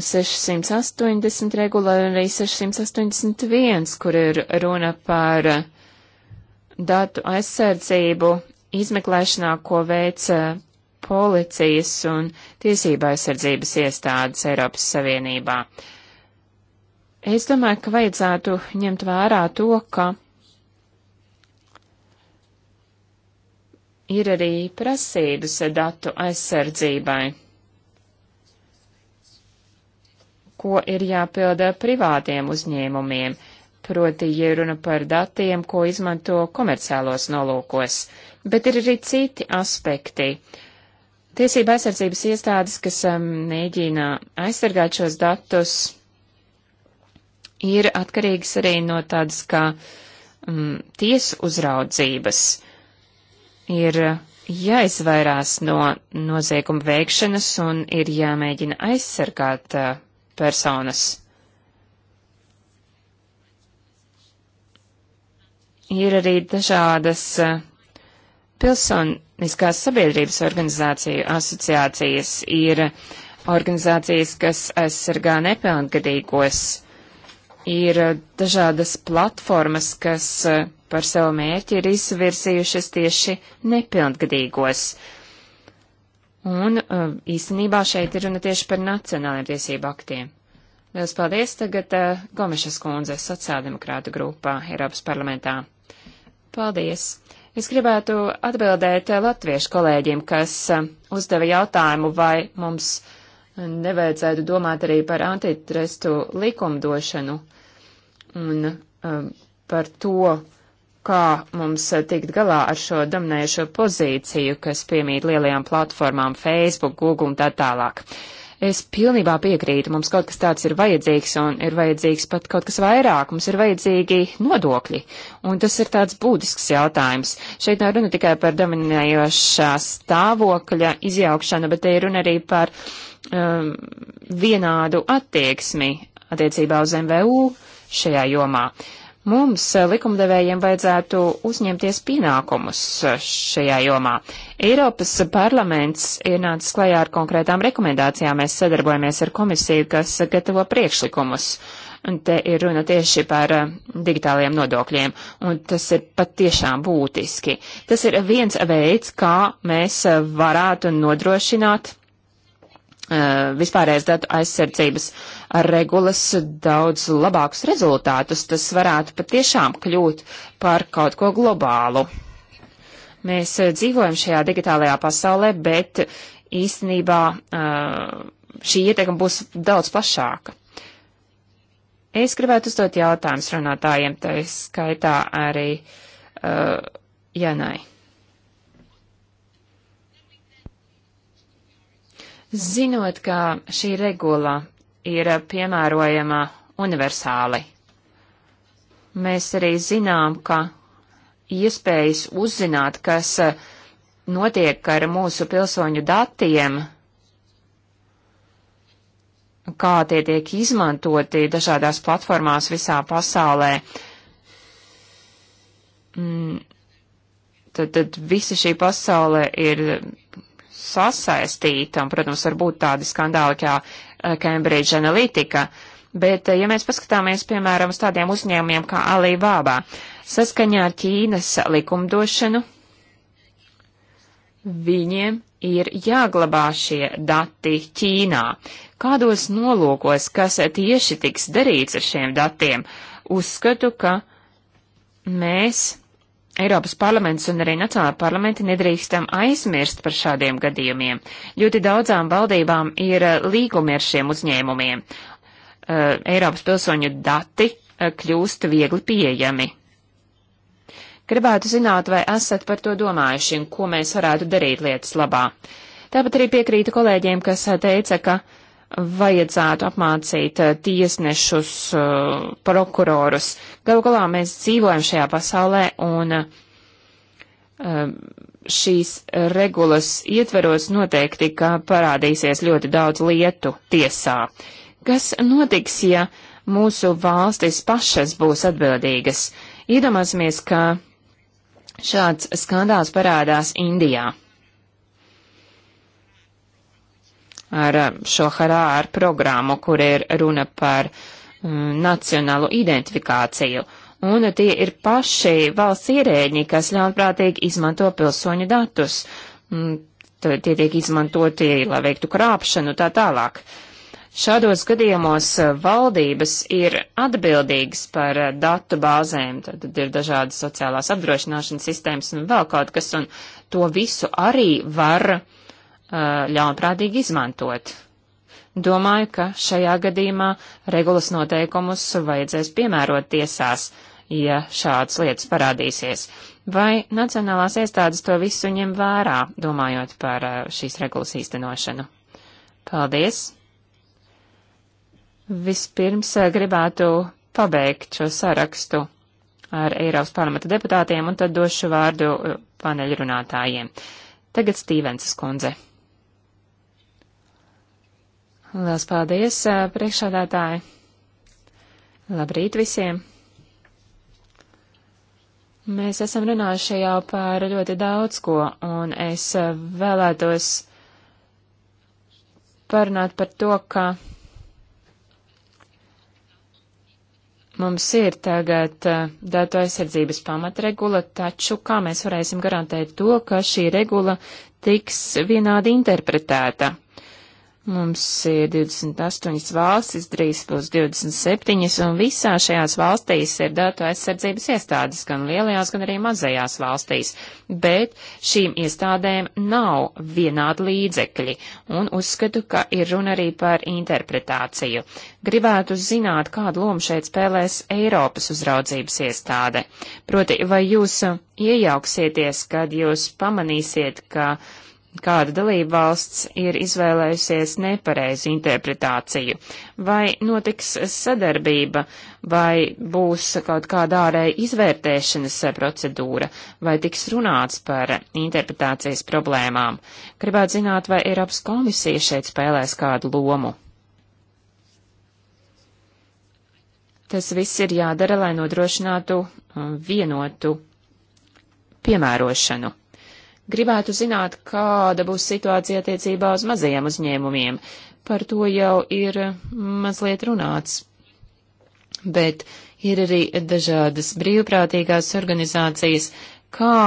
680 regula un arī 681, kur ir runa par eh, datu aizsardzību izmeklēšanā, ko veica policijas un tiesībā aizsardzības iestādes Eiropas Savienībā. Es domāju, ka vajadzētu ņemt vērā to, ka ir arī prasības datu aizsardzībai, ko ir jāpilda privātiem uzņēmumiem, proti, ja runa par datiem, ko izmanto komerciālos nolūkos, bet ir arī citi aspekti. Uh, Tiesība aizsardzības iestādes, kas um, mēģina aizsargāt šos datus, ir atkarīgas arī no tādas kā mm, tiesu uzraudzības. Ir jāizvairās no nozieguma veikšanas un ir jāmēģina aizsargāt uh, personas. Ir arī dažādas uh, pilsonu nevalstiskās sabiedrības organizāciju asociācijas ir organizācijas, kas aizsargā nepilngadīgos. Ir eh, dažādas platformas, kas eh, par savu mērķi ir izvirsījušas tieši nepilngadīgos. Un eh, īstenībā šeit ir runa tieši par nacionāliem tiesību aktiem. Lielas paldies tagad Gomešas kundze sociāldemokrāta grupā Eiropas parlamentā. Paldies! Es gribētu atbildēt latviešu kolēģiem, kas eh, uzdeva jautājumu, vai mums nevajadzētu domāt arī par antitrestu likumdošanu un um, par to, kā mums tikt galā ar šo dominējošo pozīciju, kas piemīt lielajām platformām Facebook, Google un tā tālāk. Uh, Es pilnībā piekrītu, mums kaut kas tāds ir vajadzīgs un ir vajadzīgs pat kaut kas vairāk, mums ir vajadzīgi nodokļi. Un tas ir tāds būtisks jautājums. Šeit nav runa tikai par dominējošā stāvokļa izjaukšanu, bet te ir runa arī par um, vienādu attieksmi attiecībā uz MVU šajā jomā. Uh, Mums eh, likumdevējiem vajadzētu uzņemties pienākumus eh, šajā jomā. Eiropas parlaments ienācis klajā ar konkrētām rekomendācijām. Mēs sadarbojamies ar komisiju, kas gatavo priekšlikumus. Un te ir runa tieši par eh, digitāliem nodokļiem. Un tas ir patiešām būtiski. Tas ir viens veids, kā mēs varētu nodrošināt vispārējais datu aizsardzības regulas daudz labākus rezultātus, tas varētu patiešām kļūt par kaut ko globālu. Mēs dzīvojam šajā digitālajā pasaulē, bet īstenībā šī ietekme būs daudz plašāka. Es gribētu uzdot jautājumus runātājiem, tā skaitā arī uh, Janai. Zinot, ka šī regula ir piemērojama universāli, mēs arī zinām, ka iespējas uzzināt, kas notiek ar mūsu pilsoņu datiem, kā tie tiek izmantoti dažādās platformās visā pasaulē. Mm, tad, tad visa šī pasaule ir sasaistīta, un, protams, var būt tādi skandāli kā eh, Cambridge Analytica, bet, eh, ja mēs paskatāmies, piemēram, uz tādiem uzņēmumiem kā Alibaba, saskaņā ar Ķīnas likumdošanu, viņiem ir jāglabā šie dati Ķīnā. Kādos nolūkos, kas tieši tiks darīts ar šiem datiem, uzskatu, ka mēs Eiropas parlaments un arī nacionālā parlamenti nedrīkstam aizmirst par šādiem gadījumiem. Ļoti daudzām valdībām ir eh, līgumi ar šiem uzņēmumiem. Uh, Eiropas pilsoņu dati uh, kļūst viegli pieejami. Gribētu zināt, vai esat par to domājuši un ko mēs varētu darīt lietas labā. Tāpat arī piekrītu kolēģiem, kas teica, ka vajadzētu apmācīt eh, tiesnešus, eh, prokurorus. Galu galā mēs dzīvojam šajā pasaulē un eh, šīs regulas ietveros noteikti, ka parādīsies ļoti daudz lietu tiesā. Kas notiks, ja mūsu valstis pašas būs atbildīgas? Iedomāsimies, ka šāds skandāls parādās Indijā. ar um, šo harāru programmu, kur ir runa par mm, um, nacionālu identifikāciju. Un tie ir paši valsts ierēģi, kas ļaunprātīgi izmanto pilsoņu datus. Mm, tie tiek izmantoti, lai veiktu krāpšanu tā tālāk. Šādos gadījumos uh, valdības ir atbildīgas par uh, datu bāzēm, tad ir dažādas sociālās apdrošināšanas sistēmas un vēl kaut kas, un to visu arī var Uh, ļaunprātīgi izmantot. Domāju, ka šajā gadījumā regulas noteikumus vajadzēs piemērot tiesās, ja šādas lietas parādīsies. Vai nacionālās iestādes to visu ņem vērā, domājot par uh, šīs regulas īstenošanu? Paldies! Vispirms uh, gribētu pabeigt šo sarakstu ar Eiropas parlamenta deputātiem un tad došu vārdu paneļrunātājiem. Tagad Stīvensas kundze. Lielas paldies, priekšādātāji! Labrīt visiem! Mēs esam runājuši jau par ļoti daudz ko, un es vēlētos parunāt par to, ka mums ir tagad datu aizsardzības pamatregula, taču kā mēs varēsim garantēt to, ka šī regula tiks vienādi interpretēta? Mums ir 28 valstis, drīz būs 27, un visā šajās valstīs ir datu aizsardzības iestādes, gan lielajās, gan arī mazajās valstīs, bet šīm iestādēm nav vienādi līdzekļi, un uzskatu, ka ir runa arī par interpretāciju. Gribētu zināt, kādu lomu šeit spēlēs Eiropas uzraudzības iestāde. Proti, vai jūs iejauksieties, kad jūs pamanīsiet, ka kāda dalība valsts ir izvēlējusies nepareizu interpretāciju, vai notiks sadarbība, vai būs kaut kāda ārēja izvērtēšanas procedūra, vai tiks runāts par interpretācijas problēmām. Gribētu zināt, vai Eiropas komisija šeit spēlēs kādu lomu. Tas viss ir jādara, lai nodrošinātu vienotu piemērošanu. Gribētu zināt, kāda būs situācija attiecībā uz mazajiem uzņēmumiem. Par to jau ir mazliet runāts. Bet ir arī dažādas brīvprātīgās organizācijas, kā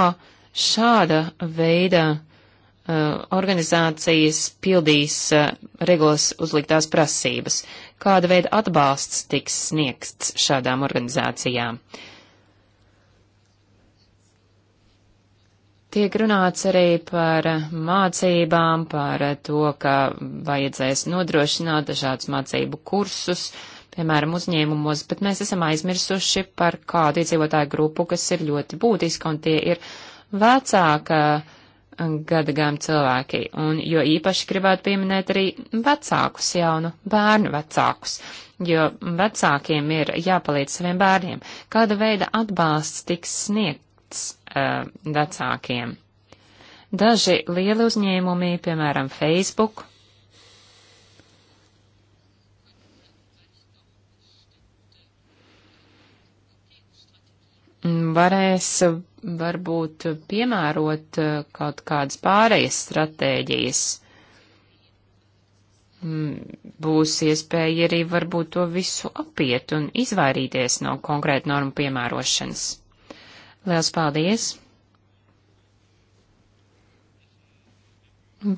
šāda veida uh, organizācijas pildīs uh, regulas uzliktās prasības, kāda veida atbalsts tiks sniegts šādām organizācijām. Uh, Tiek runāts arī par mācībām, par to, ka vajadzēs nodrošināt dažādus mācību kursus, piemēram, uzņēmumos, bet mēs esam aizmirsuši par kādu iedzīvotāju grupu, kas ir ļoti būtiska, un tie ir vecāka gadagām cilvēki, un jo īpaši gribētu pieminēt arī vecākus jaunu bērnu vecākus, jo vecākiem ir jāpalīdz saviem bērniem. Kāda veida atbalsts tiks sniegts? uh, vecākiem. Daži lieli uzņēmumi, piemēram, Facebook, varēs varbūt piemērot uh, kaut kādas pārējas stratēģijas. Mm, būs iespēja arī varbūt to visu apiet un izvairīties no konkrēta normu piemērošanas. Liels paldies!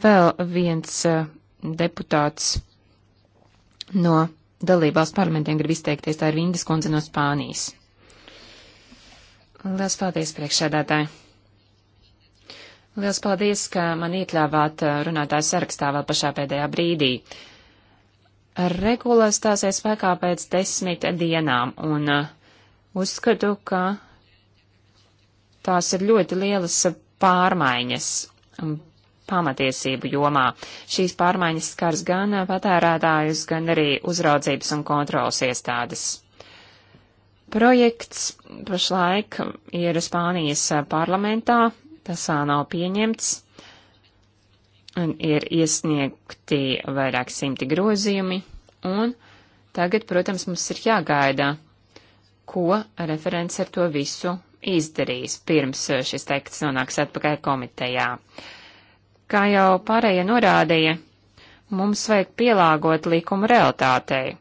Vēl viens eh, deputāts no dalībās parlamentiem grib izteikties, tā ir Vindas kundze no Spānijas. Liels paldies, priekšsēdētāji! Liels paldies, ka man iekļāvāt eh, runātāju sarakstā vēl pašā pēdējā brīdī. Regula stāsies spēkā pēc desmit dienām, un eh, uzskatu, ka tās ir ļoti lielas pārmaiņas um, pamatiesību jomā. Šīs pārmaiņas skars gan patērētājus, gan arī uzraudzības un kontrolas iestādes. Projekts pašlaik ir Spānijas parlamentā, tas vēl nav pieņemts, un ir iesniegti vairāk simti grozījumi, un tagad, protams, mums ir jāgaida, ko referents ar to visu izdarījis pirms eh, šis teksts nonāks atpakaļ komitejā. Kā jau pārējie norādīja, mums vajag pielāgot likumu realitātei.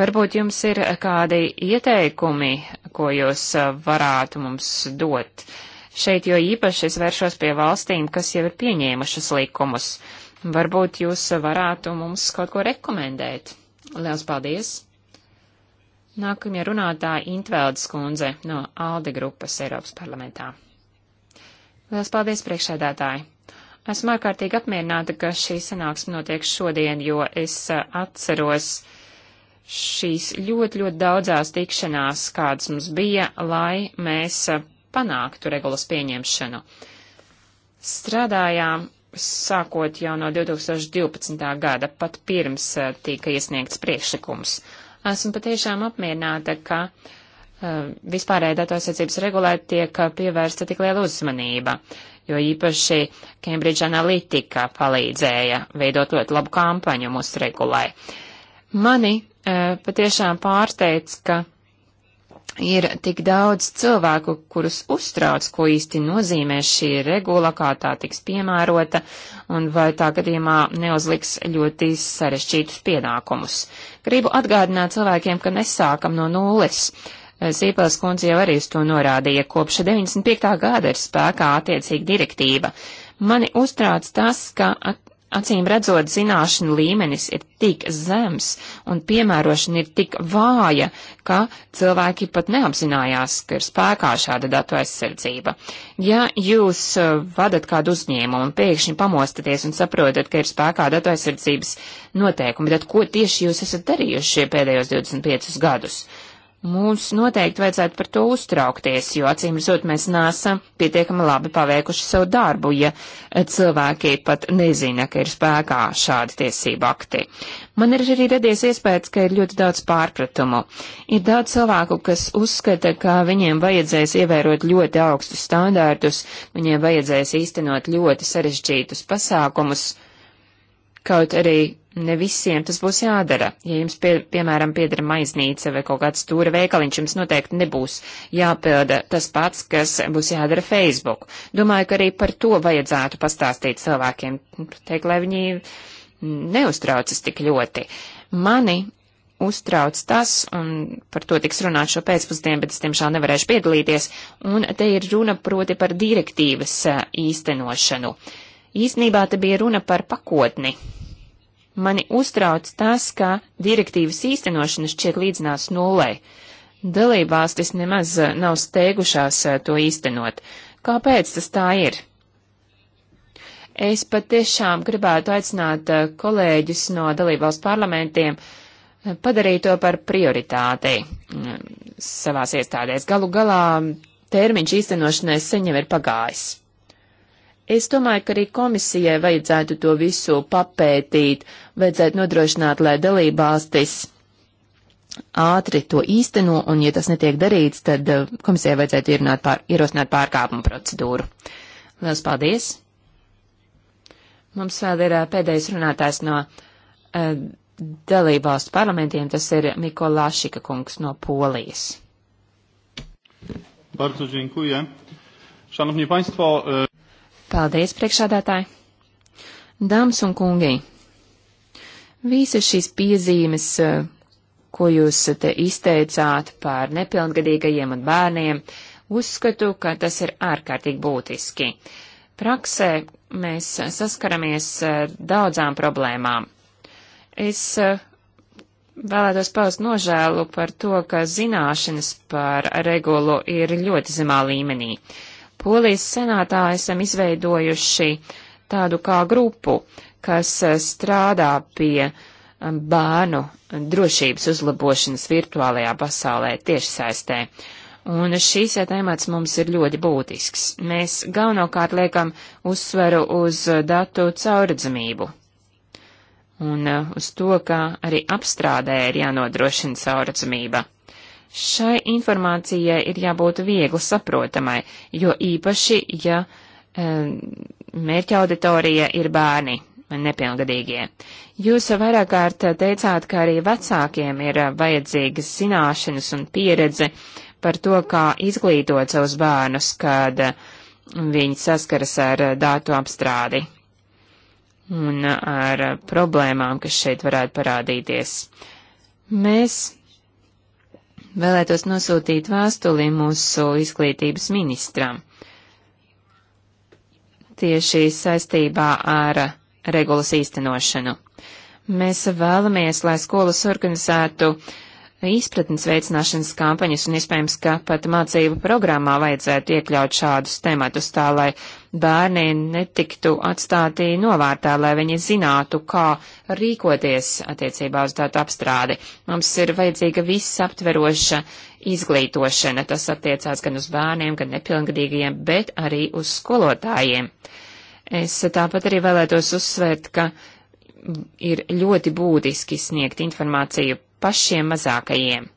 Varbūt jums ir kādi ieteikumi, ko jūs eh, varētu mums dot. Šeit jo īpaši es vēršos pie valstīm, kas jau ir pieņēmušas likumus. Varbūt jūs varētu mums kaut ko rekomendēt. Liels paldies! Nākamie runātāji Intveldes kundze no ALDE grupas Eiropas parlamentā. Lielas paldies priekšēdētāji! Esmu ārkārtīgi apmierināta, ka šī sanāksme notiek šodien, jo es eh, atceros šīs ļoti, ļoti daudzās tikšanās, kādas mums bija, lai mēs eh, panāktu regulas pieņemšanu. Strādājām sākot jau no 2012. gada, pat pirms eh, tika iesniegts priekšlikums. Esmu patiešām apmierināta, ka uh, eh, vispārēja datorsacības regulēt tiek eh, pievērsta tik liela uzmanība, jo īpaši Cambridge Analytica palīdzēja veidot ļoti labu kampaņu mūsu regulē. Mani uh, patiešām pārsteidz, ka ir tik daudz cilvēku, kurus uztrauc, ko īsti nozīmē šī regula, kā tā tiks piemērota, un vai tā gadījumā neuzliks ļoti sarešķītus pienākumus. Gribu atgādināt cilvēkiem, ka nesākam no nulles. Sīpels kundze jau arī uz to norādīja, kopš 95. gada ir spēkā attiecīga direktīva. Mani uztrauc tas, ka Acīm redzot, zināšanu līmenis ir tik zems un piemērošana ir tik vāja, ka cilvēki pat neapzinājās, ka ir spēkā šāda datu aizsardzība. Ja jūs e, vadat kādu uzņēmumu un pēkšņi pamostaties un saprotat, ka ir spēkā datu aizsardzības noteikumi, tad ko tieši jūs esat darījuši pēdējos 25 gadus? Mums noteikti vajadzētu par to uztraukties, jo acīm redzot, mēs nesam pietiekami labi paveikuši savu darbu, ja cilvēki pat nezina, ka ir spēkā šādi tiesību akti. Man ir arī radies iespējas, ka ir ļoti daudz pārpratumu. Ir daudz cilvēku, kas uzskata, ka viņiem vajadzēs ievērot ļoti augstus standārtus, viņiem vajadzēs īstenot ļoti sarežģītus pasākumus Kaut arī ne visiem tas būs jādara. Ja jums, pie, piemēram, piedara maiznīca vai kaut kāds stūra veikaliņš, jums noteikti nebūs jāpilda tas pats, kas būs jādara Facebook. Domāju, ka arī par to vajadzētu pastāstīt cilvēkiem, teikt, lai viņi neuztraucas tik ļoti. Mani uztrauc tas, un par to tiks runāt šo pēcpusdienu, bet es tiemžēl nevarēšu piedalīties, un te ir runa proti par direktīvas īstenošanu. Uh, Īsnībā te bija runa par pakotni. Mani uztrauc tas, ka direktīvas īstenošana šķiet līdzinās nulē. Dalībvalstis nemaz eh, nav steigušās eh, to īstenot. Kāpēc tas tā ir? Es patiešām gribētu aicināt eh, kolēģus no dalībvalstu parlamentiem padarīt to par prioritāti mm, savās iestādēs. Galu galā termiņš īstenošanai sen jau ir pagājis. Es domāju, ka arī komisijai vajadzētu to visu papētīt, vajadzētu nodrošināt, lai dalībvalstis ātri to īsteno, un ja tas netiek darīts, tad eh, komisijai vajadzētu pār, ierosināt pārkāpumu procedūru. Lielas paldies! Mums vēl ir eh, pēdējais runātājs no uh, dalībvalstu parlamentiem, tas ir Mikola Šika kungs no Polijas. Bardzo dziękuję. Szanowni Państwo, Paldies, priekšādātāji! Dāmas un kungi! Visas šīs piezīmes, eh, ko jūs te izteicāt par nepilngadīgajiem un bērniem, uzskatu, ka tas ir ārkārtīgi būtiski. Praksē mēs saskaramies eh, daudzām problēmām. Es eh, vēlētos paust nožēlu par to, ka zināšanas par regulu ir ļoti zemā līmenī. Uh, Polijas senātā esam izveidojuši tādu kā grupu, kas eh, strādā pie eh, bērnu drošības uzlabošanas virtuālajā pasaulē tiešsaistē. Un šīs tēmats mums ir ļoti būtisks. Mēs galvenokārt liekam uzsveru uz datu caurredzamību. Un eh, uz to, ka arī apstrādē ir jānodrošina caurredzamība. Šai informācijai ir jābūt viegli saprotamai, jo īpaši, ja mērķa auditorija ir bērni vai nepilngadīgie. Jūs vairāk kārt teicāt, ka arī vecākiem ir vajadzīgas zināšanas un pieredze par to, kā izglītot savus bērnus, kad viņi saskaras ar dātu apstrādi un ar problēmām, kas šeit varētu parādīties. Mēs vēlētos nosūtīt vēstuli mūsu izglītības ministram. Tieši saistībā ar regulas īstenošanu. Mēs vēlamies, lai skolas organizētu uh, izpratnes veicināšanas kampaņas un iespējams, ka pat mācību programmā vajadzētu iekļaut šādus tematus tā, lai bērni netiktu atstāti novārtā, lai viņi zinātu, kā rīkoties attiecībā uz datu apstrādi. Mums ir vajadzīga visaptveroša izglītošana. Tas attiecās gan uz bērniem, gan nepilngadīgajiem, bet arī uz skolotājiem. Es tāpat arī vēlētos uzsvērt, ka ir ļoti būtiski sniegt informāciju pašiem mazākajiem.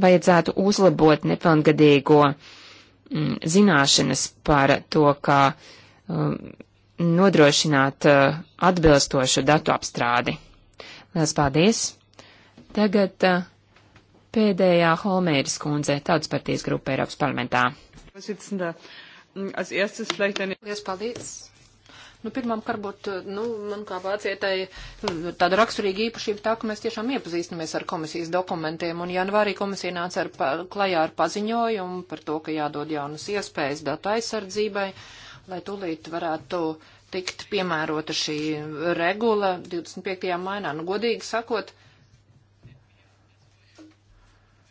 Vajadzētu uzlabot nepilngadīgo mm, zināšanas par to, kā mm, nodrošināt uh, atbilstošu datu apstrādi. Lielas paldies! Tagad uh, pēdējā Holmēras kundze, Tautas partijas grupa Eiropas parlamentā. Mm, Lielas paldies! Nu, pirmām karbot, nu, man kā vācietai tāda raksturīga īpašība tā, ka mēs tiešām iepazīstamies ar komisijas dokumentiem, un janvārī komisija nāca ar, pa, klajā ar paziņojumu par to, ka jādod jaunas iespējas datu aizsardzībai, lai tūlīt varētu tikt piemērota šī regula 25. mainā. Nu, godīgi sakot, uh,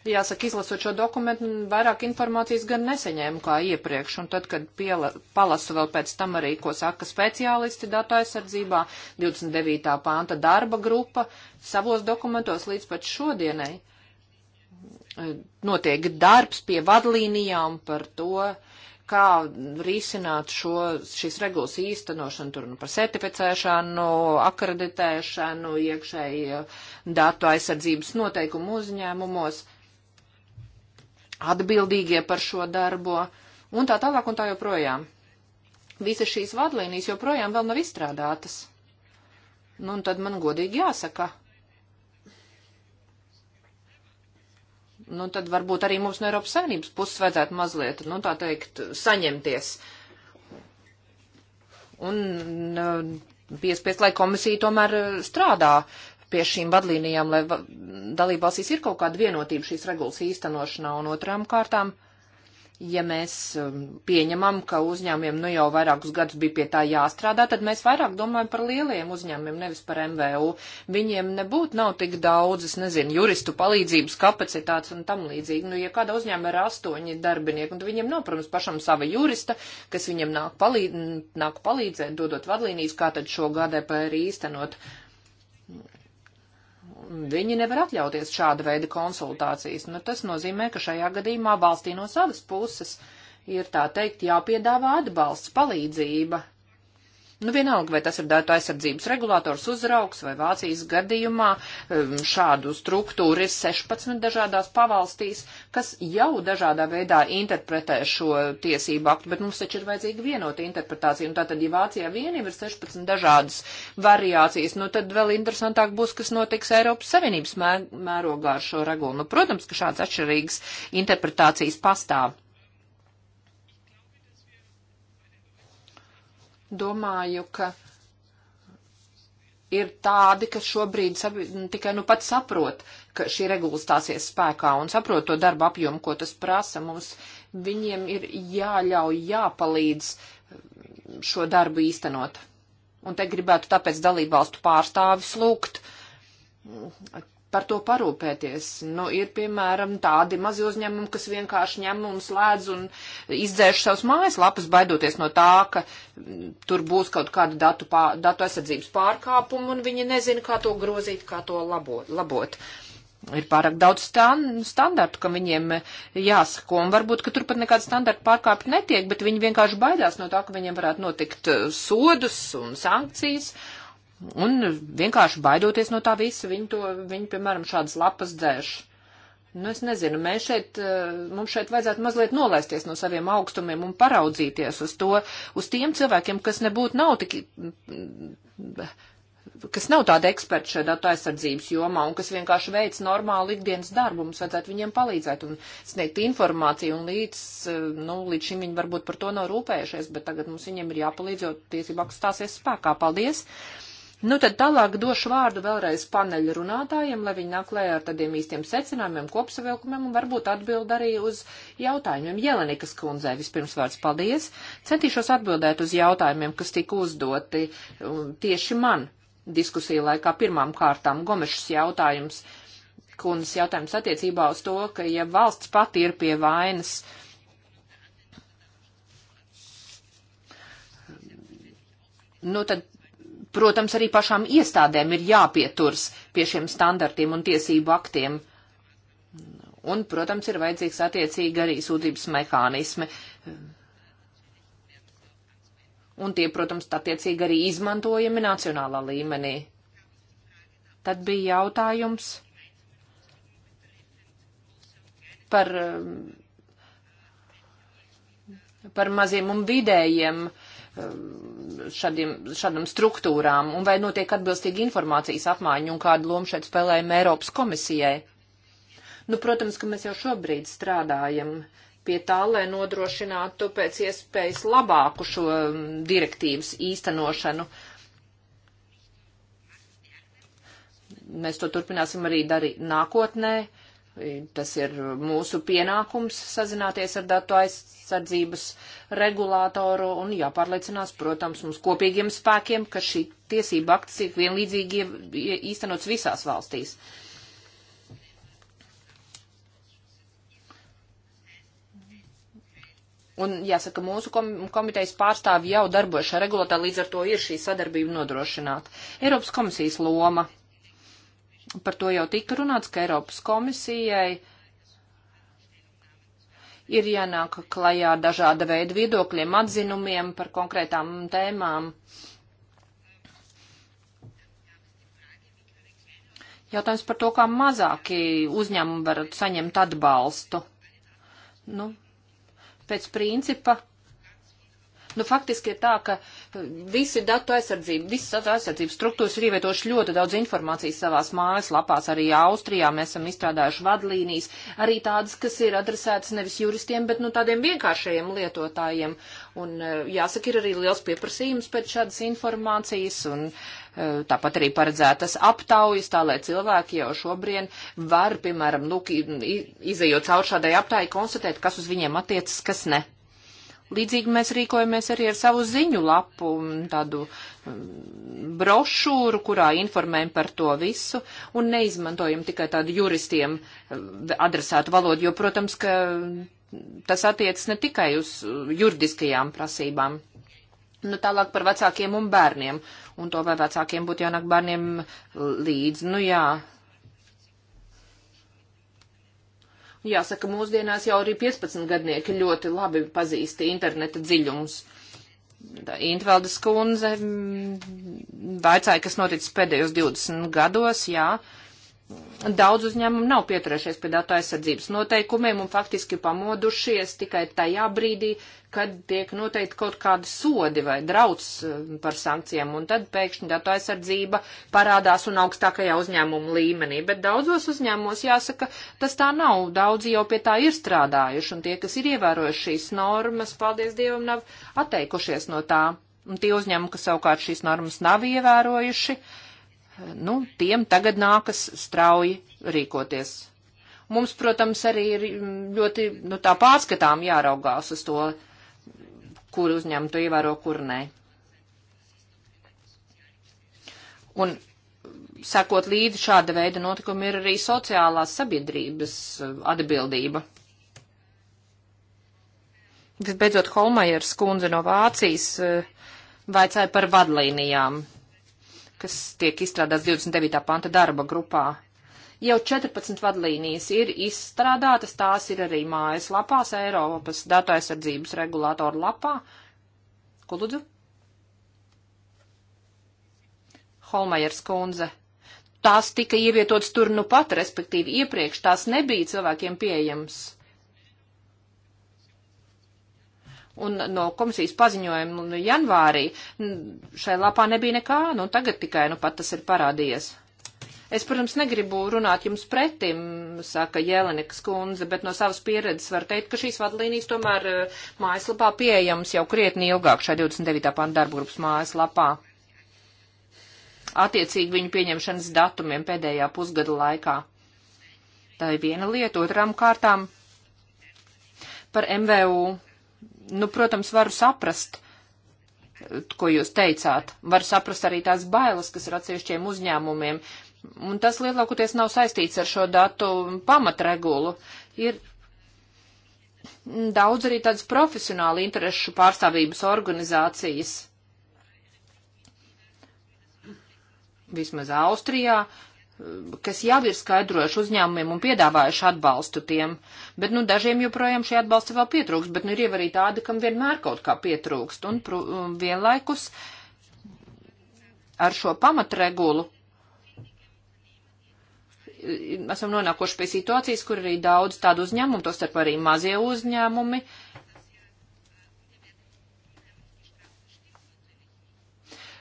Jāsaka, izlasot šo dokumentu, vairāk informācijas gan neseņēmu kā iepriekš, un tad, kad piela, palasu vēl pēc tam arī, ko saka speciālisti datu aizsardzībā, 29. pānta darba grupa, savos dokumentos līdz pat šodienai e, notiek darbs pie vadlīnijām par to, kā risināt šo, šīs regulas īstenošanu, tur nu, par certificēšanu, akreditēšanu, iekšēji e, datu aizsardzības noteikumu uzņēmumos. Uh, atbildīgie par šo darbu un tā tālāk un tā joprojām. Visas šīs vadlīnijas joprojām vēl nav izstrādātas. Nu, un tad man godīgi jāsaka. Nu, tad varbūt arī mums no Eiropas Savienības puses vajadzētu mazliet, nu, tā teikt, saņemties. Un uh, piespiest, lai komisija tomēr uh, strādā pie šīm vadlīnijām, lai dalībvalstīs ir kaut kāda vienotība šīs regulas īstenošanā un otrām kārtām. Ja mēs um, pieņemam, ka uzņēmumiem nu jau vairākus gadus bija pie tā jāstrādā, tad mēs vairāk domājam par lieliem uzņēmumiem, nevis par MVU. Viņiem nebūtu nav tik daudz, es nezinu, juristu palīdzības kapacitātes un tam līdzīgi. Nu, ja kāda uzņēmuma ir astoņi darbinieki, un viņiem nav, protams, pašam sava jurista, kas viņiem nāk, palīd nāk palīdzēt, dodot vadlīnijas, kā tad šo GDP ir īstenot. Viņi nevar atļauties šāda veida konsultācijas. Nu, tas nozīmē, ka šajā gadījumā valstī no savas puses ir tā teikt jāpiedāvā atbalsts, palīdzība Nu, vienalga, vai tas ir datu aizsardzības regulators uzraugs vai Vācijas gadījumā um, šādu struktūru ir 16 dažādās pavalstīs, kas jau dažādā veidā interpretē šo tiesību aktu, bet mums taču ir vajadzīga vienota interpretācija. Un tātad, ja Vācijā vienība ir 16 dažādas variācijas, nu tad vēl interesantāk būs, kas notiks Eiropas Savienības mērogā ar šo regulu. Nu, protams, ka šāds atšķirīgs interpretācijas pastāv. domāju, ka ir tādi, kas šobrīd sabi, tikai nu pat saprot, ka šī regula stāsies spēkā un saprot to darbu apjomu, ko tas prasa. Mums viņiem ir jāļauj, jāpalīdz šo darbu īstenot. Un te gribētu tāpēc dalībvalstu pārstāvis lūgt par to parūpēties. Nu, ir, piemēram, tādi mazi uzņēmumi, kas vienkārši ņem un slēdz un izdzēš savus mājaslapus, baidoties no tā, ka mm, tur būs kaut kāda datu, pār, datu aizsardzības pārkāpuma, un viņi nezina, kā to grozīt, kā to labot. labot. Ir pārāk daudz stan standartu, kam viņiem eh, jāsako, un varbūt, ka tur pat nekāda standarta pārkāpta netiek, bet viņi vienkārši baidās no tā, ka viņiem varētu notikt eh, sodus un sankcijas. Uh, Un vienkārši baidoties no tā visa, viņi to, viņi, piemēram, šādas lapas dzēš. Nu, es nezinu, mēs šeit, eh, mums šeit vajadzētu mazliet nolaisties no saviem augstumiem un paraudzīties uz to, uz tiem cilvēkiem, kas nebūtu nav tik, mm, kas nav tādi eksperti šajā datu aizsardzības jomā un kas vienkārši veic normālu ikdienas darbu. Mums vajadzētu viņiem palīdzēt un sniegt informāciju un līdz, eh, nu, līdz šim viņi varbūt par to nav rūpējušies, bet tagad mums viņiem ir jāpalīdz, jo tiesībāk stāsies spēkā. Paldies! Nu, tad tālāk došu vārdu vēlreiz paneļa runātājiem, lai viņi nāk klējā ar tādiem īstiem secinājumiem, kopsavilkumiem un varbūt atbild arī uz jautājumiem. Jelenikas kundzei vispirms vārds paldies. Centīšos atbildēt uz jautājumiem, kas tika uzdoti um, tieši man diskusiju laikā pirmām kārtām Gomešas jautājums, kundas jautājums attiecībā uz to, ka ja valsts pati ir pie vainas, nu tad protams, arī pašām iestādēm ir jāpieturs pie šiem standartiem un tiesību aktiem. Un, protams, ir vajadzīgs attiecīgi arī sūdzības mehānismi. Un tie, protams, attiecīgi arī izmantojami nacionālā līmenī. Tad bija jautājums par, um, par maziem un vidējiem šādiem, šādam struktūrām, un vai notiek atbilstīgi informācijas apmaiņa, un kādu lomu šeit spēlējam Eiropas komisijai? Nu, protams, ka mēs jau šobrīd strādājam pie tā, lai nodrošinātu pēc iespējas labāku šo mm, direktīvas īstenošanu. Mēs to turpināsim arī darīt nākotnē Tas ir mūsu pienākums sazināties ar datu aizsardzības regulātoru un jāpārliecinās, protams, mums kopīgiem spēkiem, ka šī tiesība akts ir vienlīdzīgi īstenots visās valstīs. Un jāsaka, mūsu komitejas pārstāvi jau darbojas šajā regulatā, līdz ar to ir šī sadarbība nodrošināta. Eiropas komisijas loma Par to jau tika runāts, ka Eiropas komisijai ir jānāk klajā dažāda veida viedokļiem, atzinumiem par konkrētām tēmām. Jautājums par to, kā mazāki uzņēmumi var saņemt atbalstu. Nu, pēc principa Nu, faktiski ir tā, ka eh, visi datu aizsardzība, visas datu aizsardzības struktūras ir ievietojuši ļoti daudz informācijas savās mājaslapās. Arī Austrijā mēs esam izstrādājuši vadlīnijas, arī tādas, kas ir adresētas nevis juristiem, bet nu, tādiem vienkāršajiem lietotājiem. Un, eh, jāsaka, ir arī liels pieprasījums pēc šādas informācijas. Un, eh, Tāpat arī paredzētas aptaujas, tā lai cilvēki jau šobrien var, piemēram, lūk, nu, izējot caur šādai aptājai, konstatēt, kas uz viņiem attiecas, kas ne. Līdzīgi mēs rīkojamies arī ar savu ziņu lapu, tādu mm, brošūru, kurā informējam par to visu un neizmantojam tikai tādu juristiem mm, adresētu valodu, jo, protams, ka tas attiecas ne tikai uz juridiskajām prasībām. Nu, tālāk par vecākiem un bērniem, un to vai vecākiem būtu jānāk bērniem līdzi. Nu, jā, Jāsaka, mūsdienās jau arī 15 gadnieki ļoti labi pazīst interneta dziļumus. Intveldes kundze mm, vaicāja, kas noticis pēdējos 20 gados, jā. Uh, daudz uzņēmumu nav pieturējušies pie datu aizsardzības noteikumiem un faktiski pamodušies tikai tajā brīdī, kad tiek noteikti kaut kādi sodi vai drauds eh, par sankcijām, un tad pēkšņi datu aizsardzība parādās un augstākajā uzņēmuma līmenī. Bet daudzos uzņēmumos jāsaka, tas tā nav. Daudzi jau pie tā ir strādājuši, un tie, kas ir ievērojuši šīs normas, paldies Dievam, nav atteikušies no tā. Un tie uzņēmumi, kas savukārt šīs normas nav ievērojuši, uh, nu, tiem tagad nākas strauji rīkoties. Mums, protams, arī ir ļoti nu, tā pārskatām jāraugās uz to, kur uzņemtu ievēro, kur nē. Un sekot līdzi šāda veida notikumi ir arī sociālās sabiedrības uh, atbildība. Visbeidzot, Holmajers kundze no Vācijas uh, vaicāja par vadlīnijām kas tiek izstrādāts 29. panta darba grupā. Jau 14 vadlīnijas ir izstrādātas, tās ir arī mājas lapās, Eiropas datu aizsardzības regulātoru lapā. Ko lūdzu? Holmajers kundze. Tās tika ievietotas tur nu pat, respektīvi iepriekš tās nebija cilvēkiem pieejams. Un no komisijas paziņojuma janvārī šai lapā nebija nekā, nu tagad tikai nu pat tas ir parādījies. Es, protams, negribu runāt jums pretim, saka Jēlenikas kundze, bet no savas pieredzes var teikt, ka šīs vadlīnijas tomēr eh, mājaslapā pieejams jau krietni ilgāk šajā 29. pānta darbgrupas mājaslapā. Attiecīgi viņu pieņemšanas datumiem pēdējā pusgada laikā. Tā ir viena lieta, otram kārtām par MVU nu, protams, varu saprast, ko jūs teicāt. Varu saprast arī tās bailes, kas ir atsevišķiem uzņēmumiem. Un tas lielākoties nav saistīts ar šo datu pamatregulu. Ir daudz arī tādas profesionāli interesu pārstāvības organizācijas. Vismaz Austrijā kas jau ir skaidrojuši uzņēmumiem un piedāvājuši atbalstu tiem, bet, nu, dažiem joprojām šī atbalsta vēl pietrūkst, bet, nu, ir jau arī tāda, kam vienmēr kaut kā pietrūkst, un, pru, un vienlaikus ar šo pamatregulu esam nonākuši pie situācijas, kur arī daudz tādu uzņēmumu, to starp arī mazie uzņēmumi,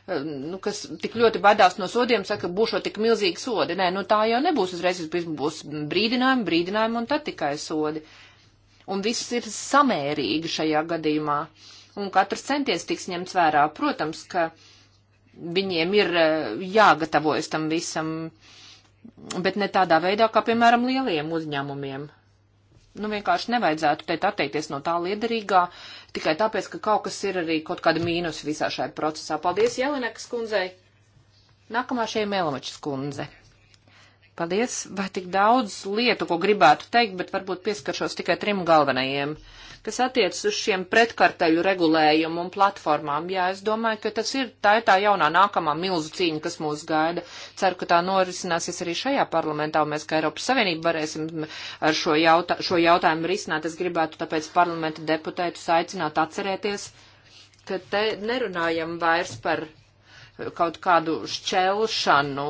Ehm, nu, kas tik ļoti baidās no sodiem, saka, būšo tik milzīgi sodi. Nē, nu tā jau nebūs uzreiz, būs brīdinājumi, brīdinājumi un tad tikai sodi. Un viss ir samērīgi šajā gadījumā. Un katrs centies tiks ņemts vērā. Protams, ka viņiem ir eh, jāgatavojas tam visam, bet ne tādā veidā, kā, piemēram, lielajiem uzņēmumiem nu, vienkārši nevajadzētu teikt atteikties no tā liederīgā, tikai tāpēc, ka kaut kas ir arī kaut kāda mīnus visā šajā procesā. Paldies Jelenekas kundzei! Nākamā šī Melamačs kundze. Paldies, vai tik daudz lietu, ko gribētu teikt, bet varbūt pieskaršos tikai trim galvenajiem, kas attiecas uz šiem pretkarteļu regulējumu un platformām. Jā, es domāju, ka tas ir tā, ir tā jaunā nākamā milzu cīņa, kas mūs gaida. Ceru, ka tā norisināsies arī šajā parlamentā, un mēs, kā Eiropas Savienība, varēsim ar šo, jautā, šo jautājumu risināt. Es gribētu tāpēc parlamenta deputētus aicināt atcerēties, ka te nerunājam vairs par kaut kādu šķelšanu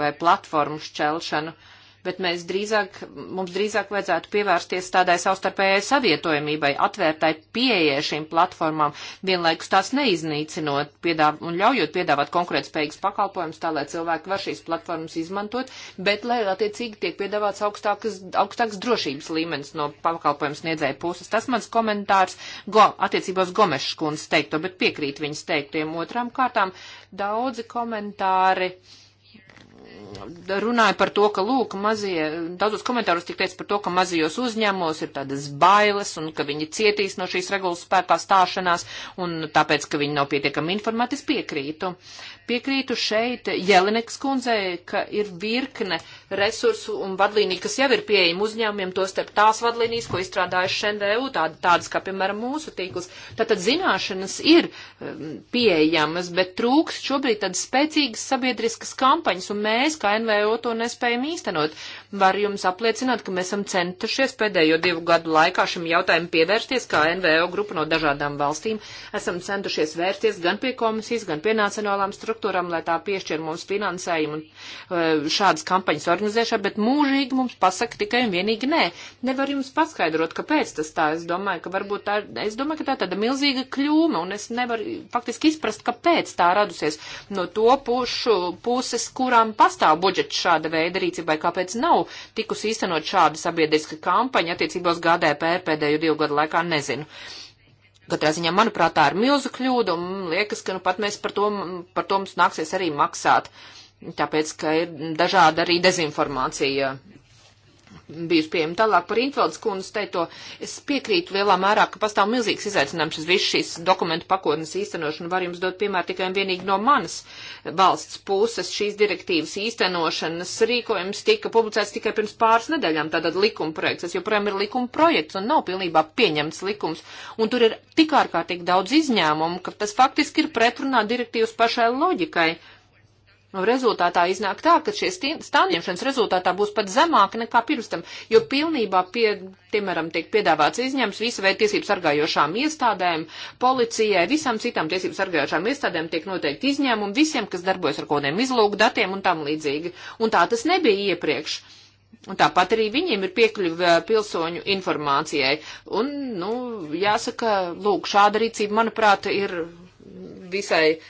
vai platformu šķelšanu. Uh, bet mēs drīzāk, mums drīzāk vajadzētu pievērsties tādai savstarpējai savietojamībai, atvērtai pieejai šīm platformām, vienlaikus tās neiznīcinot piedāv un ļaujot piedāvāt konkurētspējīgas pakalpojumus, tā lai cilvēki var šīs platformas izmantot, bet lai attiecīgi tiek piedāvāts augstākas, augstāks drošības līmenis no pakalpojumu sniedzēja puses. Tas mans komentārs go, attiecībā uz Gomešas kundzes teikto, bet piekrīt viņas teiktiem otrām kārtām. Daudzi komentāri. Uh, runāja par to, ka, lūk, mazie, daudzos komentāros tik teica par to, ka mazajos uzņēmos ir tādas bailes un ka viņi cietīs no šīs regulas spēkā stāšanās un tāpēc, ka viņi nav pietiekami informēti, es piekrītu piekrītu šeit Jelineks kundzei, ka ir virkne resursu un vadlīniju, kas jau ir pieejama uzņēmumiem, to starp tās vadlīnijas, ko izstrādājuši ŠNDU, tād, tādas kā, piemēram, mūsu tīklus. Tātad zināšanas ir um, pieejamas, bet trūks šobrīd tādas spēcīgas sabiedriskas kampaņas, un mēs, kā NVO, to nespējam īstenot. Var jums apliecināt, ka mēs esam centušies pēdējo divu gadu laikā šim jautājumam pievērsties, kā NVO grupa no dažādām valstīm. Esam centušies vērsties gan pie komisijas, gan pie nacionālām struktūrām struktūram, lai tā piešķir mums finansējumu un e, šādas kampaņas organizēšā, bet mūžīgi mums pasaka tikai un vienīgi nē. Nevar jums paskaidrot, kāpēc tas tā. Es domāju, ka varbūt tā, es domāju, ka tā tāda milzīga kļūme un es nevaru faktiski izprast, kāpēc tā radusies no to pušu puses, kurām pastāv budžets šāda veida rīcībai, kāpēc nav tikusi īstenot šāda sabiedriska kampaņa attiecībā uz GDPR pēdējo divu gadu laikā, nezinu. Uh, Katrā ziņā, manuprāt, tā ir milzu kļūda, un liekas, ka nu pat mēs par to, par to mums nāksies arī maksāt, tāpēc, ka ir dažāda arī dezinformācija bijusi pieejama. Tālāk par Intvaldes kundas teikto, es piekrītu lielā mērā, ka pastāv milzīgs izaicinājums uz visu šīs dokumentu pakotnes īstenošanu. Var jums dot piemēru tikai un vienīgi no manas valsts puses. Šīs direktīvas īstenošanas rīkojums tika publicēts tikai pirms pāris nedēļām. Tātad likuma projekts, tas joprojām ir likuma projekts un nav pilnībā pieņemts likums. Un tur ir tik ārkārtīgi daudz izņēmumu, ka tas faktiski ir pretrunā direktīvas pašai loģikai. Nu, rezultātā iznāk tā, ka šie stāvņemšanas rezultātā būs pat zemāki nekā pirms tam, jo pilnībā, pie, piemēram, tiek piedāvāts izņems visu veidu tiesību sargājošām iestādēm, policijai, visām citām tiesību sargājošām iestādēm tiek noteikti izņēmumi visiem, kas darbojas ar kodiem izlūku datiem un tam līdzīgi. Un tā tas nebija iepriekš. Un tāpat arī viņiem ir piekļuve eh, pilsoņu informācijai. Un, nu, jāsaka, lūk, šāda rīcība, manuprāt, ir visai uh,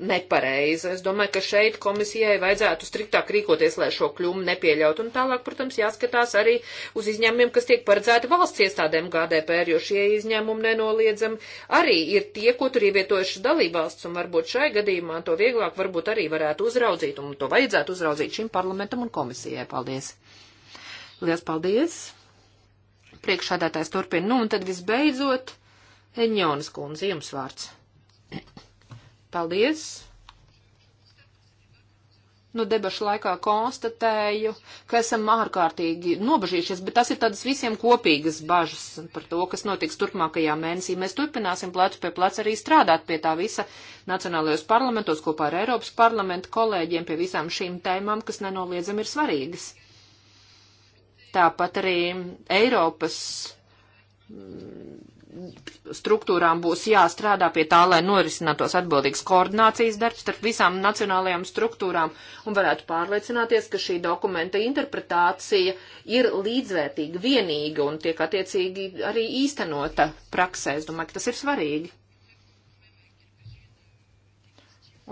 nepareiza. Es domāju, ka šeit komisijai vajadzētu striktāk rīkoties, lai šo kļūmu nepieļaut. Un tālāk, protams, jāskatās arī uz izņēmumiem, kas tiek paredzēti valsts iestādēm GDPR, jo šie izņēmumi nenoliedzami arī ir tie, ko tur ievietojuši dalībvalsts, un varbūt šai gadījumā to vieglāk varbūt arī varētu uzraudzīt, un to vajadzētu uzraudzīt šim parlamentam un komisijai. Paldies! Lielas paldies! Priekšādātājs turpina. Nu, un tad visbeidzot, Eņonas kundze, jums vārds. Thank you. Paldies! nu, debašu laikā konstatēju, ka esam ārkārtīgi nobežījušies, bet tas ir tādas visiem kopīgas bažas par to, kas notiks turpmākajā mēnesī. Mēs turpināsim plecu pie pleca arī strādāt pie tā visa nacionālajos parlamentos kopā ar Eiropas parlamentu kolēģiem pie visām šīm tēmām, kas nenoliedzam ir svarīgas. Tāpat arī Eiropas struktūrām būs jāstrādā pie tā, lai norisinātos atbildīgs koordinācijas darbs starp visām nacionālajām struktūrām un varētu pārliecināties, ka šī dokumenta interpretācija ir līdzvērtīga, vienīga un tiek attiecīgi arī īstenota praksē. Es domāju, ka tas ir svarīgi.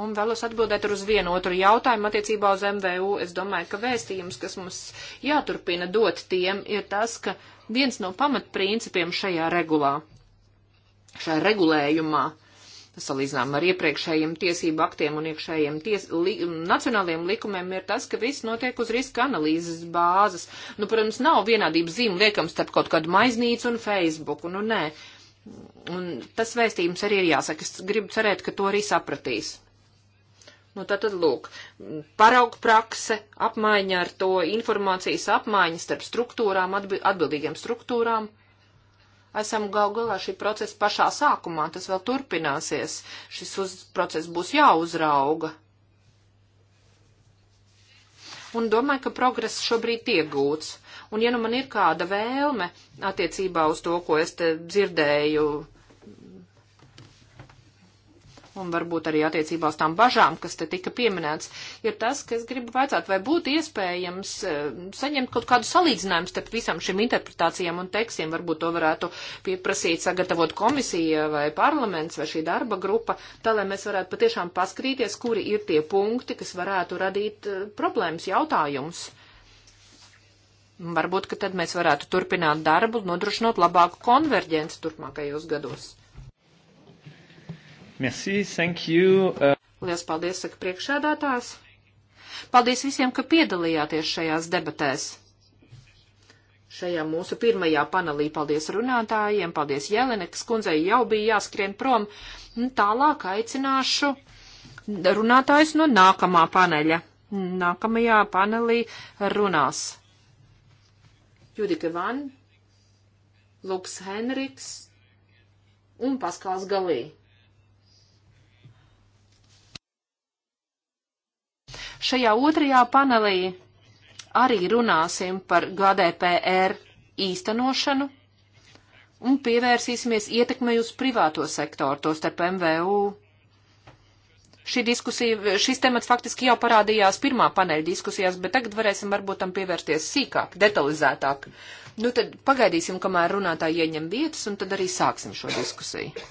Un vēlos atbildēt uz vienu otru jautājumu attiecībā uz MVU. Es domāju, ka vēstījums, kas mums jāturpina dot tiem, ir tas, ka viens no pamatprincipiem šajā regulā, šajā regulējumā, salīdzinām ar iepriekšējiem tiesību aktiem un iekšējiem ties, li, nacionāliem likumiem, ir tas, ka viss notiek uz riska analīzes bāzes. Nu, protams, nav vienādības zīme liekam starp kaut kādu maiznīcu un Facebook, nu nē. Un tas vēstījums arī ir jāsaka. Es gribu cerēt, ka to arī sapratīs. Nu, tad, tad lūk, parauga prakse, apmaiņa ar to informācijas apmaiņa starp struktūrām, atbildīgiem struktūrām. Esam gal galā šī procesa pašā sākumā, tas vēl turpināsies, šis uz, process būs jāuzrauga. Un domāju, ka progress šobrīd tiek gūts. Un ja nu man ir kāda vēlme attiecībā uz to, ko es te dzirdēju, uh, un varbūt arī attiecībā uz tām bažām, kas te tika pieminēts, ir tas, ka es gribu vaicāt, vai būtu iespējams eh, saņemt kaut kādu salīdzinājumu starp visam šim interpretācijām un tekstiem. Varbūt to varētu pieprasīt, sagatavot komisija vai parlaments vai šī darba grupa, tā lai mēs varētu patiešām paskrīties, kuri ir tie punkti, kas varētu radīt eh, problēmas, jautājumus. Varbūt, ka tad mēs varētu turpināt darbu, nodrošinot labāku konverģenci turpmākajos gados. Merci, thank you. Uh... Lielas paldies, saka priekšādātājs. Paldies visiem, ka piedalījāties šajās debatēs. Šajā mūsu pirmajā panelī paldies runātājiem, paldies Jelenekas kundzei, jau bija jāskrien prom. Tālāk aicināšu runātājs no nākamā paneļa. Nākamajā panelī runās Judika Van, Luks Henriks un Paskals Galī. Šajā otrajā panelī arī runāsim par GDPR īstenošanu un pievērsīsimies ietekmei uz privāto sektoru, to starp MVU. Šī diskusija, šis temats faktiski jau parādījās pirmā paneļa diskusijās, bet tagad varēsim varbūt tam pievērsties sīkāk, detalizētāk. Nu tad pagaidīsim, kamēr runātāji ieņem vietas, un tad arī sāksim šo diskusiju.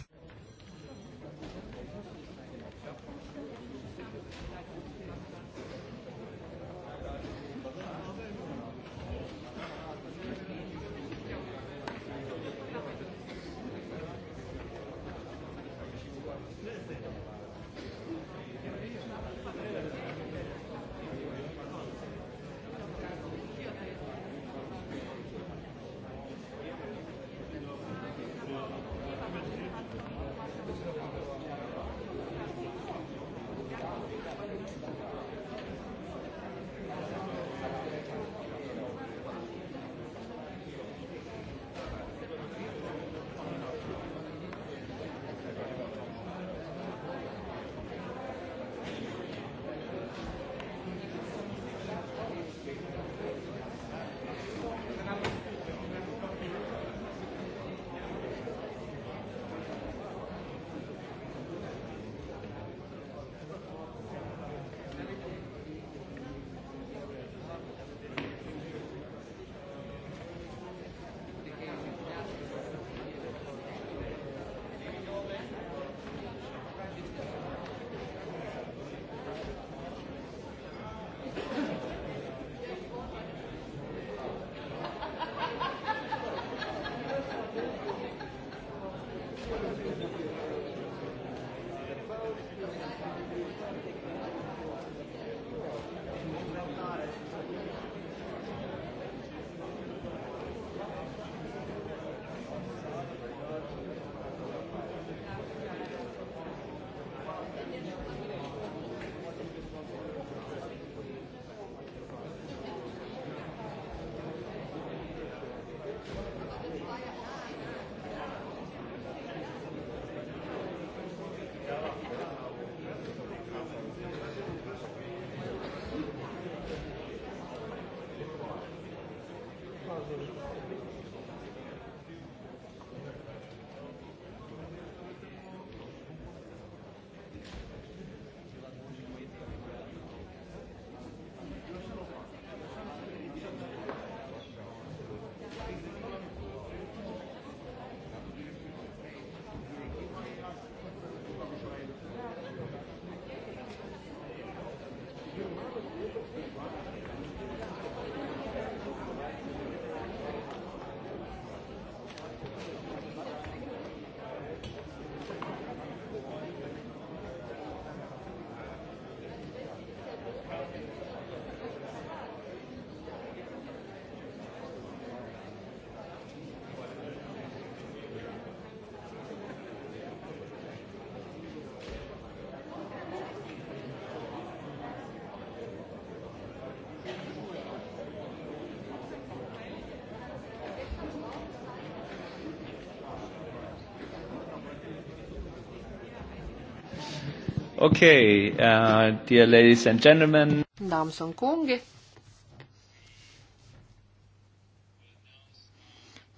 Okay, uh, dear ladies and gentlemen. Dāmas un kungi.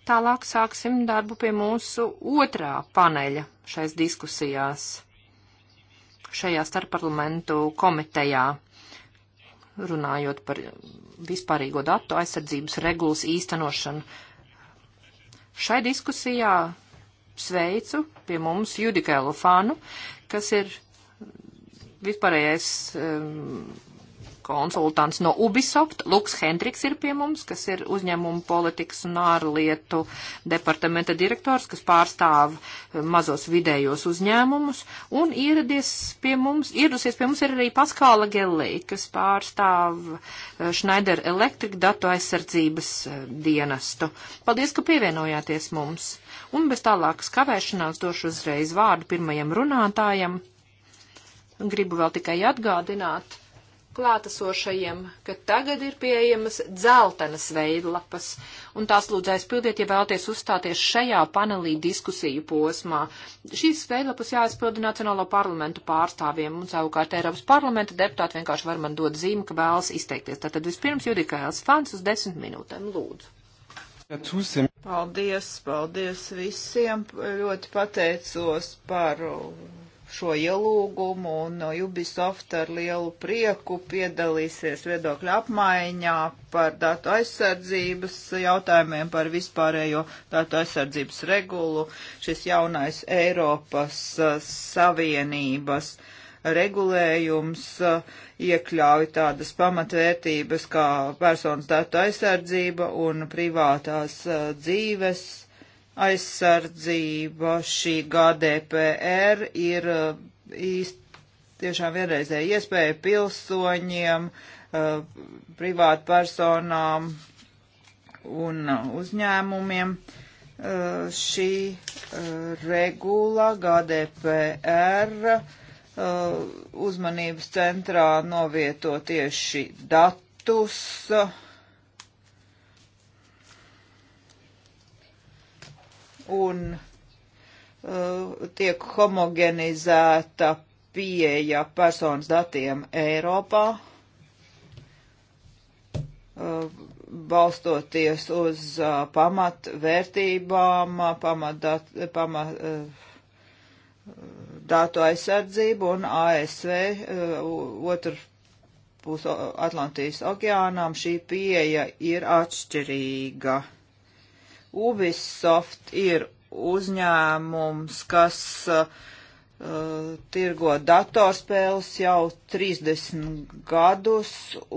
Tālāk sāksim darbu pie mūsu otrā paneļa šais diskusijās šajā starpparlamentu komitejā, runājot par vispārīgo datu aizsardzības regulas īstenošanu. Šai diskusijā sveicu pie mums Judika Elofānu, kas ir vispārējais um, konsultants no Ubisoft, Luks Hendriks ir pie mums, kas ir uzņēmuma politikas un ārlietu departamenta direktors, kas pārstāv um, mazos vidējos uzņēmumus, un ieradies pie mums, ieradusies pie mums ir arī Paskāla Gellī, kas pārstāv uh, Schneider Electric datu aizsardzības uh, dienestu. Paldies, ka pievienojāties mums, un bez tālākas kavēšanās došu uzreiz vārdu pirmajam runātājam. Gribu vēl tikai atgādināt klātesošajiem, ka tagad ir pieejamas dzeltenas veidlapas, un tās lūdzu aizpildiet, ja vēlaties uzstāties šajā panelī diskusiju posmā. Šīs veidlapas jāaizpilda Nacionālo parlamentu pārstāvjiem, un savukārt Eiropas parlamenta deputāti vienkārši var man dot zīmi, ka vēlas izteikties. Tātad vispirms JudikaĒls Fans uz desmit minūtēm lūdzu. Paldies, paldies visiem, ļoti pateicos par šo ielūgumu, un Ubisoft ar lielu prieku piedalīsies viedokļu apmaiņā par datu aizsardzības jautājumiem, par vispārējo datu aizsardzības regulu. Šis jaunais Eiropas Savienības regulējums iekļauj tādas pamatvērtības kā personas datu aizsardzība un privātās dzīves aizsardzība šī GDPR ir uh, īsti tiešām vienreizēja iespēja pilsoņiem, uh, privātpersonām un uh, uzņēmumiem. Šī regula GDPR uzmanības centrā novieto tieši datus, uh, un uh, tiek homogenizēta pieeja personas datiem Eiropā, uh, balstoties uz uh, pamatvērtībām, uh, pamatdat, pamat, uh, datu aizsardzību un ASV uh, otru pusi Atlantijas okeānām šī pieeja ir atšķirīga. Ubisoft ir uzņēmums, kas uh, tirgo datorspēles jau 30 gadus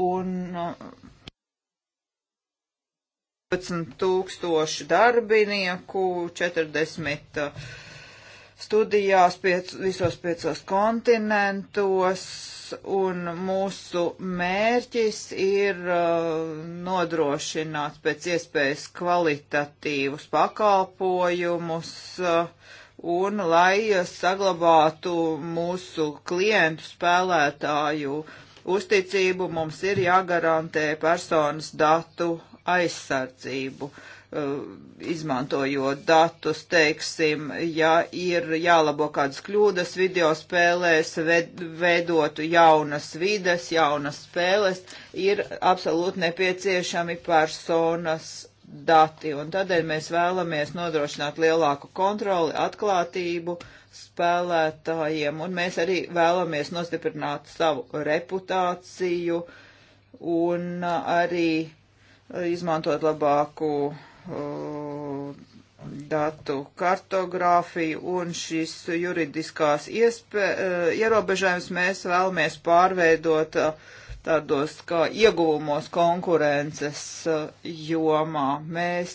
un 15 uh, tūkstoši darbinieku, 40 uh, studijās piec, visos piecos kontinentos un mūsu mērķis ir uh, nodrošināt pēc iespējas kvalitatīvus pakalpojumus uh, un lai uh, saglabātu mūsu klientu spēlētāju uzticību, mums ir jāgarantē personas datu aizsardzību. Uh, Uh, izmantojot datus, teiksim, ja ir jālabo kādas kļūdas video spēlēs, veidotu jaunas vides, jaunas spēles, ir absolūti nepieciešami personas dati, un tādēļ mēs vēlamies nodrošināt lielāku kontroli, atklātību spēlētājiem, un mēs arī vēlamies nostiprināt savu reputāciju un arī izmantot labāku uh, Uh, datu kartogrāfiju un šis juridiskās iespē, uh, ierobežojums mēs vēlamies pārveidot uh, tādos kā ieguvumos konkurences jomā. Mēs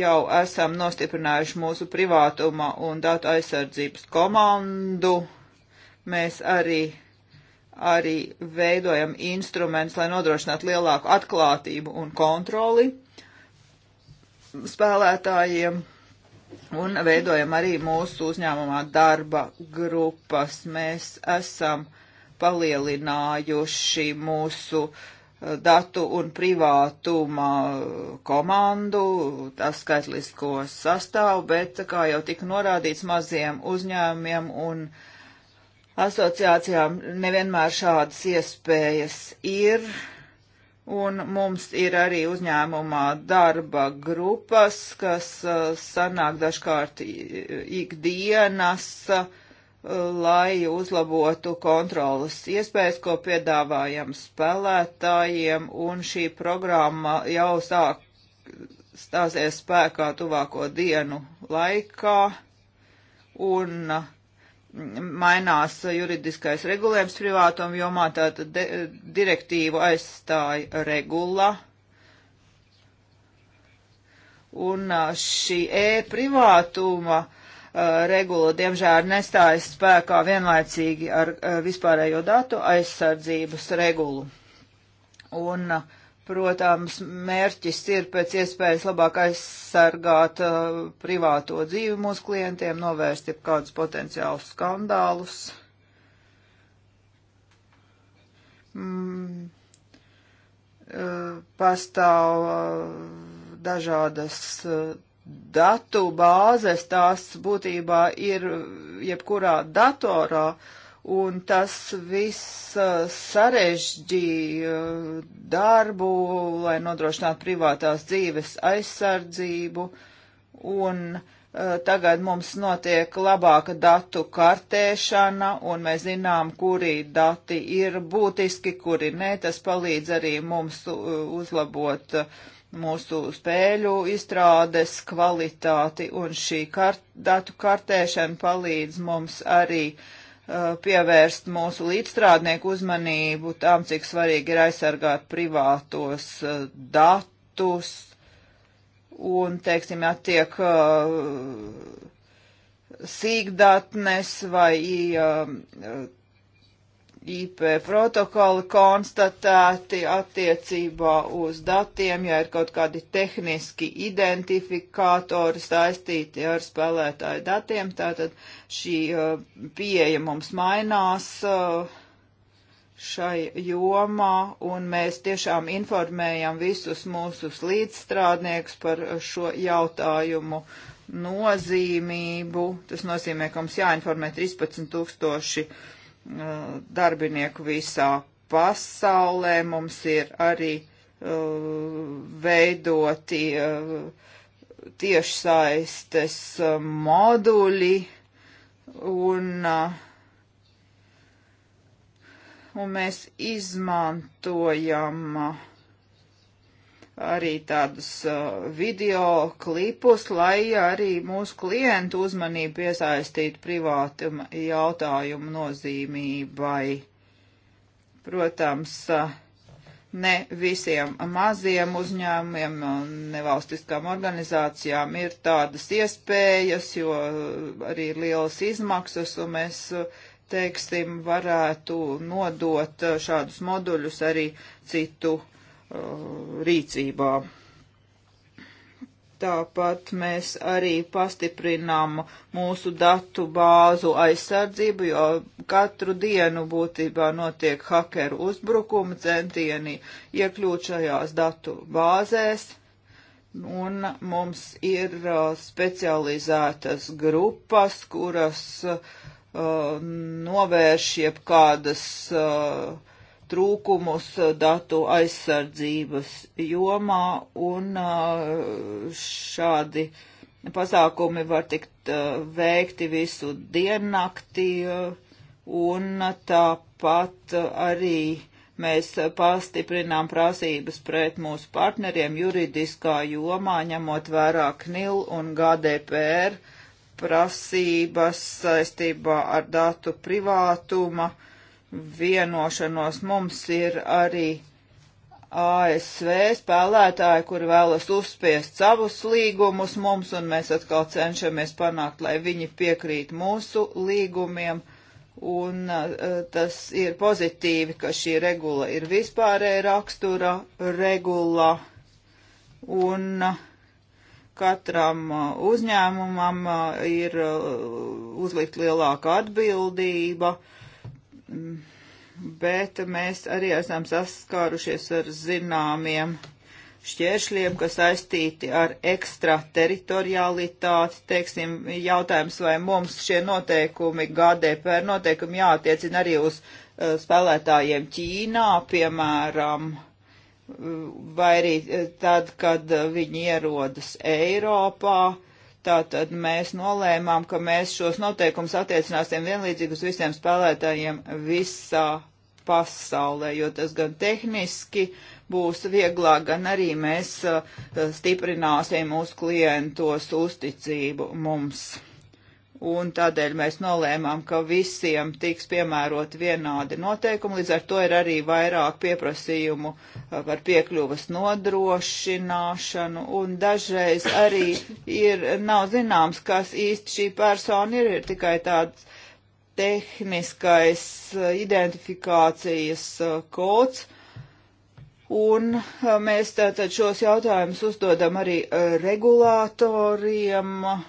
jau esam nostiprinājuši mūsu privātuma un datu aizsardzības komandu. Mēs arī arī veidojam instruments, lai nodrošinātu lielāku atklātību un kontroli spēlētājiem un veidojam arī mūsu uzņēmumā darba grupas. Mēs esam palielinājuši mūsu eh, datu un privātuma eh, komandu, tā skaitlisko sastāvu, bet, kā jau tika norādīts, maziem uzņēmumiem un asociācijām nevienmēr šādas iespējas ir Un mums ir arī uzņēmumā darba grupas, kas uh, sanāk dažkārt ikdienas, uh, lai uzlabotu kontrolas iespējas, ko piedāvājam spēlētājiem, un šī programma jau sāk stāsies spēkā tuvāko dienu laikā, un uh, mainās juridiskais regulējums privātuma jomā, tātad direktīvu aizstāja regula. Un šī e-privātuma regula, diemžēl, nestājas spēkā vienlaicīgi ar vispārējo datu aizsardzības regulu. Un uh, Protams, mērķis ir pēc iespējas labāk aizsargāt uh, privāto dzīvi mūsu klientiem, novērst jau kādus potenciālus skandālus. Mm, uh, pastāv uh, dažādas uh, datu bāzes, tās būtībā ir jebkurā datorā uh, un tas viss uh, sarežģīja darbu, lai nodrošinātu privātās dzīves aizsardzību, un uh, tagad mums notiek labāka datu kartēšana, un mēs zinām, kuri dati ir būtiski, kuri nē, tas palīdz arī mums uh, uzlabot mūsu spēļu izstrādes kvalitāti, un šī kart, datu kartēšana palīdz mums arī uh, Uh, pievērst mūsu līdzstrādnieku uzmanību tam, cik svarīgi ir aizsargāt privātos uh, datus un, teiksim, ja tiek uh, sīkdatnes vai IP protokoli konstatēti attiecībā uz datiem, ja ir kaut kādi tehniski identifikātori saistīti ar spēlētāju datiem, tātad šī uh, pieeja mums mainās uh, šai jomā, un mēs tiešām informējam visus mūsus līdzstrādniekus par šo jautājumu nozīmību. Tas nozīmē, ka mums jāinformē 13 tūkstoši 000 darbinieku visā pasaulē. Mums ir arī uh, veidoti uh, tiešsaistes uh, moduļi un, un mēs izmantojam uh, arī tādus video klipus, lai arī mūsu klientu uzmanību piesaistītu privātuma jautājumu nozīmībai. Protams, ne visiem maziem uzņēmumiem, nevalstiskām organizācijām ir tādas iespējas, jo arī ir lielas izmaksas, un mēs, teiksim, varētu nodot šādus moduļus arī citu Uh, rīcībā. Tāpat mēs arī pastiprinām mūsu datu bāzu aizsardzību, jo katru dienu būtībā notiek hakeru uzbrukumi, centieni iekļūt šajās datu bāzēs, un mums ir uh, specializētas grupas, kuras uh, novērš jeb kādas uh, trūkumus datu aizsardzības jomā un šādi pasākumi var tikt veikti visu diennakti un tāpat arī mēs pastiprinām prasības pret mūsu partneriem juridiskā jomā, ņemot vērā KNIL un GDPR prasības saistībā ar datu privātuma uh, vienošanos. Mums ir arī ASV spēlētāji, kuri vēlas uzspiest savus līgumus mums, un mēs atkal cenšamies panākt, lai viņi piekrīt mūsu līgumiem. Un tas ir pozitīvi, ka šī regula ir vispārēja rakstura regula. Un katram uzņēmumam ir uzlikt lielāka atbildība uh, Mm, bet mēs arī esam saskārušies ar zināmiem šķēršļiem, kas saistīti ar ekstrateritorialitāti. Teiksim, jautājums, vai mums šie noteikumi, GDPR noteikumi jātiecina arī uz uh, spēlētājiem Ķīnā, piemēram, vai arī eh, tad, kad eh, viņi ierodas Eiropā. Uh, Tātad mēs nolēmām, ka mēs šos noteikumus attiecināsim vienlīdzīgi uz visiem spēlētājiem visā pasaulē, jo tas gan tehniski būs vieglāk, gan arī mēs uh, stiprināsim mūsu uz klientos uzticību mums un tādēļ mēs nolēmām, ka visiem tiks piemērot vienādi noteikumi, līdz ar to ir arī vairāk pieprasījumu eh, par piekļuvas nodrošināšanu, un dažreiz arī ir, nav zināms, kas īsti šī persona ir, ir tikai tāds tehniskais eh, identifikācijas eh, kods, Un mēs tātad šos jautājumus uzdodam arī regulātoriem, uh,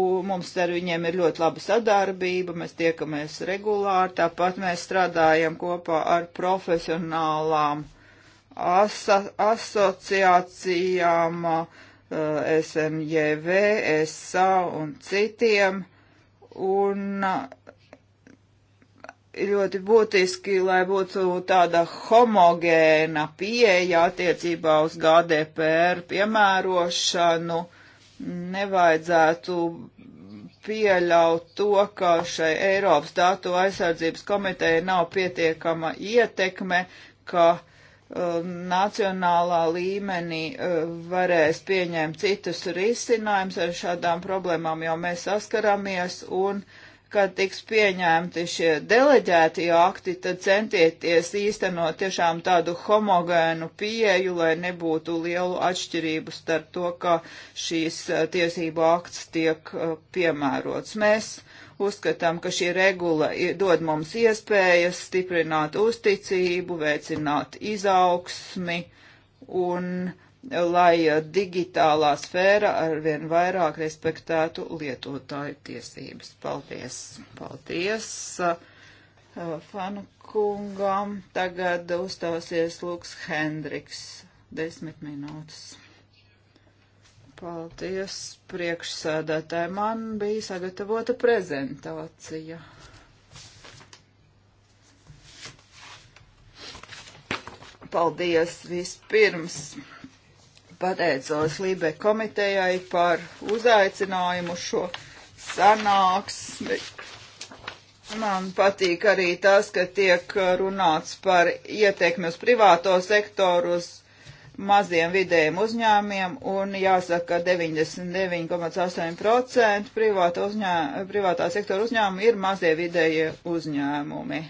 Un mums ar viņiem ir ļoti laba sadarbība, mēs tiekamies regulāri, tāpat mēs strādājam kopā ar profesionālām aso asociācijām, eh, SMJV, SA un citiem. Un eh, ļoti būtiski, lai būtu tāda homogēna pieeja attiecībā uz GDPR piemērošanu. Uh, nevajadzētu pieļaut to, ka šai Eiropas datu aizsardzības komitejai nav pietiekama ietekme, ka uh, nacionālā līmenī uh, varēs pieņemt citus risinājumus ar šādām problēmām, jo mēs saskaramies un uh, kad tiks pieņemti šie deleģētie akti, tad centieties īstenot tiešām tādu homogēnu pieeju, lai nebūtu lielu atšķirību starp to, kā šīs eh, tiesību akts tiek eh, piemērots. Mēs uzskatām, ka šī regula dod mums iespējas stiprināt uzticību, veicināt izaugsmi un lai eh, digitālā sfēra arvien vairāk respektētu lietotāju tiesības. Paldies! Paldies! Eh, Fanu kungam tagad uzstāsies Lūks Hendriks. Desmit minūtes. Paldies priekšsēdētāji. Man bija sagatavota prezentācija. Paldies vispirms pateicos Lībe komitejai par uzaicinājumu šo sanāksmi. Man patīk arī tas, ka tiek runāts par ietekmi uz privāto sektoru, uz maziem vidējiem uzņēmiem, un jāsaka, ka 99,8% privāta, uzņē, privātā sektora uzņēmumi ir mazie vidējie uzņēmumi.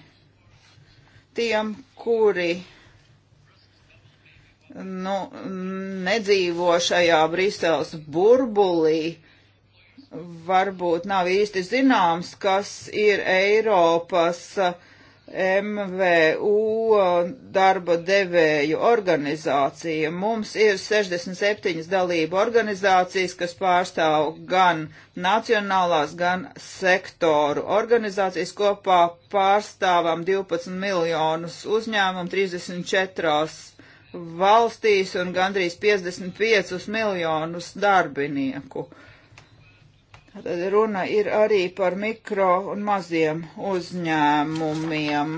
Tiem, kuri nu, nedzīvo šajā Briseles burbulī, varbūt nav īsti zināms, kas ir Eiropas eh, MVU darba devēju organizācija. Mums ir 67 dalību organizācijas, kas pārstāv gan nacionālās, gan sektoru organizācijas. Kopā pārstāvam 12 miljonus uzņēmumu 34 valstīs un gandrīz 55 miljonus darbinieku. Tad runa ir arī par mikro un maziem uzņēmumiem.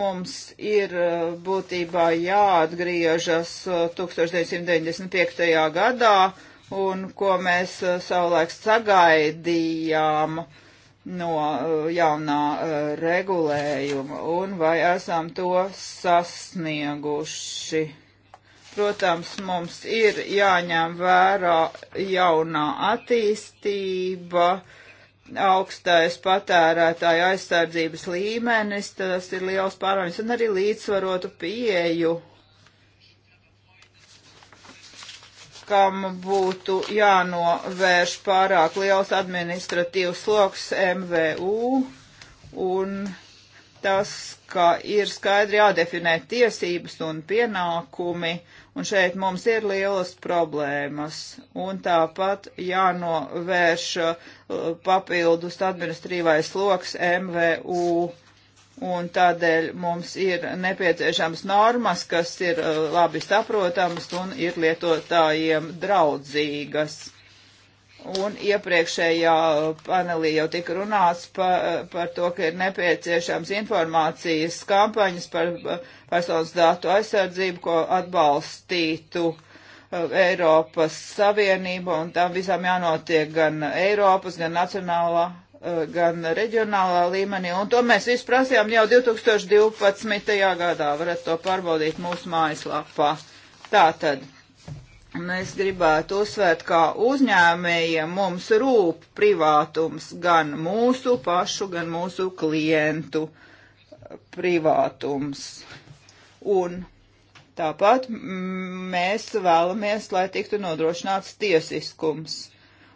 Mums ir eh, būtībā jāatgriežas 1995. Eh, gadā un ko mēs eh, savulaik sagaidījām. Uh, no eh, jaunā eh, regulējuma un vai esam to sasnieguši. Protams, mums ir jāņem vērā jaunā attīstība, augstais patērētāja aizsardzības līmenis, tas ir liels pārmaiņas, un arī līdzsvarotu pieju kam būtu jānovērš pārāk liels administratīvs sloks MVU un tas, ka ir skaidri jādefinē tiesības un pienākumi, un šeit mums ir lielas problēmas, un tāpat jānovērš uh, papildus administratīvais sloks MVU un tādēļ mums ir nepieciešams normas, kas ir uh, labi saprotamas un ir lietotājiem draudzīgas. Un iepriekšējā panelī jau tika runāts par, par to, ka ir nepieciešams informācijas kampaņas par uh, personas datu aizsardzību, ko atbalstītu uh, Eiropas Savienība, un tam visam jānotiek gan Eiropas, gan nacionālā Eh, gan reģionālā līmenī, un to mēs visu prasījām jau 2012. gadā, varat to pārbaudīt mūsu mājaslapā. Tātad, mēs gribētu uzsvērt, kā uzņēmējiem mums rūp privātums gan mūsu pašu, gan mūsu klientu privātums. Un tāpat mēs vēlamies, lai tiktu nodrošināts tiesiskums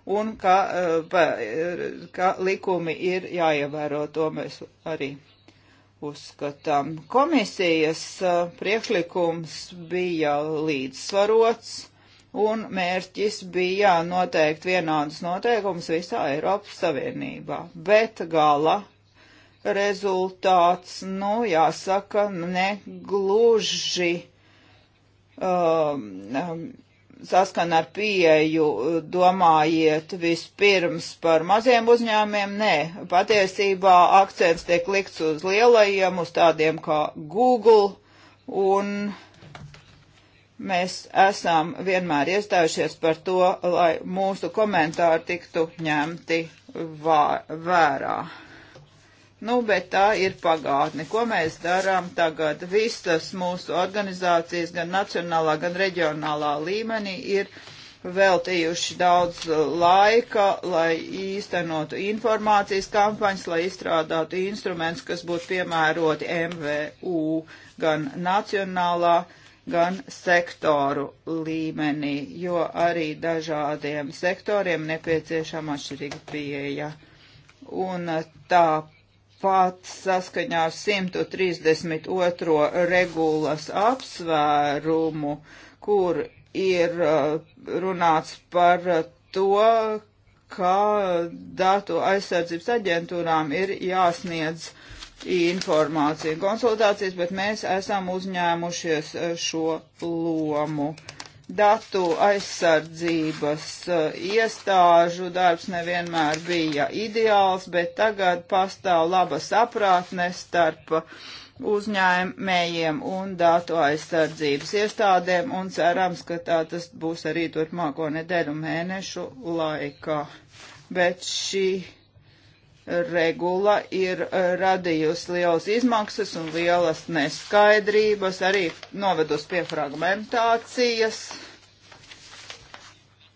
un ka, eh, eh, ka likumi ir jāievēro. To mēs arī uzskatām. Komisijas eh, priekšlikums bija līdzsvarots un mērķis bija noteikt vienādus noteikumus visā Eiropas Savienībā. Bet gala rezultāts, nu, jāsaka, negluži um, um saskana ar pieeju, domājiet vispirms par maziem uzņēmiem. Nē, patiesībā akcents tiek likts uz lielajiem, uz tādiem kā Google, un mēs esam vienmēr iestājušies par to, lai mūsu komentāri tiktu ņemti vērā. Nu, bet tā ir pagātne. Ko mēs darām tagad? Visas mūsu organizācijas, gan nacionālā, gan reģionālā līmenī, ir veltījuši daudz uh, laika, lai īstenotu informācijas kampaņas, lai izstrādātu instruments, kas būtu piemēroti MVU gan nacionālā, gan sektoru līmenī, jo arī dažādiem sektoriem nepieciešama atšķirīga pieeja. Un uh, tā Tāpat saskaņā ar 132. regulas apsvērumu, kur ir uh, runāts par to, ka datu aizsardzības aģentūrām ir jāsniedz informācija un konsultācijas, bet mēs esam uzņēmušies uh, šo lomu datu aizsardzības eh, iestāžu darbs nevienmēr bija ideāls, bet tagad pastāv laba saprātne starp uzņēmējiem un datu aizsardzības iestādēm un cerams, ka tā tas būs arī turpmāko nedēļu mēnešu laikā. Bet šī regula ir eh, radījusi lielas izmaksas un lielas neskaidrības, arī novedus pie fragmentācijas.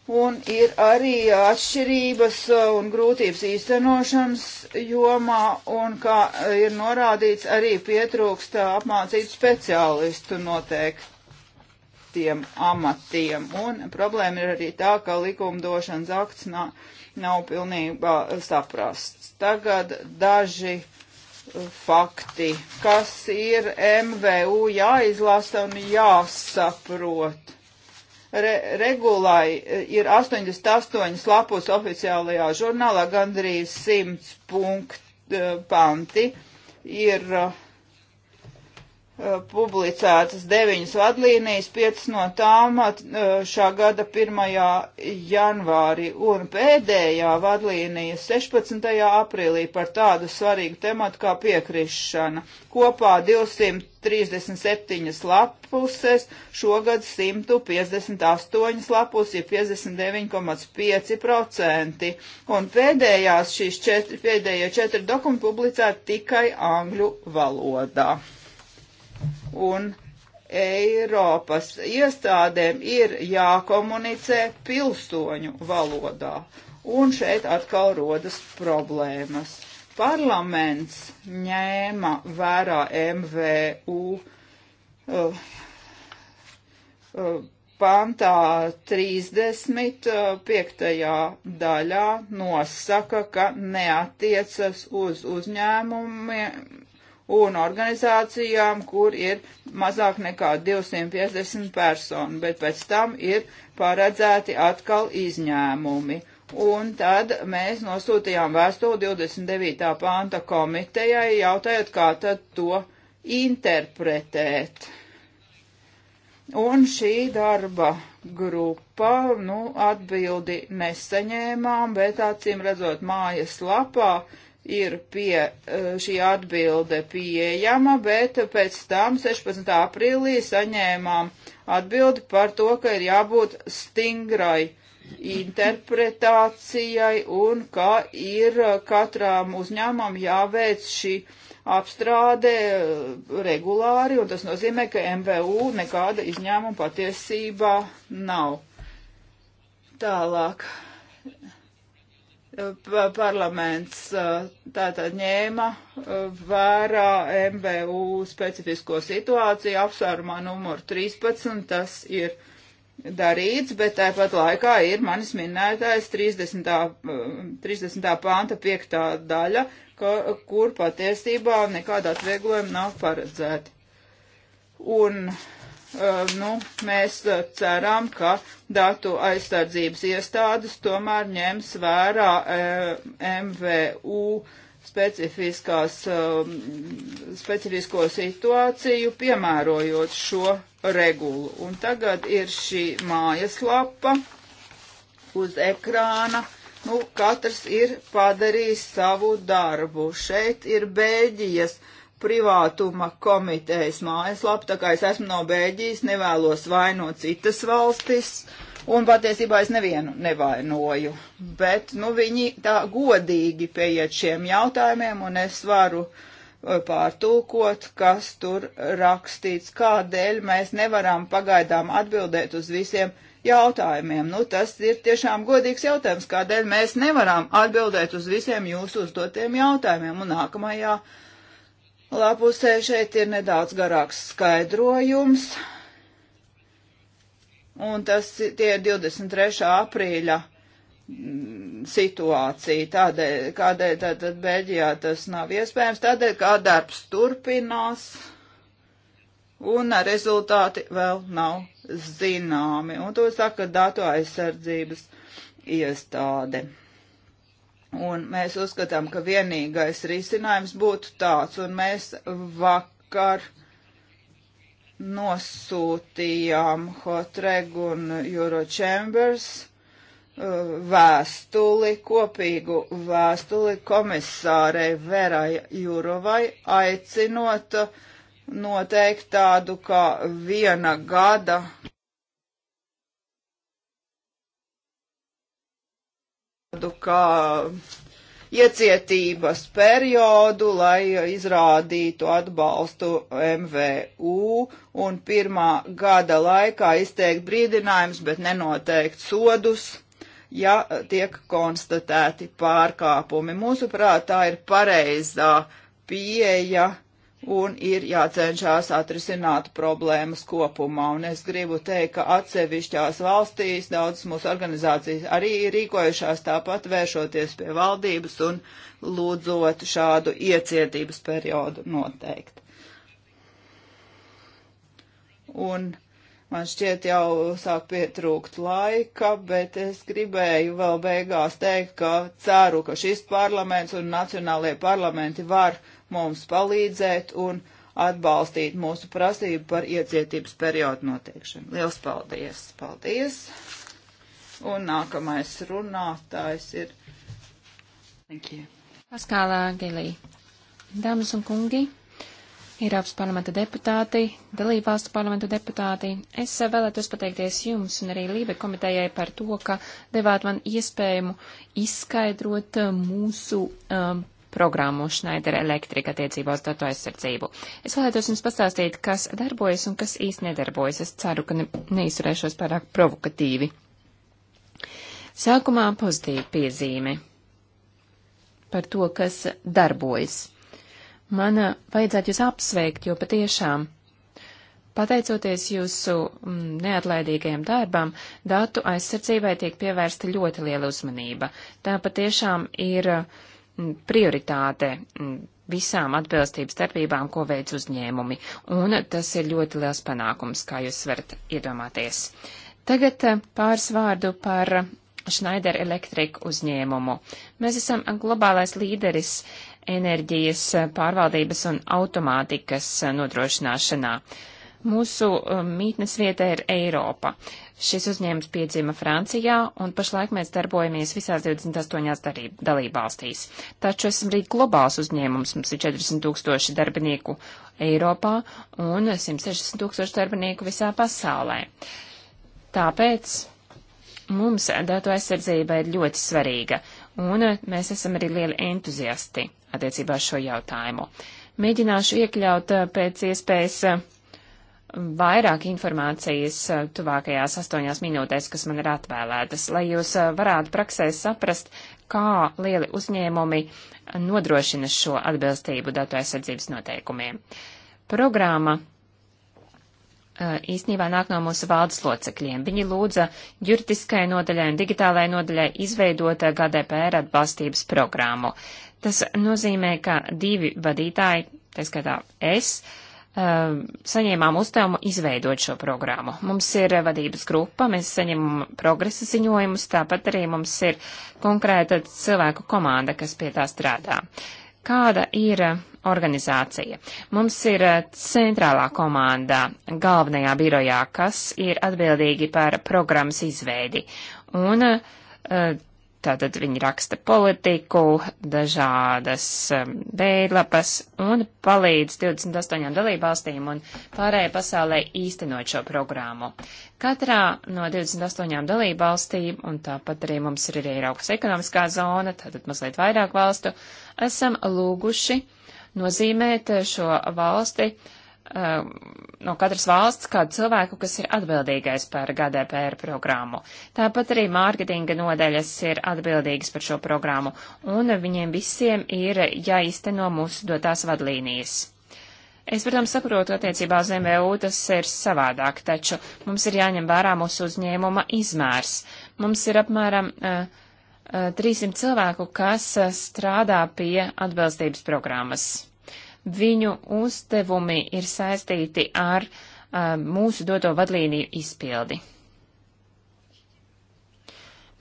Un ir arī atšķirības eh, un grūtības īstenošanas jomā, un kā eh, ir norādīts, arī pietrūkst apmācītu speciālistu noteiktiem amatiem. Un problēma ir arī tā, ka likumdošanas akts nav, nav pilnībā saprast. Tagad daži fakti, kas ir MVU jāizlasa un jāsaprot. Re, regulai e, ir 88 lapus oficiālajā žurnālā, gandrīz 100 punktu e, panti ir uh, Eh, publicētas deviņas vadlīnijas, piecas no tām eh, šā gada 1. janvārī un pēdējā vadlīnija 16. aprīlī par tādu svarīgu tematu kā piekrišana. Kopā 237 lapuses, šogad 158 lapus, ja 59,5%. Un pēdējās šīs četri, pēdējie četri dokumenti publicēti tikai angļu valodā un Eiropas iestādēm ir jākomunicē pilsoņu valodā. Un šeit atkal rodas problēmas. Parlaments ņēma vērā MVU uh, uh, pantā 35. Uh, daļā nosaka, ka neatiecas uz uzņēmumiem, un organizācijām, kur ir mazāk nekā 250 personu, bet pēc tam ir paredzēti atkal izņēmumi. Un tad mēs nosūtījām vēstuli 29. panta komitejai, jautājot, kā tad to interpretēt. Un šī darba grupa, nu, atbildi nesaņēmām, bet acīm redzot mājas lapā, uh, ir pie, eh, šī atbilde pieejama, bet pēc tam 16. aprīlī saņēmām atbildi par to, ka ir jābūt stingrai interpretācijai un ka ir eh, katrām uzņēmām jāveic šī apstrāde eh, regulāri, un tas nozīmē, ka MVU nekāda izņēmuma patiesībā nav. Tālāk parlaments tātad ņēma vērā MBU specifisko situāciju apsvērumā numur 13, tas ir darīts, bet tāpat laikā ir manis minētais 30. 30. panta 5. daļa, ka, kur patiesībā nekāda atvieglojuma nav paredzēta. Un uh, Eh, nu, mēs eh, ceram, ka datu aizsardzības iestādes tomēr ņems vērā eh, MVU specifiskās, specifisko situāciju, piemērojot šo regulu. Un tagad ir šī mājaslapa uz ekrāna. Nu, katrs ir padarījis savu darbu. Šeit ir Bēģijas. Uh, privātuma komitejas mājaslapu, tā kā es esmu no Bēļģijas, nevēlos vainot citas valstis, un patiesībā es nevienu nevainoju, bet, nu, viņi tā godīgi pieiet šiem jautājumiem, un es varu uh, pārtulkot, kas tur rakstīts, kādēļ mēs nevaram pagaidām atbildēt uz visiem jautājumiem. Nu, tas ir tiešām godīgs jautājums, kādēļ mēs nevaram atbildēt uz visiem jūsu uzdotiem jautājumiem, un nākamajā. Ja Lapusē šeit ir nedaudz garāks skaidrojums, un tas tie ir 23. aprīļa mm, situācija, tādēļ, kādēļ tātad Beļģijā tas nav iespējams, tādēļ, kā darbs turpinās, un rezultāti vēl nav zināmi, un to saka datu aizsardzības iestāde. Un mēs uzskatām, ka vienīgais risinājums būtu tāds, un mēs vakar nosūtījām Hotreg un Eurochambers uh, vēstuli, kopīgu vēstuli komisārei Verai Jurovai, aicinot noteikt tādu kā viena gada tādu kā iecietības periodu, lai izrādītu atbalstu MVU un pirmā gada laikā izteikt brīdinājums, bet nenoteikt sodus, ja tiek konstatēti pārkāpumi. Mūsuprāt, tā ir pareizā pieeja un ir jācenšās atrisināt problēmas kopumā. Un es gribu teikt, ka atsevišķās valstīs daudzas mūsu organizācijas arī ir rīkojušās tāpat vēršoties pie valdības un lūdzot šādu iecietības periodu noteikt. Un man šķiet jau sāk pietrūkt laika, bet es gribēju vēl beigās teikt, ka ceru, ka šis parlaments un nacionālajie parlamenti var mums palīdzēt un atbalstīt mūsu prasību par iecietības periodu noteikšanu. Liels paldies! Paldies! Un nākamais runātājs ir. Thank you. Paskālā Gelī. Dāmas un kungi, Eiropas parlamenta deputāti, dalībvalstu parlamentu deputāti, es vēlētos pateikties jums un arī Lībe komitejai par to, ka devāt man iespējumu izskaidrot mūsu um, programmu Schneider Electric attiecībā uz datu aizsardzību. Es vēlētos jums pastāstīt, kas darbojas un kas īsti nedarbojas. Es ceru, ka ne, neizturēšos pārāk provokatīvi. Sākumā pozitīva piezīme par to, kas darbojas. Man vajadzētu jūs apsveikt, jo patiešām, pateicoties jūsu mm, neatlaidīgajam darbam, datu aizsardzībai tiek pievērsta ļoti liela uzmanība. Tā patiešām ir uh, prioritāte visām atbilstības starpībām, ko veids uzņēmumi, un tas ir ļoti liels panākums, kā jūs varat iedomāties. Tagad eh, pāris vārdu par Schneider Electric uzņēmumu. Mēs esam globālais līderis enerģijas eh, pārvaldības un automātikas eh, nodrošināšanā. Uh, Mūsu um, mītnes vieta ir Eiropa. Šis uzņēmums piedzima Francijā, un pašlaik mēs darbojamies visās 28 dalībvalstīs. Taču esam arī globāls uzņēmums, mums ir 40 tūkstoši darbinieku Eiropā un 160 tūkstoši darbinieku visā pasaulē. Tāpēc mums datu aizsardzība ir ļoti svarīga, un mēs esam arī lieli entuziasti attiecībā uz šo jautājumu. Mēģināšu iekļaut uh, pēc iespējas uh, vairāk informācijas eh, tuvākajās astoņās minūtēs, kas man ir atvēlētas, lai jūs eh, varētu praksē saprast, kā lieli uzņēmumi nodrošina šo atbilstību datu aizsardzības noteikumiem. Programma eh, īstenībā nāk no mūsu valdes locekļiem. Viņi lūdza juridiskajai nodaļai un digitālajai nodaļai izveidot GDPR atbalstības programmu. Tas nozīmē, ka divi vadītāji, tā skaitā es, uh, Ehm, saņēmām uzdevumu izveidot šo programmu. Mums ir eh, vadības grupa, mēs saņemam progresa ziņojumus, tāpat arī mums ir konkrēta cilvēku komanda, kas pie tā strādā. Kāda ir eh, organizācija? Mums ir eh, centrālā komanda galvenajā birojā, kas ir atbildīgi par programmas izveidi. Un uh, Tātad viņi raksta politiku, dažādas veidlapas um, un palīdz 28 dalībvalstīm un pārējai pasaulē īstenot šo programmu. Katrā no 28 dalībvalstīm, un tāpat arī mums ir arī Eiropas ekonomiskā zona, tātad mazliet vairāk valstu, esam lūguši nozīmēt šo valsti uh, Um, no katras valsts kādu cilvēku, kas ir atbildīgais par GDPR programmu. Tāpat arī mārketinga nodeļas ir atbildīgas par šo programmu, un viņiem visiem ir jāizteno mūsu dotās vadlīnijas. Es, protams, saprotu, attiecībā uz MVU tas ir savādāk, taču mums ir jāņem vērā mūsu uzņēmuma izmērs. Mums ir apmēram uh, uh, 300 cilvēku, kas uh, strādā pie atbilstības programmas viņu uzdevumi ir saistīti ar uh, mūsu doto vadlīniju izpildi.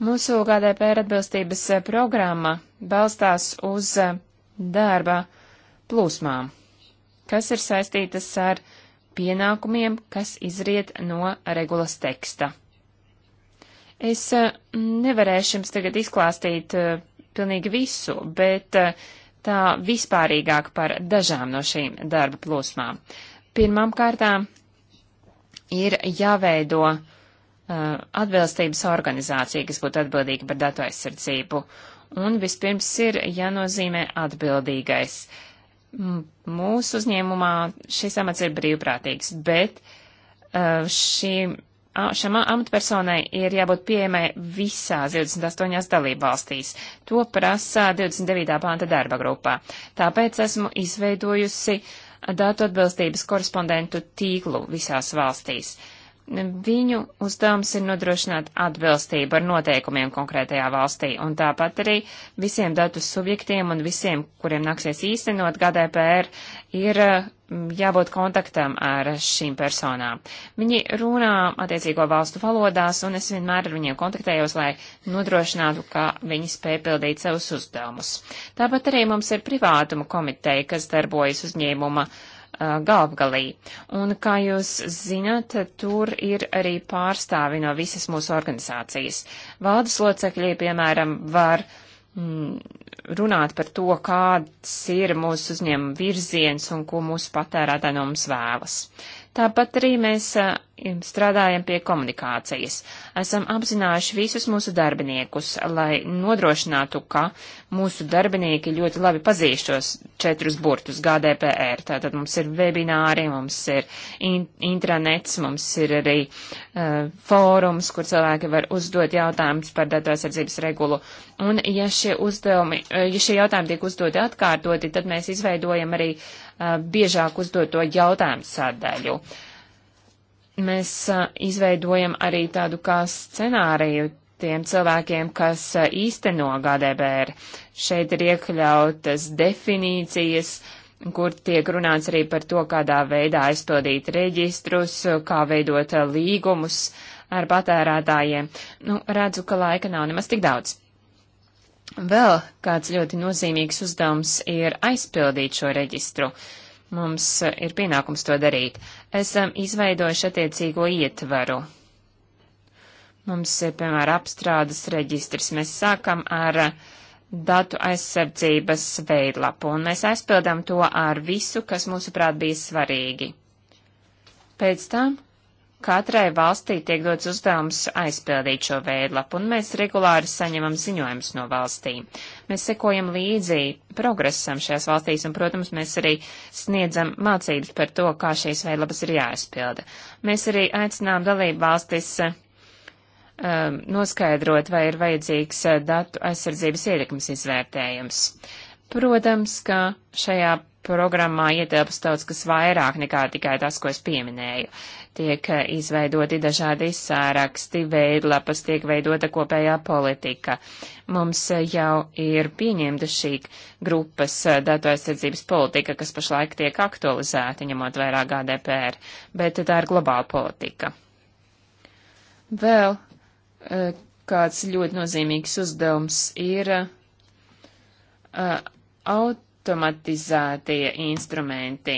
Mūsu GDPR atbilstības uh, programma balstās uz uh, darba plūsmām, kas ir saistītas ar pienākumiem, kas izriet no regulas teksta. Es uh, nevarēšu jums tagad izklāstīt pilnīgi visu, bet tā vispārīgāk par dažām no šīm darba plūsmām. Pirmām kārtām ir jāveido uh, atbilstības organizācija, kas būtu atbildīga par datu aizsardzību. Un vispirms ir jānozīmē atbildīgais. M mūsu uzņēmumā šis amats ir brīvprātīgs, bet uh, šī šam amatpersonai ir jābūt pieejamai visās 28 dalībvalstīs. To prasa 29. panta darba grupā. Tāpēc esmu izveidojusi datu atbilstības korespondentu tīklu visās valstīs. Uh, viņu uzdevums ir nodrošināt atbilstību ar noteikumiem konkrētajā valstī, un tāpat arī visiem datu subjektiem un visiem, kuriem nāksies īstenot GDPR, ir mm, jābūt kontaktam ar šīm personām. Viņi runā attiecīgo valstu valodās, un es vienmēr ar viņiem kontaktējos, lai nodrošinātu, ka viņi spēj pildīt savus uzdevumus. Tāpat arī mums ir privātuma komiteja, kas darbojas uzņēmuma uh, Uh, galvgalī. Un, kā jūs zināt, tur ir arī pārstāvi no visas mūsu organizācijas. Valdes locekļi, piemēram, var mm, runāt par to, kāds ir mūsu uzņēmuma virziens un ko mūsu patērētāji no mums vēlas. Tāpat arī mēs uh, strādājam pie komunikācijas. Esam apzinājuši visus mūsu darbiniekus, lai nodrošinātu, ka mūsu darbinieki ļoti labi pazīst šos četrus burtus GDPR. Tātad mums ir webināri, mums ir in intranets, mums ir arī uh, fórums, kur cilvēki var uzdot jautājumus par datu aizsardzības regulu. Un ja šie, uzdevumi, e, ja šie jautājumi tiek uzdoti atkārtoti, tad mēs izveidojam arī uh, biežāk uzdoto jautājumu sadaļu. Uh, mēs izveidojam arī tādu kā scenāriju tiem cilvēkiem, kas īsteno GDPR. Šeit ir iekļautas definīcijas, kur tiek runāts arī par to, kādā veidā aizpildīt reģistrus, kā veidot līgumus ar patērētājiem. Nu, redzu, ka laika nav nemaz tik daudz. Vēl kāds ļoti nozīmīgs uzdevums ir aizpildīt šo reģistru. Uh, Mums eh, ir pienākums to darīt. Esam izveidojuši attiecīgo ietvaru. Mums ir, eh, piemēram, apstrādes reģistrs. Mēs sākam ar eh, datu aizsardzības veidlapu, un mēs aizpildām to ar visu, kas mūsuprāt bija svarīgi. Pēc tam Katrai valstī tiek dots uzdevums aizpildīt šo veidlapu, un mēs regulāri saņemam ziņojumus no valstīm. Mēs sekojam līdzi progresam šajās valstīs, un, protams, mēs arī sniedzam mācības par to, kā šīs veidlapas ir jāaizpilda. Mēs arī aicinām dalību valstis eh, um, noskaidrot, vai ir vajadzīgs eh, datu aizsardzības ietekmes izvērtējums. Protams, ka šajā programmā ietilpst daudz kas vairāk nekā tikai tas, ko es pieminēju tiek eh, izveidoti dažādi sāraksti, veidlapas, tiek veidota kopējā politika. Mums eh, jau ir pieņemta šī grupas eh, datu aizsardzības politika, kas pašlaik tiek aktualizēta, ņemot vērā GDPR, bet tā ir globāla politika. Vēl kāds ļoti nozīmīgs uzdevums ir automatizētie instrumenti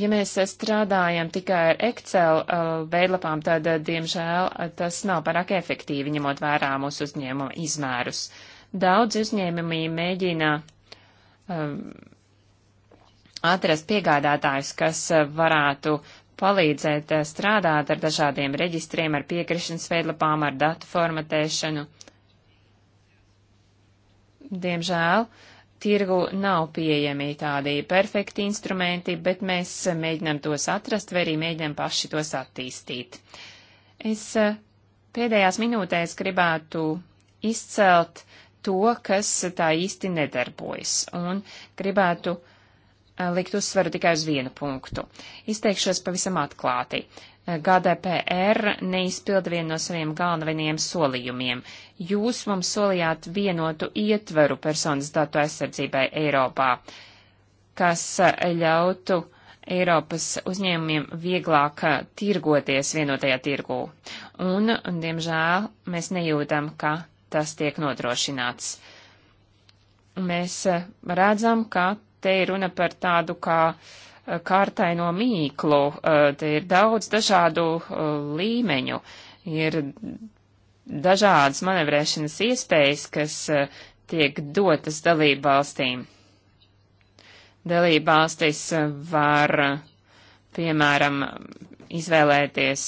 Ja mēs strādājam tikai ar Excel uh, veidlapām, tad, uh, diemžēl, uh, tas nav parāk efektīvi, ņemot vērā mūsu uzņēmuma izmērus. Daudz uzņēmumi mēģina um, atrast piegādātājus, kas varētu palīdzēt strādāt ar dažādiem reģistriem, ar piekrišanas veidlapām, ar datu formatēšanu. Diemžēl uh, tirgu nav pieejami tādi perfekti instrumenti, bet mēs mēģinam tos atrast vai arī mēģinam paši tos attīstīt. Es eh, pēdējās minūtēs gribētu izcelt to, kas tā īsti nedarbojas, un gribētu eh, likt uzsveru tikai uz vienu punktu. Izteikšos pavisam atklāti. GDPR neizpilda vienu no saviem galvenajiem solījumiem. Jūs mums solījāt vienotu ietveru personas datu aizsardzībai Eiropā, kas ļautu Eiropas uzņēmumiem vieglāk tirgoties vienotajā tirgū. Un, un diemžēl, mēs nejūtam, ka tas tiek nodrošināts. Mēs redzam, ka te ir runa par tādu kā uh, kārtaino mīklu. Te ir daudz dažādu līmeņu. Ir dažādas manevrēšanas iespējas, kas tiek dotas dalību valstīm. Dalību valstis var, piemēram, izvēlēties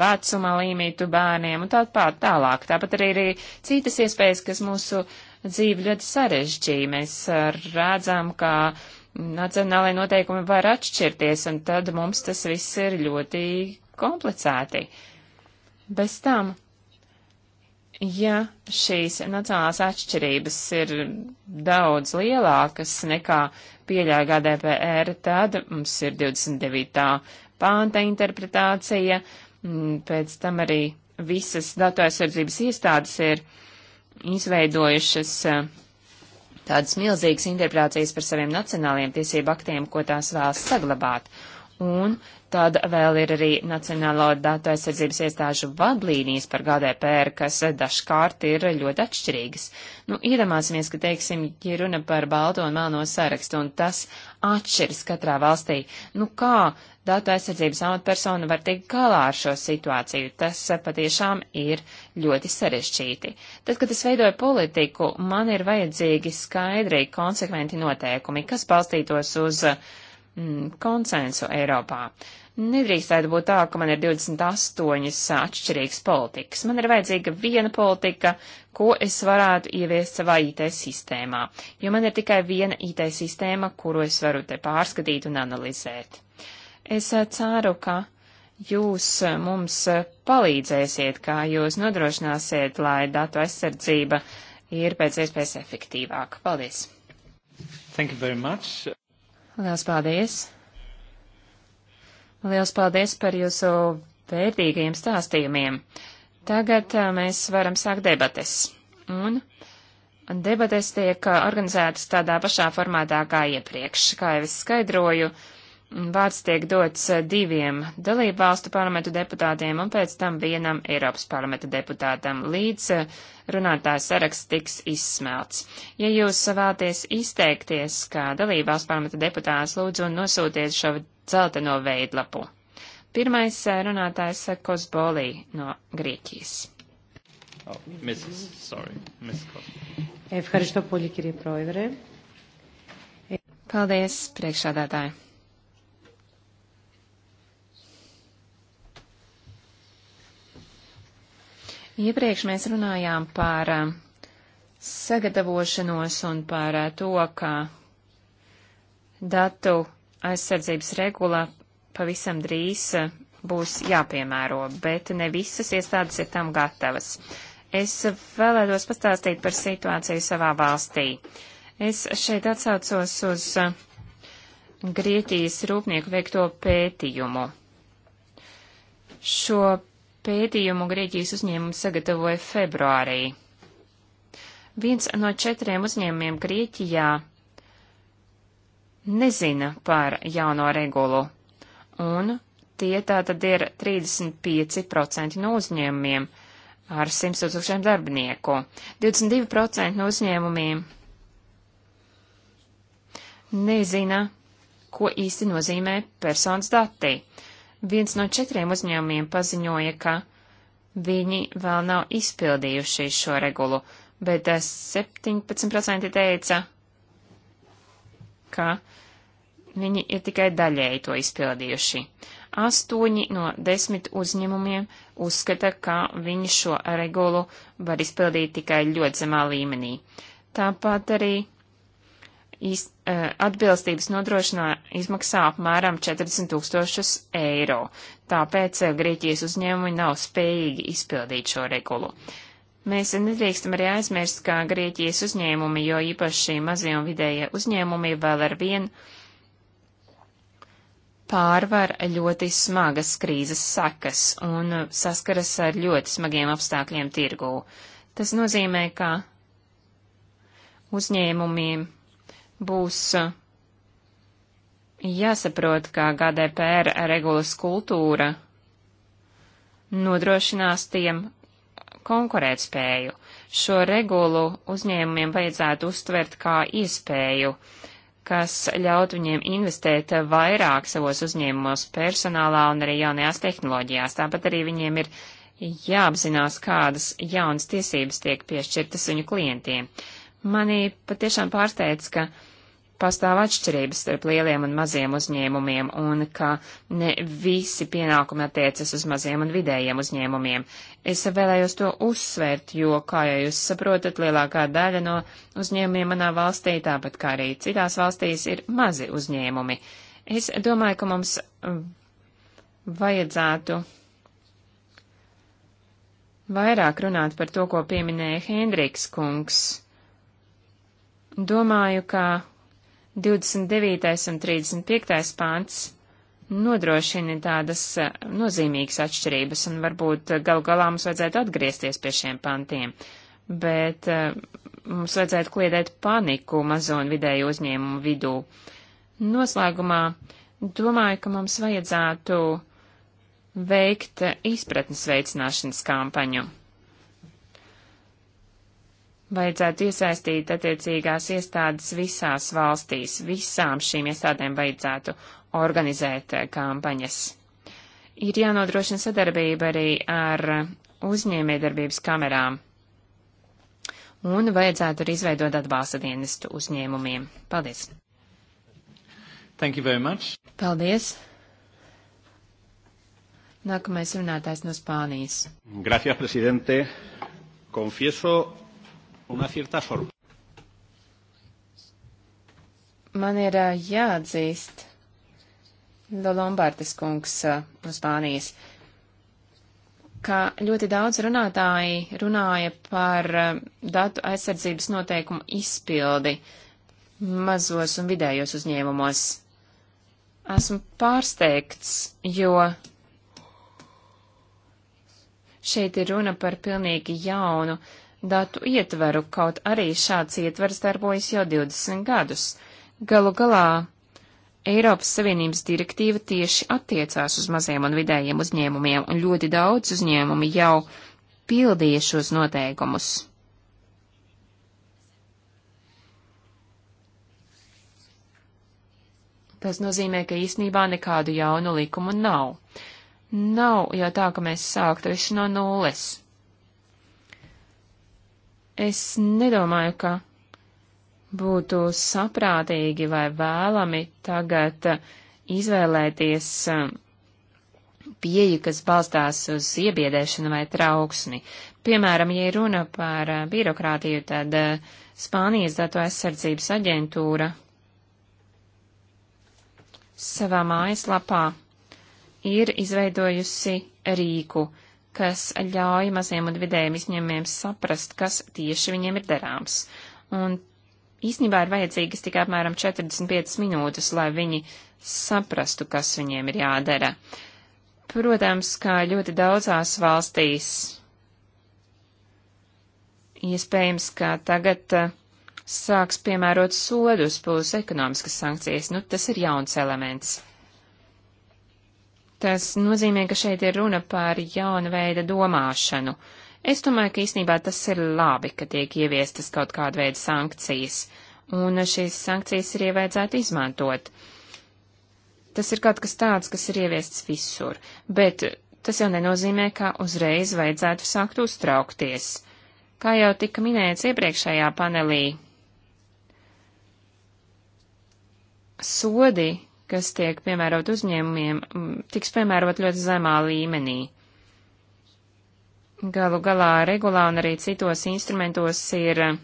vecuma līmītu bērniem un tāpat tālāk. Tāpat arī ir citas iespējas, kas mūsu dzīvi ļoti sarežģīja. Mēs redzam, ka nacionālajie noteikumi var atšķirties, un tad mums tas viss ir ļoti komplicēti. Bez tam, ja šīs nacionālās atšķirības ir daudz lielākas nekā pieļauj GDPR, tad mums ir 29. pānta interpretācija, mm, pēc tam arī visas datu aizsardzības iestādes ir izveidojušas eh, tādas milzīgas interpretācijas par saviem nacionāliem tiesību aktiem, ko tās vēlas saglabāt. Un tad vēl ir arī Nacionālo datu aizsardzības iestāžu vadlīnijas par GDPR, kas dažkārt ir ļoti atšķirīgas. Nu, iedomāsimies, ka, teiksim, ja runa par balto un melno sarakstu, un tas atšķiras katrā valstī, nu kā datu aizsardzības amatpersona var tikt galā ar šo situāciju. Tas eh, patiešām ir ļoti sarežģīti. Tad, kad es veidoju politiku, man ir vajadzīgi skaidri, konsekventi noteikumi, kas balstītos uz eh, mm, konsensu Eiropā. Nedrīkstētu būt tā, ka man ir 28 atšķirīgas politikas. Man ir vajadzīga viena politika, ko es varētu ieviest savā IT sistēmā, jo man ir tikai viena IT sistēma, kuru es varu te pārskatīt un analizēt. Es eh, ceru, ka jūs eh, mums eh, palīdzēsiet, kā jūs nodrošināsiet, lai datu aizsardzība ir pēc iespējas efektīvāka. Paldies! Thank you very much. Liels paldies! Liels paldies par jūsu vērtīgajiem stāstījumiem. Tagad mēs varam sākt debates. Un debates tiek organizētas tādā pašā formātā kā iepriekš. Kā jau es skaidroju, uh, vārds tiek dots eh, diviem dalību valstu parlamentu deputātiem un pēc tam vienam Eiropas parlamenta deputātam, līdz eh, runātājs saraksts tiks izsmelts. Ja jūs vēlaties izteikties, kā dalību valstu parlamenta deputāts, lūdzu nosūtiet šo dzelteno veidlapu. Pirmais eh, runātājs Kosbolī no Grieķijas. Oh, Mrs. Sorry, Mrs. Kosbolī. Paldies, priekšādātāji. Iepriekš mēs runājām par eh, sagatavošanos un par eh, to, ka datu aizsardzības regula pavisam drīz eh, būs jāpiemēro, bet ne visas iestādes ir tam gatavas. Es vēlētos pastāstīt par situāciju savā valstī. Es šeit atsaucos uz Grieķijas rūpnieku veikto pētījumu. Šo Pētījumu Grieķijas uzņēmums sagatavoja februārī. Viens no četriem uzņēmumiem Grieķijā nezina par jauno regulu, un tie tātad ir 35% no uzņēmumiem ar 100 tūkstošiem darbinieku, 22% no uzņēmumiem nezina, ko īsti nozīmē personas dati. Viens no četriem uzņēmumiem paziņoja, ka viņi vēl nav izpildījuši šo regulu, bet 17% eh, teica, ka viņi ir tikai daļēji to izpildījuši. Astoņi no desmit uzņēmumiem uzskata, ka viņi šo regulu var izpildīt tikai ļoti zemā līmenī. Tāpat arī Eh, atbilstības nodrošinā izmaksā apmēram 40 tūkstošus eiro, tāpēc eh, Grieķijas uzņēmumi nav spējīgi izpildīt šo regulu. Mēs nedrīkstam arī aizmirst, ka Grieķijas uzņēmumi, jo īpaši mazie un vidējie uzņēmumi vēl ar vienu pārvar ļoti smagas krīzes sekas un saskaras ar ļoti smagiem apstākļiem tirgū. Tas nozīmē, ka uzņēmumiem būs eh, jāsaprot, ka GDPR regulas kultūra nodrošinās tiem konkurētspēju. Šo regulu uzņēmumiem vajadzētu uztvert kā iespēju, kas ļaut viņiem investēt vairāk savos uzņēmumos personālā un arī jaunajās tehnoloģijās. Tāpat arī viņiem ir jāapzinās, kādas jaunas tiesības tiek piešķirtas viņu klientiem. Mani patiešām pārsteidz, ka uh, pastāv atšķirības starp lieliem un maziem uzņēmumiem un ka ne visi pienākumi attiecas uz maziem un vidējiem uzņēmumiem. Es vēlējos to uzsvērt, jo, kā jau jūs saprotat, lielākā daļa no uzņēmumiem manā valstī, tāpat kā arī citās valstīs, ir mazi uzņēmumi. Es domāju, ka mums um, vajadzētu vairāk runāt par to, ko pieminēja Hendriks kungs. Domāju, ka 29. un 35. pāns nodrošina tādas eh, nozīmīgas atšķirības, un varbūt eh, galu galā mums vajadzētu atgriezties pie šiem pantiem, bet eh, mums vajadzētu kliedēt paniku mazo un vidēju uzņēmumu vidū. Noslēgumā domāju, ka mums vajadzētu veikt izpratnes veicināšanas kampaņu. Vajadzētu iesaistīt attiecīgās iestādes visās valstīs, visām šīm iestādēm vajadzētu organizēt eh, kampaņas. Ir jānodrošina sadarbība arī ar uzņēmējdarbības kamerām. Un vajadzētu arī izveidot atbalsta dienestu uzņēmumiem. Paldies! Thank you very much. Paldies! Nākamais runātājs no Spānijas. Gracias, presidente. Confieso una cierta sorpresa. Man ir jāatzīst, Lo Lombardis kungs no Spānijas, ka ļoti daudz runātāji runāja par datu aizsardzības noteikumu izpildi mazos un vidējos uzņēmumos. Esmu pārsteigts, jo šeit ir runa par pilnīgi jaunu uh, datu ietveru, kaut arī šāds ietvers darbojas jau 20 gadus. Galu galā Eiropas Savienības direktīva tieši attiecās uz maziem un vidējiem uzņēmumiem, un ļoti daudz uzņēmumi jau pildīja šos noteikumus. Tas nozīmē, ka īsnībā nekādu jaunu likumu nav. Nav jau tā, ka mēs sāktu visu no nulles. Es nedomāju, ka būtu saprātīgi vai vēlami tagad izvēlēties um, pieeju, kas balstās uz iebiedēšanu vai trauksmi. Piemēram, ja runa par uh, birokrātiju, tad uh, Spānijas datu aizsardzības aģentūra savā mājaslapā ir izveidojusi rīku, kas ļauj maziem un vidējiem izņēmumiem saprast, kas tieši viņiem ir derāms. Un īsnībā ir vajadzīgas tikai apmēram 45 minūtes, lai viņi saprastu, kas viņiem ir jādara. Protams, kā ļoti daudzās valstīs, iespējams, ka tagad uh, sāks piemērot sodus būs ekonomiskas sankcijas, nu tas ir jauns elements. Tas nozīmē, ka šeit ir runa par jauna veida domāšanu. Es domāju, ka īsnībā tas ir labi, ka tiek ieviestas kaut kāda veida sankcijas, un šīs sankcijas arī vajadzētu izmantot. Tas ir kaut kas tāds, kas ir ieviests visur, bet tas jau nenozīmē, ka uzreiz vajadzētu sākt uztraukties. Kā jau tika minēts iepriekšējā panelī, sodi kas tiek piemērot uzņēmumiem, tiks piemērot ļoti zemā līmenī. Galu galā regulā un arī citos instrumentos ir eh,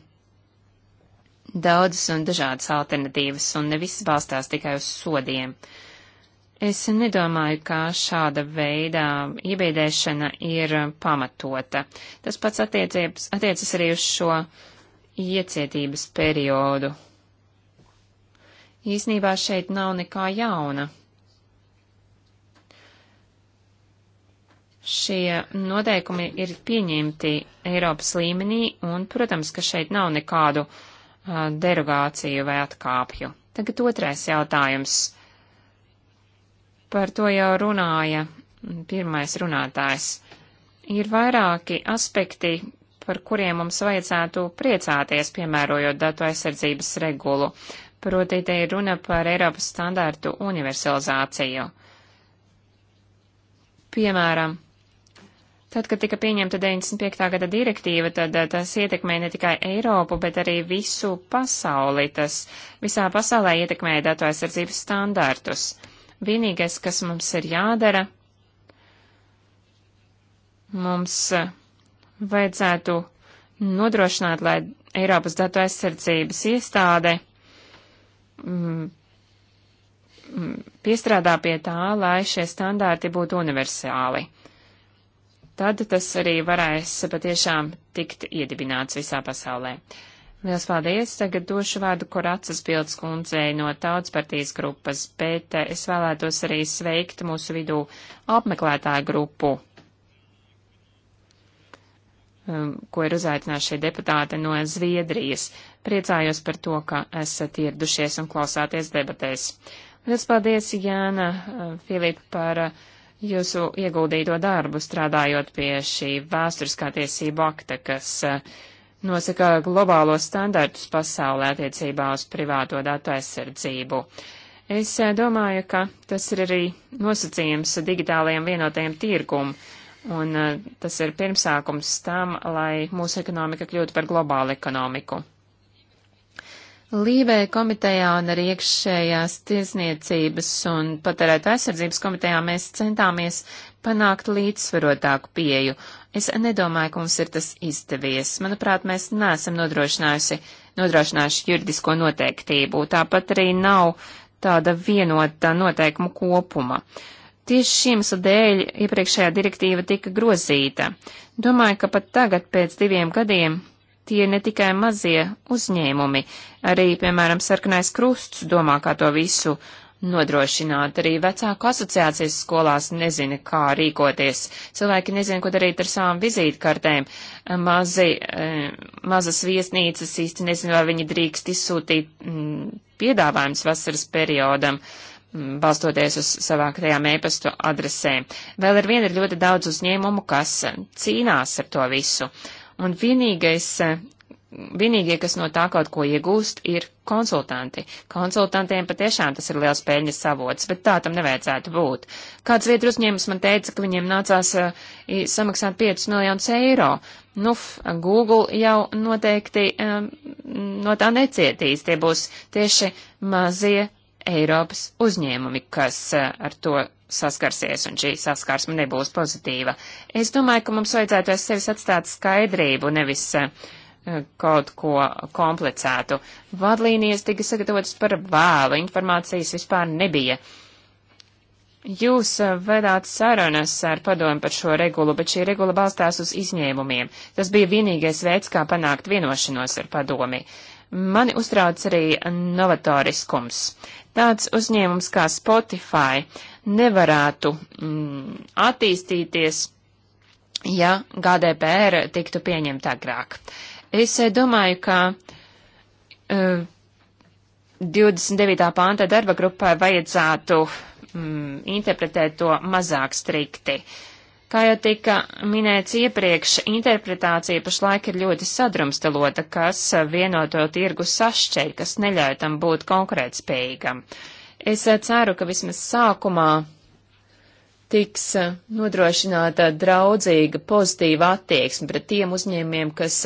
daudzas un dažādas alternatīvas, un ne visas balstās tikai uz sodiem. Es nedomāju, ka šāda veida iebiedēšana ir eh, pamatota. Tas pats attiecas arī uz šo iecietības periodu, Īsnībā šeit nav nekā jauna. Šie noteikumi ir pieņemti Eiropas līmenī, un, protams, ka šeit nav nekādu uh, derogāciju vai atkāpju. Tagad otrais jautājums. Par to jau runāja pirmais runātājs. Ir vairāki aspekti, par kuriem mums vajadzētu priecāties, piemērojot datu aizsardzības regulu. Uh, proti te ir runa par Eiropas standārtu universalizāciju. Piemēram, Tad, kad tika pieņemta 95. gada direktīva, tad eh, tas ietekmē ne tikai Eiropu, bet arī visu pasauli. Tas visā pasaulē ietekmē datu aizsardzības standārtus. Vienīgais, kas mums ir jādara, mums eh, vajadzētu nodrošināt, lai Eiropas datu aizsardzības iestāde Mm, mm, piestrādā pie tā, lai šie standārti būtu universāli. Tad tas arī varēs patiešām tikt iedibināts visā pasaulē. Liels paldies! Tagad došu vārdu Koracas Bildes kundzei no tautspartijas grupas, bet eh, es vēlētos arī sveikt mūsu vidū apmeklētāju grupu, um, ko ir uzaicinājuši deputāte no Zviedrijas. Uh, Priecājos par to, ka esat ieradušies un klausāties debatēs. Liels paldies, Jāna, Filipa, par jūsu ieguldīto darbu strādājot pie šī vēsturiskā tiesība akta, kas eh, nosaka globālos standartus pasaulē attiecībā uz privāto datu aizsardzību. Es eh, domāju, ka tas ir arī nosacījums digitālajiem vienotajiem tirgumam, un eh, tas ir pirmsākums tam, lai mūsu ekonomika kļūtu par globālu ekonomiku. Lībē komitejā un arī iekšējās tiesniecības un patērēta aizsardzības komitejā mēs centāmies panākt līdzsvarotāku pieju. Es nedomāju, ka mums ir tas izdevies. Manuprāt, mēs neesam nodrošinājuši, nodrošinājuši juridisko noteiktību. Tāpat arī nav tāda vienota noteikumu kopuma. Tieši šiem sadēļ iepriekšējā direktīva tika grozīta. Domāju, ka pat tagad pēc diviem gadiem tie ne tikai mazie uzņēmumi, arī, piemēram, sarkanais krusts domā, kā to visu nodrošināt. Arī vecāku asociācijas skolās nezina, kā rīkoties. Cilvēki nezina, ko darīt ar savām vizītkartēm. Mazi, e, mazas viesnīcas īsti nezina, vai viņi drīkst izsūtīt piedāvājums vasaras periodam balstoties uz savāktajām e-pastu adresēm. Vēl ar vienu ir ļoti daudz uzņēmumu, kas cīnās ar to visu. Uh, un vienīgais, vienīgie, kas no tā kaut ko iegūst, ir konsultanti. Konsultantiem patiešām tas ir liels peļņas savots, bet tā tam nevajadzētu būt. Kāds vietu uzņēmums man teica, ka viņiem nācās uh, samaksāt 5 miljonus eiro. Nu, Google jau noteikti um, no tā necietīs. Tie būs tieši mazie Eiropas uzņēmumi, kas eh, ar to saskarsies, un šī saskarsme nebūs pozitīva. Es domāju, ka mums vajadzētu aiz sevis atstāt skaidrību, nevis eh, kaut ko komplicētu. Vadlīnijas tika sagatavotas par vēlu, informācijas vispār nebija. Jūs eh, vedāt sarunas ar padomu par šo regulu, bet šī regula balstās uz izņēmumiem. Tas bija vienīgais veids, kā panākt vienošanos ar padomi. Uh, Mani uztrauc arī novatoriskums. Tāds uzņēmums kā Spotify nevarētu mm, attīstīties, ja GDPR tiktu pieņemta agrāk. Es eh, domāju, ka uh, 29. pānta darba grupai vajadzētu mm, interpretēt to mazāk strikti. Uh, Kā jau tika minēts iepriekš, interpretācija pašlaik ir ļoti sadrumstalota, kas vienoto tirgu sašķeļ, kas neļauj tam būt konkurētspējīgam. Es ceru, ka vismaz sākumā tiks nodrošināta draudzīga, pozitīva attieksme pret tiem uzņēmiem, kas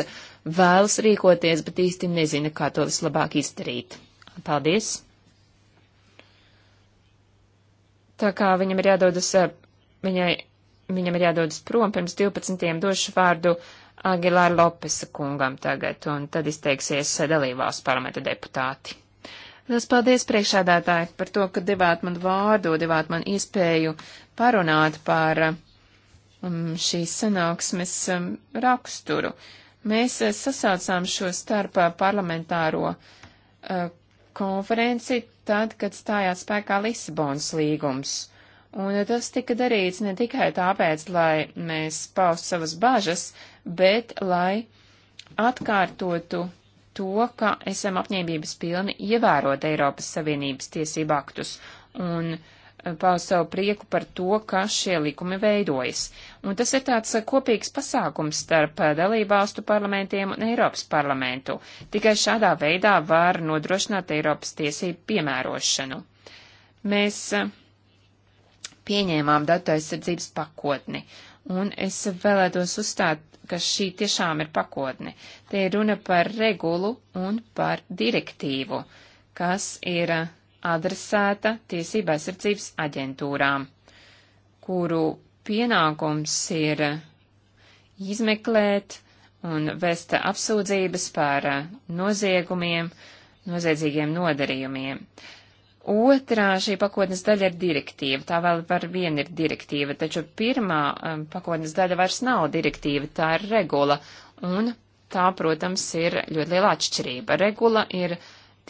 vēlas rīkoties, bet īsti nezina, kā to vislabāk izdarīt. Paldies! Tā kā viņam ir jādodas, eh, viņai viņam ir jādodas prom, pirms 12. došu vārdu Agilāra Lopesa kungam tagad, un tad izteiksies dalībvalsts parlamenta deputāti. Lielas paldies priekšādātāji par to, ka devāt man vārdu, devāt man iespēju parunāt par um, šīs sanāksmes um, raksturu. Mēs uh, sasaucām šo starp uh, parlamentāro uh, konferenci tad, kad stājās spēkā Lisabonas līgums. Un tas tika darīts ne tikai tāpēc, lai mēs paustu savas bažas, bet lai atkārtotu to, ka esam apņēmības pilni ievērot Eiropas Savienības tiesību aktus un e, paust savu prieku par to, ka šie likumi veidojas. Un tas ir tāds e, kopīgs pasākums starp e, dalībvalstu parlamentiem un Eiropas parlamentu. Tikai šādā veidā var nodrošināt Eiropas tiesību piemērošanu. Mēs uh, pieņēmām datu aizsardzības pakotni. Un es vēlētos uzstāt, ka šī tiešām ir pakotne. Te ir runa par regulu un par direktīvu, kas ir adresēta tiesība aizsardzības aģentūrām, kuru pienākums ir izmeklēt un vēst apsūdzības par noziegumiem, noziedzīgiem nodarījumiem. Uh, Otrā šī pakotnes daļa ir direktīva, tā vēl par vienu ir direktīva, taču pirmā um, pakotnes daļa vairs nav direktīva, tā ir regula, un tā, protams, ir ļoti liela atšķirība. Regula ir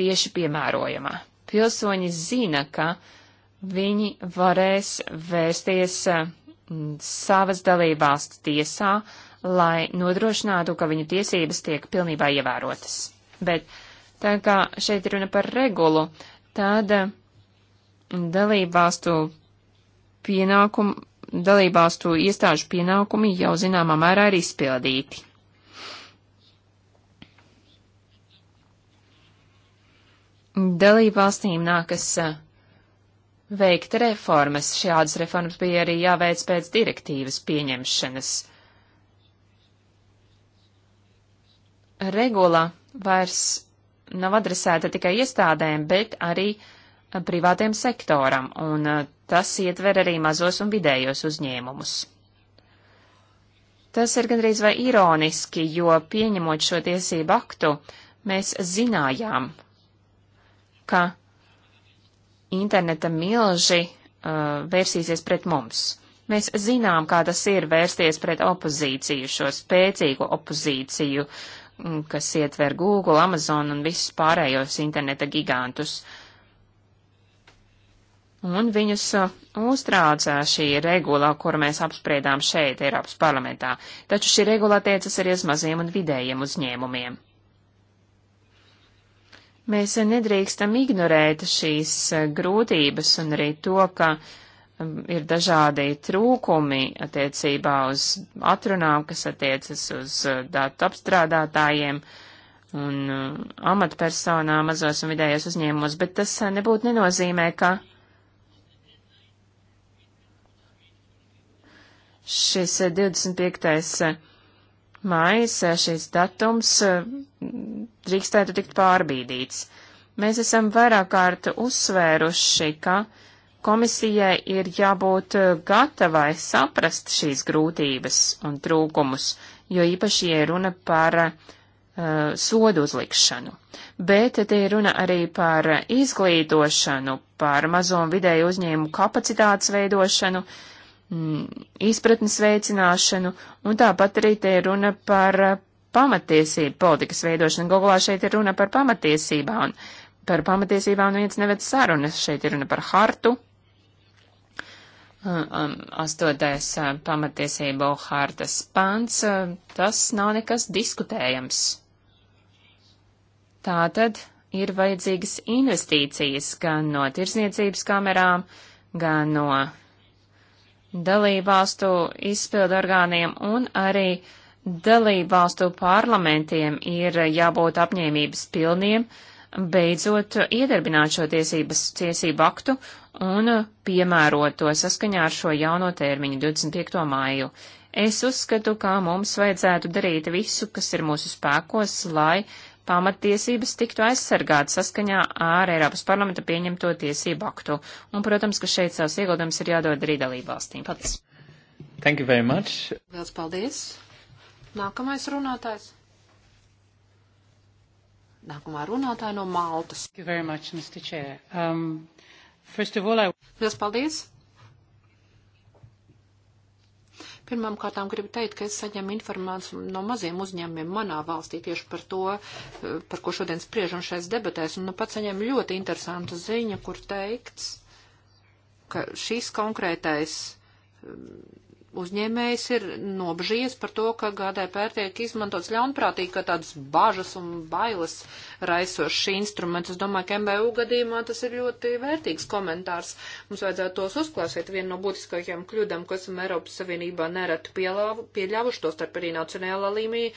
tieši piemērojama. Pilsoņi zina, ka viņi varēs vērsties uh, savas dalībās tiesā, lai nodrošinātu, ka viņu tiesības tiek pilnībā ievērotas. Bet tā kā šeit runa par regulu, uh, tad eh, dalībvalstu pienākumu, dalībvalstu iestāžu pienākumi jau zināmā mērā ir izpildīti. Dalībvalstīm nākas eh, veikt reformas. Šādas reformas bija arī jāveic pēc direktīvas pieņemšanas. Regula vairs nav adresēta tikai iestādēm, bet arī eh, privātiem sektoram, un eh, tas ietver arī mazos un vidējos uzņēmumus. Tas ir gandrīz vai ironiski, jo pieņemot šo tiesību aktu, mēs zinājām, ka interneta milži uh, vērsīsies pret mums. Mēs zinām, kā tas ir vērsties pret opozīciju, šo spēcīgo opozīciju, uh, Mm, kas ietver Google, Amazon un visus pārējos interneta gigantus. Un viņus uh, uztraucā šī regula, kuru mēs apspriedām šeit, Eiropas parlamentā, taču šī regula tiecas arī uz maziem un vidējiem uzņēmumiem. Mēs nedrīkstam ignorēt šīs uh, grūtības un arī to, ka uh, Um, ir dažādi trūkumi attiecībā uz atrunām, kas attiecas uz uh, datu apstrādātājiem un uh, amatpersonām mazos un vidējos uzņēmumos, bet tas uh, nebūtu nenozīmē, ka šis 25. mājas, šis datums drīkstētu tikt pārbīdīts. Mēs esam vairāk kārt uzsvēruši, ka uh, Komisijai ir jābūt eh, gatavai saprast šīs grūtības un trūkumus, jo īpaši, ja runa par uh, sodu uzlikšanu. Bet te ir runa arī par izglītošanu, par mazo un vidēju uzņēmumu kapacitātes veidošanu, mm, izpratnes veicināšanu, un tāpat arī te ir runa par eh, pamatiesību politikas veidošanu. Gogolā šeit ir runa par pamatiesībām. Par pamatiesībām neviens neved sarunas. Šeit ir runa par hartu, astotais pamatiesību hārtas pants, tas nav nekas diskutējams. Tātad ir vajadzīgas investīcijas gan no tirzniecības kamerām, gan no dalībvalstu izpildu orgāniem un arī dalībvalstu parlamentiem ir jābūt apņēmības pilniem, beidzot iedarbināt šo tiesības, tiesību aktu un piemērot to saskaņā ar šo jauno termiņu 25. māju. Es uzskatu, ka mums vajadzētu darīt visu, kas ir mūsu spēkos, lai pamatiesības tiktu aizsargātas saskaņā ar Eiropas parlamenta pieņemto tiesību aktu. Un, protams, ka šeit savus ieguldījumus ir jādod arī dalībvalstīm. Paldies! Thank you very much! Liels paldies! Nākamais runātājs! Nākamā runātāja no Maltas. Thank you very much, Mr. Chair. Um, Liels I... paldies! Pirmām kārtām gribu teikt, ka es saņemu informāciju no maziem uzņēmumiem manā valstī tieši par to, par ko šodien spriežam šais debatēs, un nu pat saņemu ļoti interesantu ziņu, kur teikts, ka šīs konkrētais uzņēmējs ir nobežies par to, ka GDPR tiek izmantots ļaunprātīgi, ka tādas bažas un bailes raisošs instruments. Es domāju, ka MBU gadījumā tas ir ļoti vērtīgs komentārs. Mums vajadzētu tos uzklāsīt. Viena no būtiskākajām kļūdām, ko esam Eiropas Savienībā nereti pieļāvuši, to starp arī nacionālā līmenī,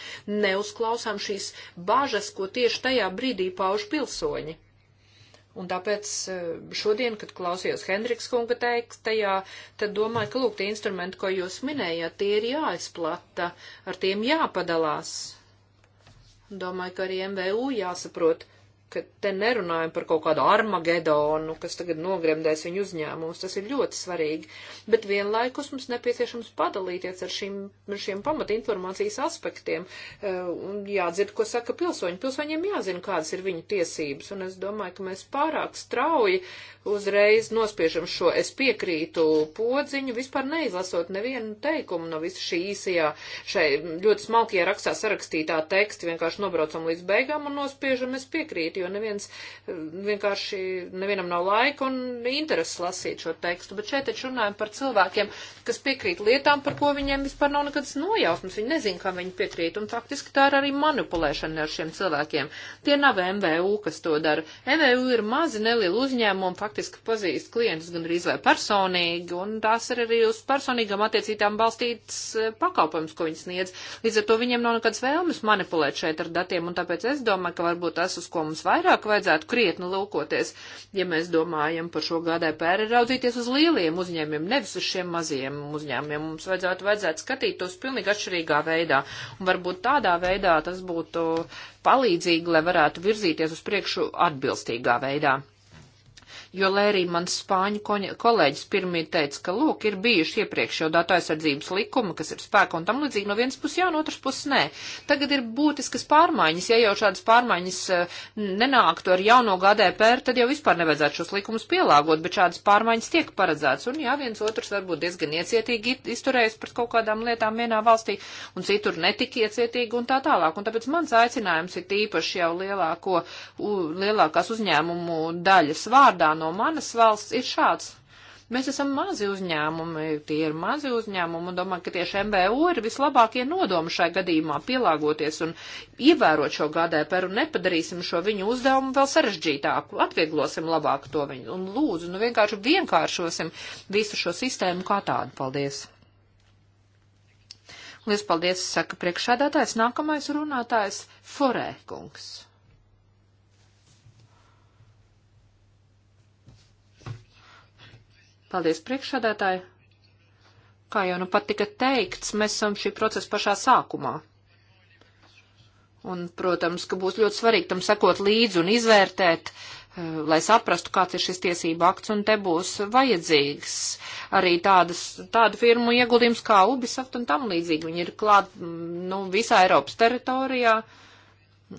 neuzklausām šīs bažas, ko tieši tajā brīdī pauž pilsoņi. Un tāpēc eh, šodien, kad klausījos Hendriks kunga teiktajā, tad domāju, ka lūk, tie instrumenti, ko jūs minējāt, tie ir jāizplata, ar tiem jāpadalās. Domāju, ka arī MVU jāsaprot, ka te nerunājam par kaut kādu armagedonu, kas tagad nogremdēs viņu uzņēmumus, tas ir ļoti svarīgi, bet vienlaikus mums nepieciešams padalīties ar šīm, šiem pamatinformācijas aspektiem e, un jādzird, ko saka pilsoņi. Pilsoņiem jāzina, kādas ir viņu tiesības, un es domāju, ka mēs pārāk strauji uzreiz nospiežam šo es piekrītu podziņu, vispār neizlasot nevienu teikumu no visa šī īsajā, šai ļoti smalkajā rakstā sarakstītā teksta, vienkārši nobraucam līdz beigām un nospiežam es piekrītu, jo neviens vienkārši, nevienam nav laika un intereses lasīt šo tekstu. Bet šeit taču runājam par cilvēkiem, kas piekrīt lietām, par ko viņiem vispār nav nekādas nojausmas. Viņi nezin, kā viņi piekrīt. Un faktiski tā ir arī manipulēšana ar šiem cilvēkiem. Tie nav MVU, kas to dara. MVU ir mazi nelieli uzņēmumi, faktiski pazīst klientus gan arī vai personīgi, un tās ir arī uz personīgām attiecītām balstītas e, pakalpojums, ko viņi sniedz. Līdz ar to viņiem nav nekādas vēlmes manipulēt šeit ar datiem, un tāpēc es domāju, ka varbūt tas, uz ko mums vajag, vairāk vajadzētu krietni lūkoties, ja mēs domājam par šo GDPR, ir raudzīties uz lieliem uzņēmiem, nevis uz šiem maziem uzņēmiem. Mums vajadzētu, vajadzētu skatītos pilnīgi atšķirīgā veidā. Un varbūt tādā veidā tas būtu palīdzīgi, lai varētu virzīties uz priekšu atbilstīgā veidā jo, lai arī mans spāņu kolēģis pirmie teica, ka, lūk, ir bijuši iepriekš jau datu aizsardzības likumi, kas ir spēka un tam līdzīgi no vienas puses jā, no otras puses nē. Tagad ir būtiskas pārmaiņas, ja jau šādas pārmaiņas eh, nenāktu ar jauno GDPR, tad jau vispār nevajadzētu šos likumus pielāgot, bet šādas pārmaiņas tiek paredzētas, un jā, viens otrs varbūt diezgan iecietīgi izturējas pret kaut kādām lietām vienā valstī, un citur netik iecietīgi un tā tālāk, un tāpēc mans aicinājums ir tīpaši jau lielāko, lielākās uzņēmumu daļas vārdā no no manas valsts, ir šāds. Mēs esam mazi uzņēmumi, tie ir mazi uzņēmumi, un domāju, ka tieši MVO ir vislabākie nodomi šai gadījumā pielāgoties un ievērot šo GDPR un nepadarīsim šo viņu uzdevumu vēl sarežģītāku, atvieglosim labāk to viņu un lūdzu, nu vienkārši vienkāršosim visu šo sistēmu kā tādu. Paldies! Liels paldies, saka priekšādātājs, nākamais runātājs Forē kungs. Paldies, priekšsādātāji. Kā jau nu pat tika teikts, mēs esam šī procesa pašā sākumā. Un, protams, ka būs ļoti svarīgi tam sekot līdzi un izvērtēt, eh, lai saprastu, kāds ir šis tiesība akts, un te būs vajadzīgs arī tādas, tādu firmu ieguldījums kā Ubisoft un tam līdzīgi. Viņi ir klāt, mm, nu, visā Eiropas teritorijā. Uh,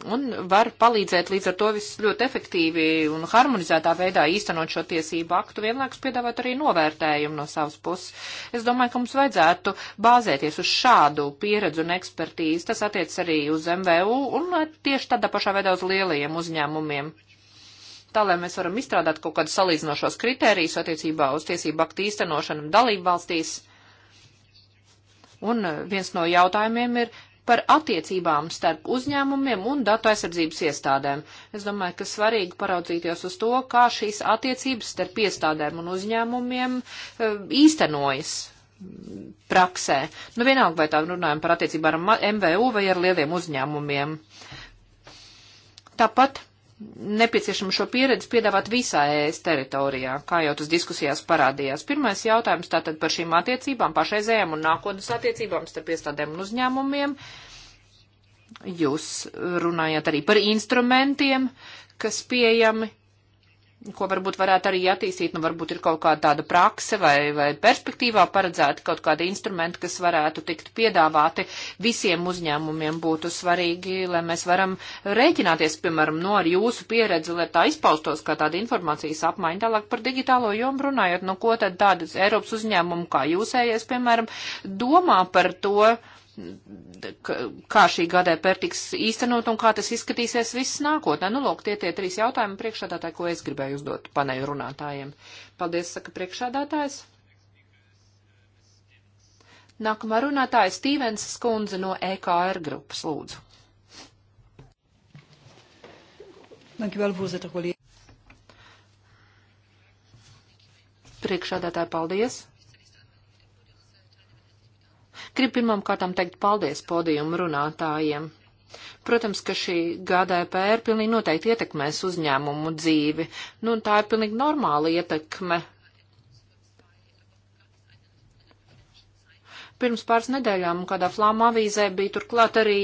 un var palīdzēt līdz ar to viss ļoti efektīvi un harmonizētā veidā īstenot šo tiesību aktu, vienlaikus piedāvāt arī novērtējumu no savas puses. Es domāju, ka mums vajadzētu bāzēties uz šādu pieredzi un ekspertīzi. Tas attiec arī uz MVU un tieši tādā pašā veidā uz lielajiem uzņēmumiem. Tā, lai mēs varam izstrādāt kaut kādus salīdzinošos kritērijus attiecībā uz tiesību aktu īstenošanu dalību valstīs. Un viens no jautājumiem ir, par attiecībām starp uzņēmumiem un datu aizsardzības iestādēm. Es domāju, ka svarīgi paraudzīties uz to, kā šīs attiecības starp iestādēm un uzņēmumiem eh, īstenojas praksē. Nu, vienalga, vai tā runājam par attiecībām ar MVU vai ar lieliem uzņēmumiem. Tāpat nepieciešama šo pieredzi piedāvāt visā ES teritorijā, kā jau tas diskusijās parādījās. Pirmais jautājums tātad par šīm attiecībām, pašreizējām un nākotnes attiecībām starp iestādēm un uzņēmumiem. Jūs runājāt arī par instrumentiem, kas pieejami ko varbūt varētu arī attīstīt, nu varbūt ir kaut kāda tāda prakse vai, vai perspektīvā paredzēta kaut kāda instrumenta, kas varētu tikt piedāvāti visiem uzņēmumiem būtu svarīgi, lai mēs varam rēķināties, piemēram, no ar jūsu pieredzi, lai tā izpaustos kā tāda informācijas apmaiņa. Tālāk par digitālo jomu runājot, nu ko tad tādas Eiropas uzņēmumu kā jūsējies, piemēram, domā par to, uh, kā šī GDP tiks īstenot un kā tas izskatīsies viss nākotnē. Nu, lūk, tie tie trīs jautājumi priekšādātāji, ko es gribēju uzdot paneļu runātājiem. Paldies, saka priekšādātājs. Nākamā runātāja Stīvens Skundze no EKR grupas, lūdzu. Priekšādātāji, paldies. Gribu pirmām kārtām teikt paldies podiumu runātājiem. Protams, ka šī GDPR e pilnīgi noteikti ietekmēs uzņēmumu dzīvi. Nu, tā ir pilnīgi normāla ietekme Pirms pāris nedēļām kādā flāma avīzē bija turklāt arī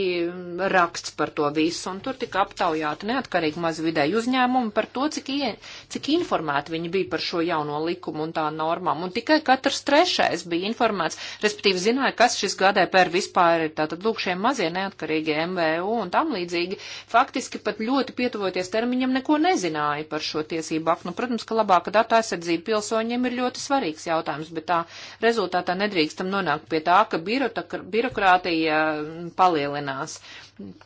raksts par to visu, un tur tika aptaujāti neatkarīgi mazvidēji uzņēmumi par to, cik, ie, cik informēti viņi bija par šo jauno likumu un tā normām, un tikai katrs trešais bija informēts, respektīvi zināja, kas šis GDPR vispār ir, tātad lūk šie mazie neatkarīgie MVU un tam līdzīgi, faktiski pat ļoti pietuvoties termiņam neko nezināja par šo tiesību aktu. Nu, protams, ka labāka datu aizsardzība pilsoņiem ir ļoti svarīgs jautājums, bet tā rezultātā nedrīkstam nonākt pie tā, ka birota, birokrātija mm, palielinās.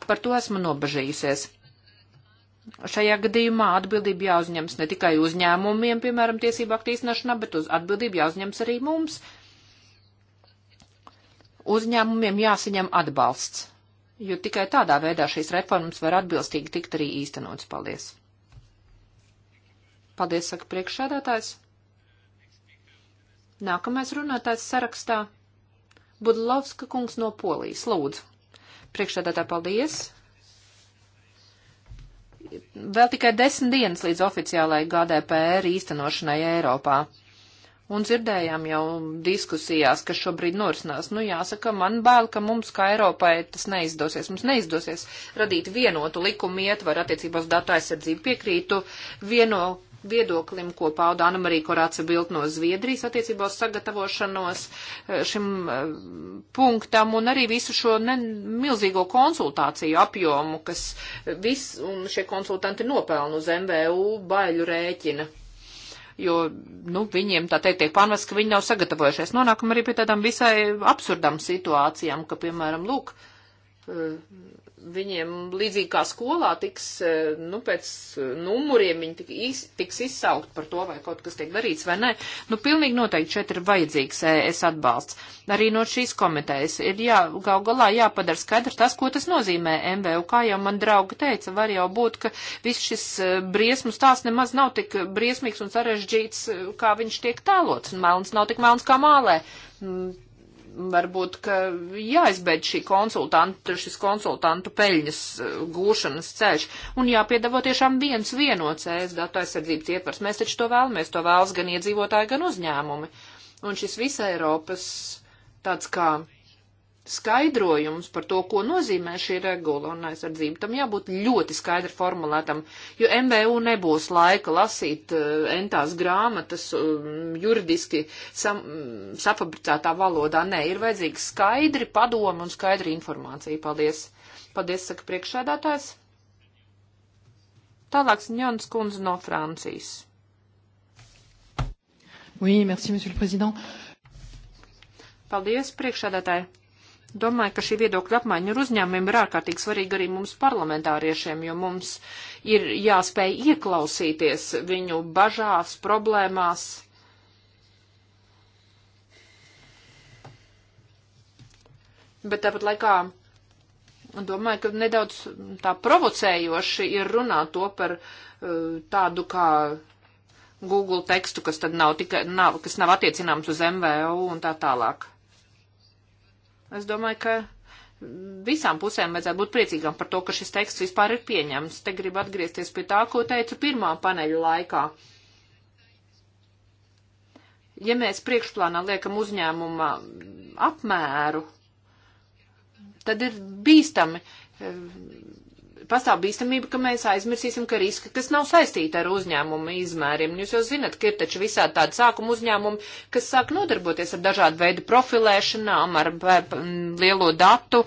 Par to esmu nobežījusies. Šajā gadījumā atbildība jāuzņems ne tikai uzņēmumiem, piemēram, tiesību aktīstināšanā, bet uz atbildību jāuzņems arī mums. Uzņēmumiem jāsaņem atbalsts, jo tikai tādā veidā šīs reformas var atbilstīgi tikt arī īstenotas. Paldies! Paldies, saka priekšsēdētājs. Nākamais runātājs sarakstā Budlavska kungs no Polijas. Lūdzu. Priekšsēdētā paldies. Vēl tikai desmit dienas līdz oficiālajai GDPR īstenošanai Eiropā. Un dzirdējām jau diskusijās, kas šobrīd norisinās. Nu, jāsaka, man bail, ka mums, kā Eiropai, tas neizdosies. Mums neizdosies radīt vienotu likumu ietvaru attiecībās datu aizsardzību. Piekrītu vieno viedoklim, ko pauda Anamarija Korāca Bilt no Zviedrijas attiecībā uz sagatavošanos eh, šim eh, punktam un arī visu šo ne, milzīgo konsultāciju apjomu, kas eh, vis, un šie konsultanti nopelna uz MVU baļu rēķina. Jo, nu, viņiem tā teikt tiek panvest, ka viņi nav sagatavojušies. Nonākam arī pie tādām visai absurdām situācijām, ka, piemēram, lūk, viņiem līdzīgi kā skolā tiks, e, nu, pēc numuriem viņi tik, iz, tiks izsaukt par to, vai kaut kas tiek darīts vai nē. Nu, pilnīgi noteikti šeit ir vajadzīgs es atbalsts. Arī no šīs komitejas ir jā, gal galā jāpadara skaidrs tas, ko tas nozīmē MVU. Kā jau man draugi teica, var jau būt, ka viss šis e, briesmu stāsts nemaz nav tik briesmīgs un sarežģīts, e, kā viņš tiek tēlots. Un melns nav tik melns kā mālē mm, varbūt, ka jāizbeidz šī konsultanta, šis konsultantu peļņas eh, gūšanas ceļš un jāpiedāvā tiešām viens vienots ES datu aizsardzības ietvars. Mēs taču to vēlamies, to vēlas gan iedzīvotāji, gan uzņēmumi. Un šis visa Eiropas tāds kā skaidrojumus par to, ko nozīmē šī regula un aizsardzība. Tam jābūt ļoti skaidri formulētam, jo MBU nebūs laika lasīt uh, entās grāmatas uh, juridiski sam, mm, safabricētā valodā. Nē, ir vajadzīga skaidri padoma un skaidri informācija. Paldies. Paldies, saka priekšsēdētājs. Tālāk Ņons Kunze no Francijas. Oui, merci, monsieur le président. Paldies, priekšsēdētāji. Domāju, ka šī viedokļa apmaiņa ar uzņēmumiem ir ārkārtīgi svarīga arī mums parlamentāriešiem, jo mums ir jāspēj ieklausīties viņu bažās, problēmās. Bet tāpat laikā domāju, ka nedaudz tā provocējoši ir runāt to par uh, tādu kā Google tekstu, kas tad nav tikai, nav, kas nav attiecināms uz MVU un tā tālāk. Es domāju, ka visām pusēm vajadzētu būt priecīgām par to, ka šis teksts vispār ir pieņemts. Te gribu atgriezties pie tā, ko teicu pirmā paneļa laikā. Ja mēs priekšplānā liekam uzņēmuma apmēru, tad ir bīstami pastāv bīstamība, ka mēs aizmirsīsim, ka riski, kas nav saistīti ar uzņēmumu izmēriem, jūs jau zinat, ka ir taču visā tāda sākuma uzņēmuma, kas sāk nodarboties ar dažādu veidu profilēšanām, ar lielo datu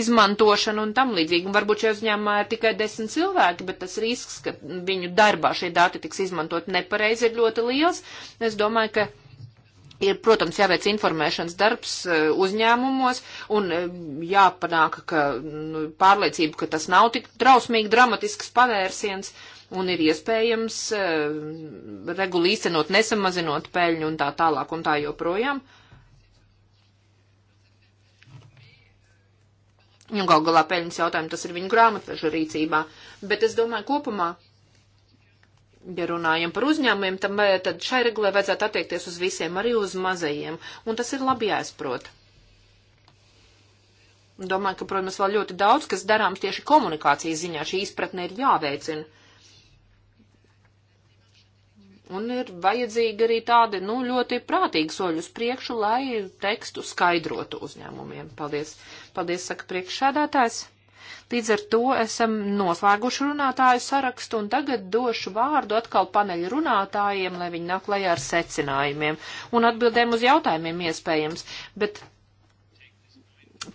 izmantošanu un tam līdzīgi. Un varbūt šajā uzņēmumā ir tikai desmit cilvēki, bet tas risks, ka viņu darbā šie dati tiks izmantot nepareizi, ir ļoti liels. Es domāju, ka Ir, protams, jāveic informēšanas darbs e, uzņēmumos un e, jāpanāk, ka nu, pārliecība, ka tas nav tik drausmīgi dramatisks pavērsiens un ir iespējams uh, regulu īstenot, nesamazinot peļņu un tā tālāk un tā joprojām. Un nu, gal galā peļņas jautājumu tas ir viņu grāmatvežu rīcībā. Bet es domāju, kopumā ja runājam par uzņēmumiem, tam, eh, tad šai regulē vajadzētu attiekties uz visiem, arī uz mazajiem, un tas ir labi jāizprot. Domāju, ka, protams, vēl ļoti daudz, kas darāms tieši komunikācijas ziņā, šī izpratne ir jāveicina. Un ir vajadzīgi arī tādi, nu, ļoti prātīgi soļi uz priekšu, lai tekstu skaidrotu uzņēmumiem. Paldies, paldies, saka priekšsēdētājs. Līdz ar to esam noslēguši runātāju sarakstu un tagad došu vārdu atkal paneļu runātājiem, lai viņi nāk lajā ar secinājumiem un atbildēm uz jautājumiem iespējams. Bet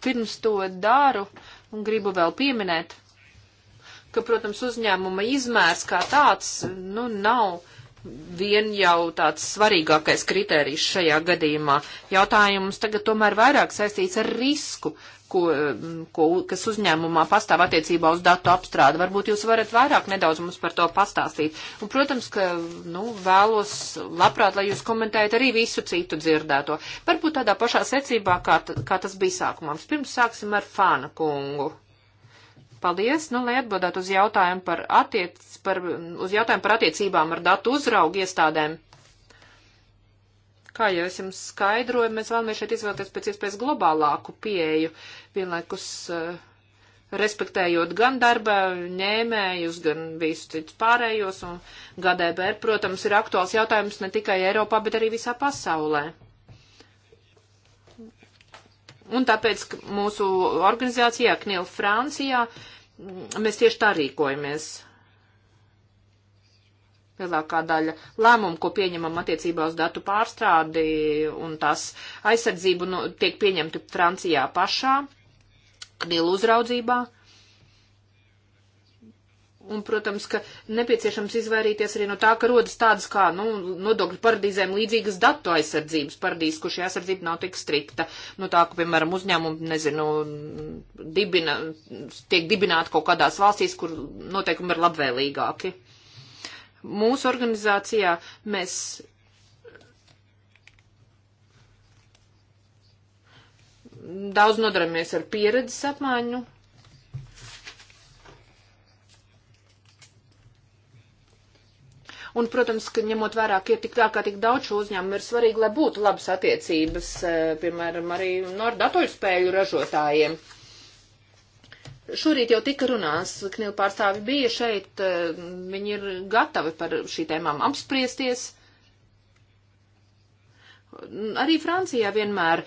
pirms to daru un gribu vēl pieminēt, ka, protams, uzņēmuma izmērs kā tāds, nu, nav vien jau tāds svarīgākais kriterijs šajā gadījumā. Jautājums tagad tomēr vairāk saistīts ar risku, ko, mm, ko, kas uzņēmumā pastāv attiecībā uz datu apstrādi. Varbūt jūs varat vairāk nedaudz mums par to pastāstīt. Un, protams, ka, nu, vēlos labprāt, lai jūs komentējat arī visu citu dzirdēto. Varbūt tādā pašā secībā, kā, kā tas bija sākumā. Pirms sāksim ar Fāna kungu. Paldies, nu, lai atbildētu uz jautājumu par, attiec, par, uz jautājumu par attiecībām ar datu uzraugu iestādēm. Kā jau es jums skaidroju, mēs vēlamies šeit izvēlēties pēc iespējas globālāku pieeju, vienlaikus eh, respektējot gan darba ņēmējus, gan visus citus pārējos, un GDPR, protams, ir aktuāls jautājums ne tikai Eiropā, bet arī visā pasaulē. Un tāpēc mūsu organizācijā, KNIL Francijā, mēs tieši tā rīkojamies. Lielākā daļa lēmumu, ko pieņemam attiecībā uz datu pārstrādi un tās aizsardzību, nu, tiek pieņemti Francijā pašā, Knilu uzraudzībā. Un, protams, ka nepieciešams izvairīties arī no tā, ka rodas tādas kā, nu, nodokļu paradīzēm līdzīgas datu aizsardzības paradīzes, kur šī aizsardzība nav tik strikta. No nu, tā, ka, piemēram, uzņēmumi, nezinu, dibina, tiek dibināti kaut kādās valstīs, kur noteikumi ir labvēlīgāki. Mūsu organizācijā mēs daudz nodaramies ar pieredzes apmaiņu. Un, protams, ka ņemot vērā, ka ir tik tā, kā tik daudz šo uzņēmumu, ir svarīgi, lai būtu labas attiecības, eh, piemēram, arī no ar datorspēļu ražotājiem. Uh, Šorīt jau tika runās, Knil pārstāvi bija šeit, eh, viņi ir gatavi par šī tēmām apspriesties. Arī Francijā vienmēr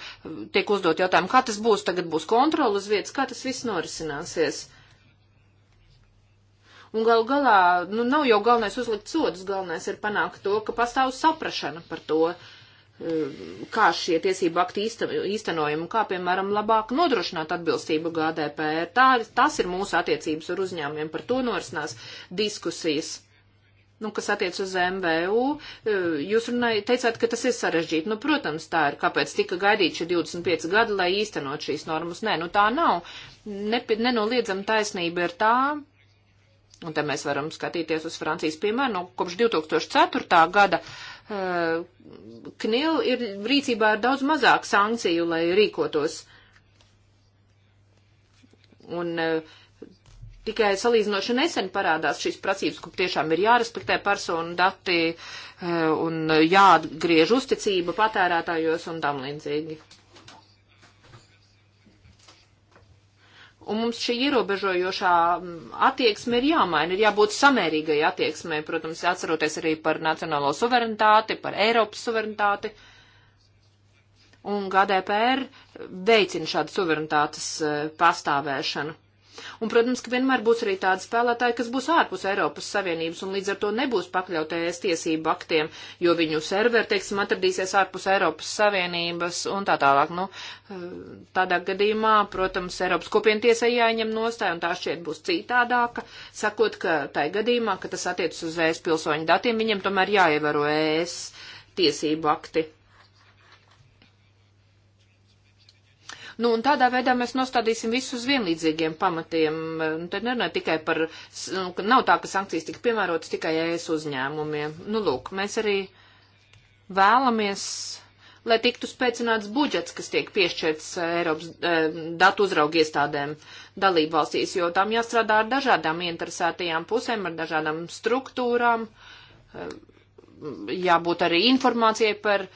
tiek uzdot jautājumu, kā tas būs, tagad būs kontrola uz vietas, kā tas viss norisināsies. Un gal galā, nu nav jau galvenais uzlikt sodus, galvenais ir panākt to, ka pastāv saprašana par to. Uh, Eh, kā šie tiesību akti īstenojumi, kā, piemēram, labāk nodrošināt atbilstību GDPR. Tā, tas ir mūsu attiecības ar uzņēmumiem, par to norisinās diskusijas. Nu, kas attiec uz MVU, eh, jūs runājat, teicāt, ka tas ir sarežģīti. Nu, protams, tā ir, kāpēc tika gaidīt šie 25 gadi, lai īstenot šīs normas. Nē, nu tā nav. Nepi, nenoliedzam taisnība ir tā, Un te mēs varam skatīties uz Francijas piemēru, no kopš 2004. gada Uh, KNIL ir rīcībā ar daudz mazāk sankciju, lai rīkotos. Un uh, tikai salīdzinoši nesen parādās šīs prasības, kur tiešām ir jārespektē personu dati uh, un jāatgriež uzticība patērētājos un tam līdzīgi. Un mums šī ierobežojošā mm, attieksme ir jāmaina, ir jābūt samērīgai attieksmei, protams, atceroties arī par nacionālo suverenitāti, par Eiropas suverenitāti. Un GDPR veicina šādu suverenitātes eh, pastāvēšanu. Un, protams, ka vienmēr būs arī tādi spēlētāji, kas būs ārpus Eiropas Savienības un līdz ar to nebūs pakļautējies tiesību aktiem, jo viņu serveri, teiksim, atradīsies ārpus Eiropas Savienības un tā tālāk. Nu, tādā gadījumā, protams, Eiropas kopientiesai jāņem nostāja un tā šķiet būs citādāka, sakot, ka tai gadījumā, ka tas attiecas uz ES pilsoņu datiem, viņiem tomēr jāievēro ES tiesību akti. Nu, un tādā veidā mēs nostādīsim visus uz vienlīdzīgiem pamatiem. Nu, tad nerunāju tikai par, nu, nav tā, ka sankcijas tika piemērotas tikai ES uzņēmumiem. Nu, lūk, mēs arī vēlamies lai tiktu spēcināts budžets, kas tiek piešķirts eh, Eiropas e, datu uzraugu iestādēm dalību valstīs, jo tām jāstrādā ar dažādām interesētajām pusēm, ar dažādām struktūrām, e, jābūt arī informācijai par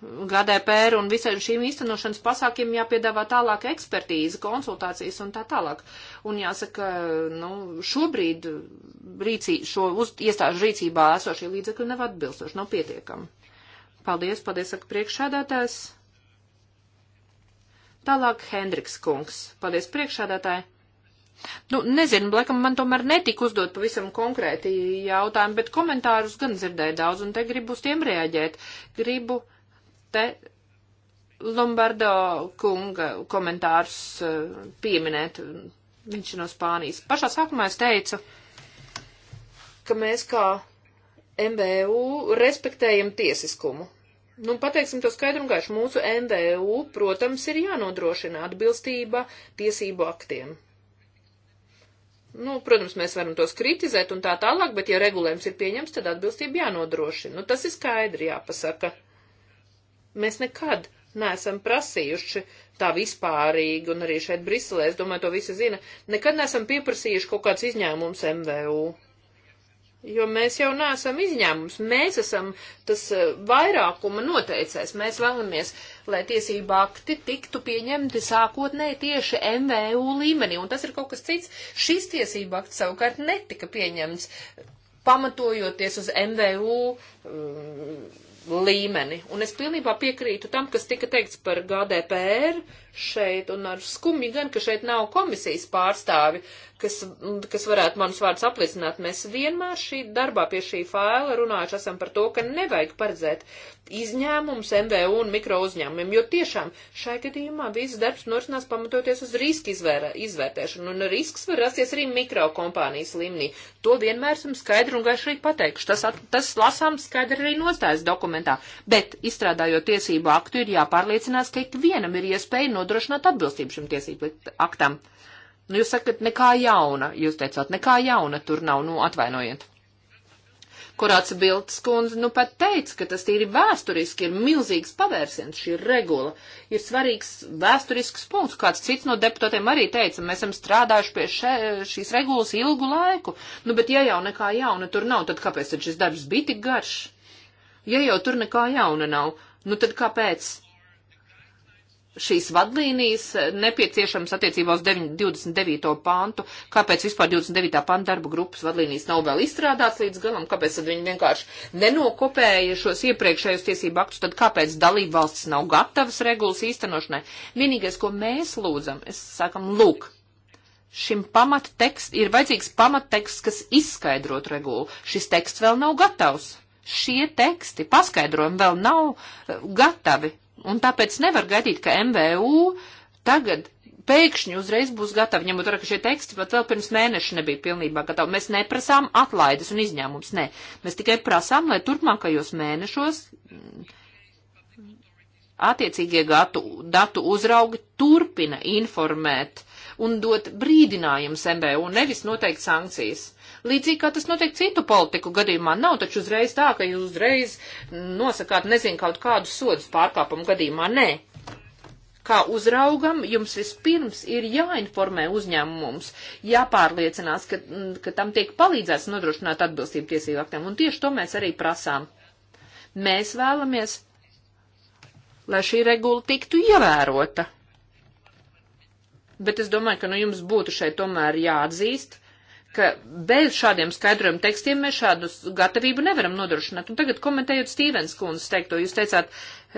GDPR un visai šīm īstenošanas pasākiem jāpiedāvā tālāk ekspertīze, konsultācijas un tā tālāk. Un jāsaka, nu, šobrīd rīcī, šo uz, iestāžu rīcībā esošie līdzekļi nav atbilstoši, nav pietiekami. Paldies, paldies, saka priekšsēdētājs. Tālāk Hendriks kungs. Paldies priekšsēdētāji. Nu, nezinu, laikam man tomēr netika uzdot pavisam konkrēti jautājumi, bet komentārus gan dzirdēju daudz, un te gribu uz tiem reaģēt. Gribu te Lombardo kunga komentārus eh, pieminēt. Viņš no Spānijas. Pašā sākumā es teicu, ka mēs kā MVU respektējam tiesiskumu. Nu, pateiksim to skaidru un gaišu. Mūsu MVU, protams, ir jānodrošina atbilstība tiesību aktiem. Nu, protams, mēs varam tos kritizēt un tā tālāk, bet ja regulējums ir pieņems, tad atbilstība jānodrošina. Nu, tas ir skaidri jāpasaka. Mēs nekad neesam prasījuši tā vispārīgi, un arī šeit Briselē, es domāju, to visi zina, nekad neesam pieprasījuši kaut kāds izņēmums MVU. Jo mēs jau neesam izņēmums, mēs esam tas eh, vairākuma noteicēs. Mēs vēlamies, lai tiesība akti tiktu pieņemti sākotnēji tieši MVU līmenī, un tas ir kaut kas cits. Šis tiesība akts savukārt netika pieņemts, pamatojoties uz MVU. Um, mm, līmeni. Un es pilnībā piekrītu tam, kas tika teikts par GDPR, šeit, un ar skumju gan, ka šeit nav komisijas pārstāvi, kas, kas varētu manus vārdus apliecināt. Mēs vienmēr šī darbā pie šī faila runājuši esam par to, ka nevajag paredzēt izņēmums MVU un mikro uzņēmumiem, jo tiešām šai gadījumā viss darbs norisinās pamatoties uz riska izvēra, izvērtēšanu, un risks var rasties arī mikro kompānijas līmenī. To vienmēr esam skaidri un gaiši arī pateikuši. Tas, at, tas lasām skaidri arī nostājas dokumentā, bet izstrādājot tiesību aktu ir jāpārliecinās, ka ikvienam ir iespēja no nodrošināt atbilstību šim tiesību aktam. Nu, jūs sakat, nekā jauna, jūs teicāt, nekā jauna tur nav, nu, atvainojiet. Kurāts Bildes kundze, nu, pat teica, ka tas tīri vēsturiski ir milzīgs pavērsiens, šī regula ir svarīgs vēsturisks punkts. Kāds cits no deputātiem arī teica, mēs esam strādājuši pie še, šīs regulas ilgu laiku, nu, bet ja jau nekā jauna tur nav, tad kāpēc tad šis darbs bija tik garš? Ja jau tur nekā jauna nav, nu tad kāpēc? šīs vadlīnijas nepieciešams attiecībā uz 29. pāntu, kāpēc vispār 29. pānta darba grupas vadlīnijas nav vēl izstrādāts līdz galam, kāpēc tad viņi vienkārši nenokopēja šos iepriekšējos tiesību aktus, tad kāpēc dalība valsts nav gatavas regulas īstenošanai. Vienīgais, ko mēs lūdzam, es sakam, lūk, šim pamattekst, ir vajadzīgs pamatteksts, kas izskaidrot regulu. Šis teksts vēl nav gatavs. Šie teksti, paskaidrojumi vēl nav eh, gatavi Un tāpēc nevar gaidīt, ka MVU tagad pēkšņi uzreiz būs gatavi, ņemot vērā, ka šie teksti pat vēl pirms mēneša nebija pilnībā gatavi. Mēs neprasām atlaides un izņēmums, nē. Mēs tikai prasām, lai turpmākajos mēnešos mm, attiecīgie gatu, datu uzraugi turpina informēt un dot brīdinājumus MBU, nevis noteikti sankcijas līdzīgi kā tas notiek citu politiku gadījumā. Nav taču uzreiz tā, ka jūs uzreiz nosakāt, nezinu, kaut kādus sodus pārkāpumu gadījumā. Nē. Kā uzraugam, jums vispirms ir jāinformē uzņēmums, jāpārliecinās, ka, ka tam tiek palīdzēts nodrošināt atbilstību tiesību aktiem, un tieši to mēs arī prasām. Mēs vēlamies, lai šī regula tiktu ievērota. Bet es domāju, ka nu jums būtu šeit tomēr jāatzīst, ka bez šādiem skaidrojumu tekstiem mēs šādu gatavību nevaram nodrošināt. Un tagad komentējot Stīvens kundzes teikto, jūs teicāt,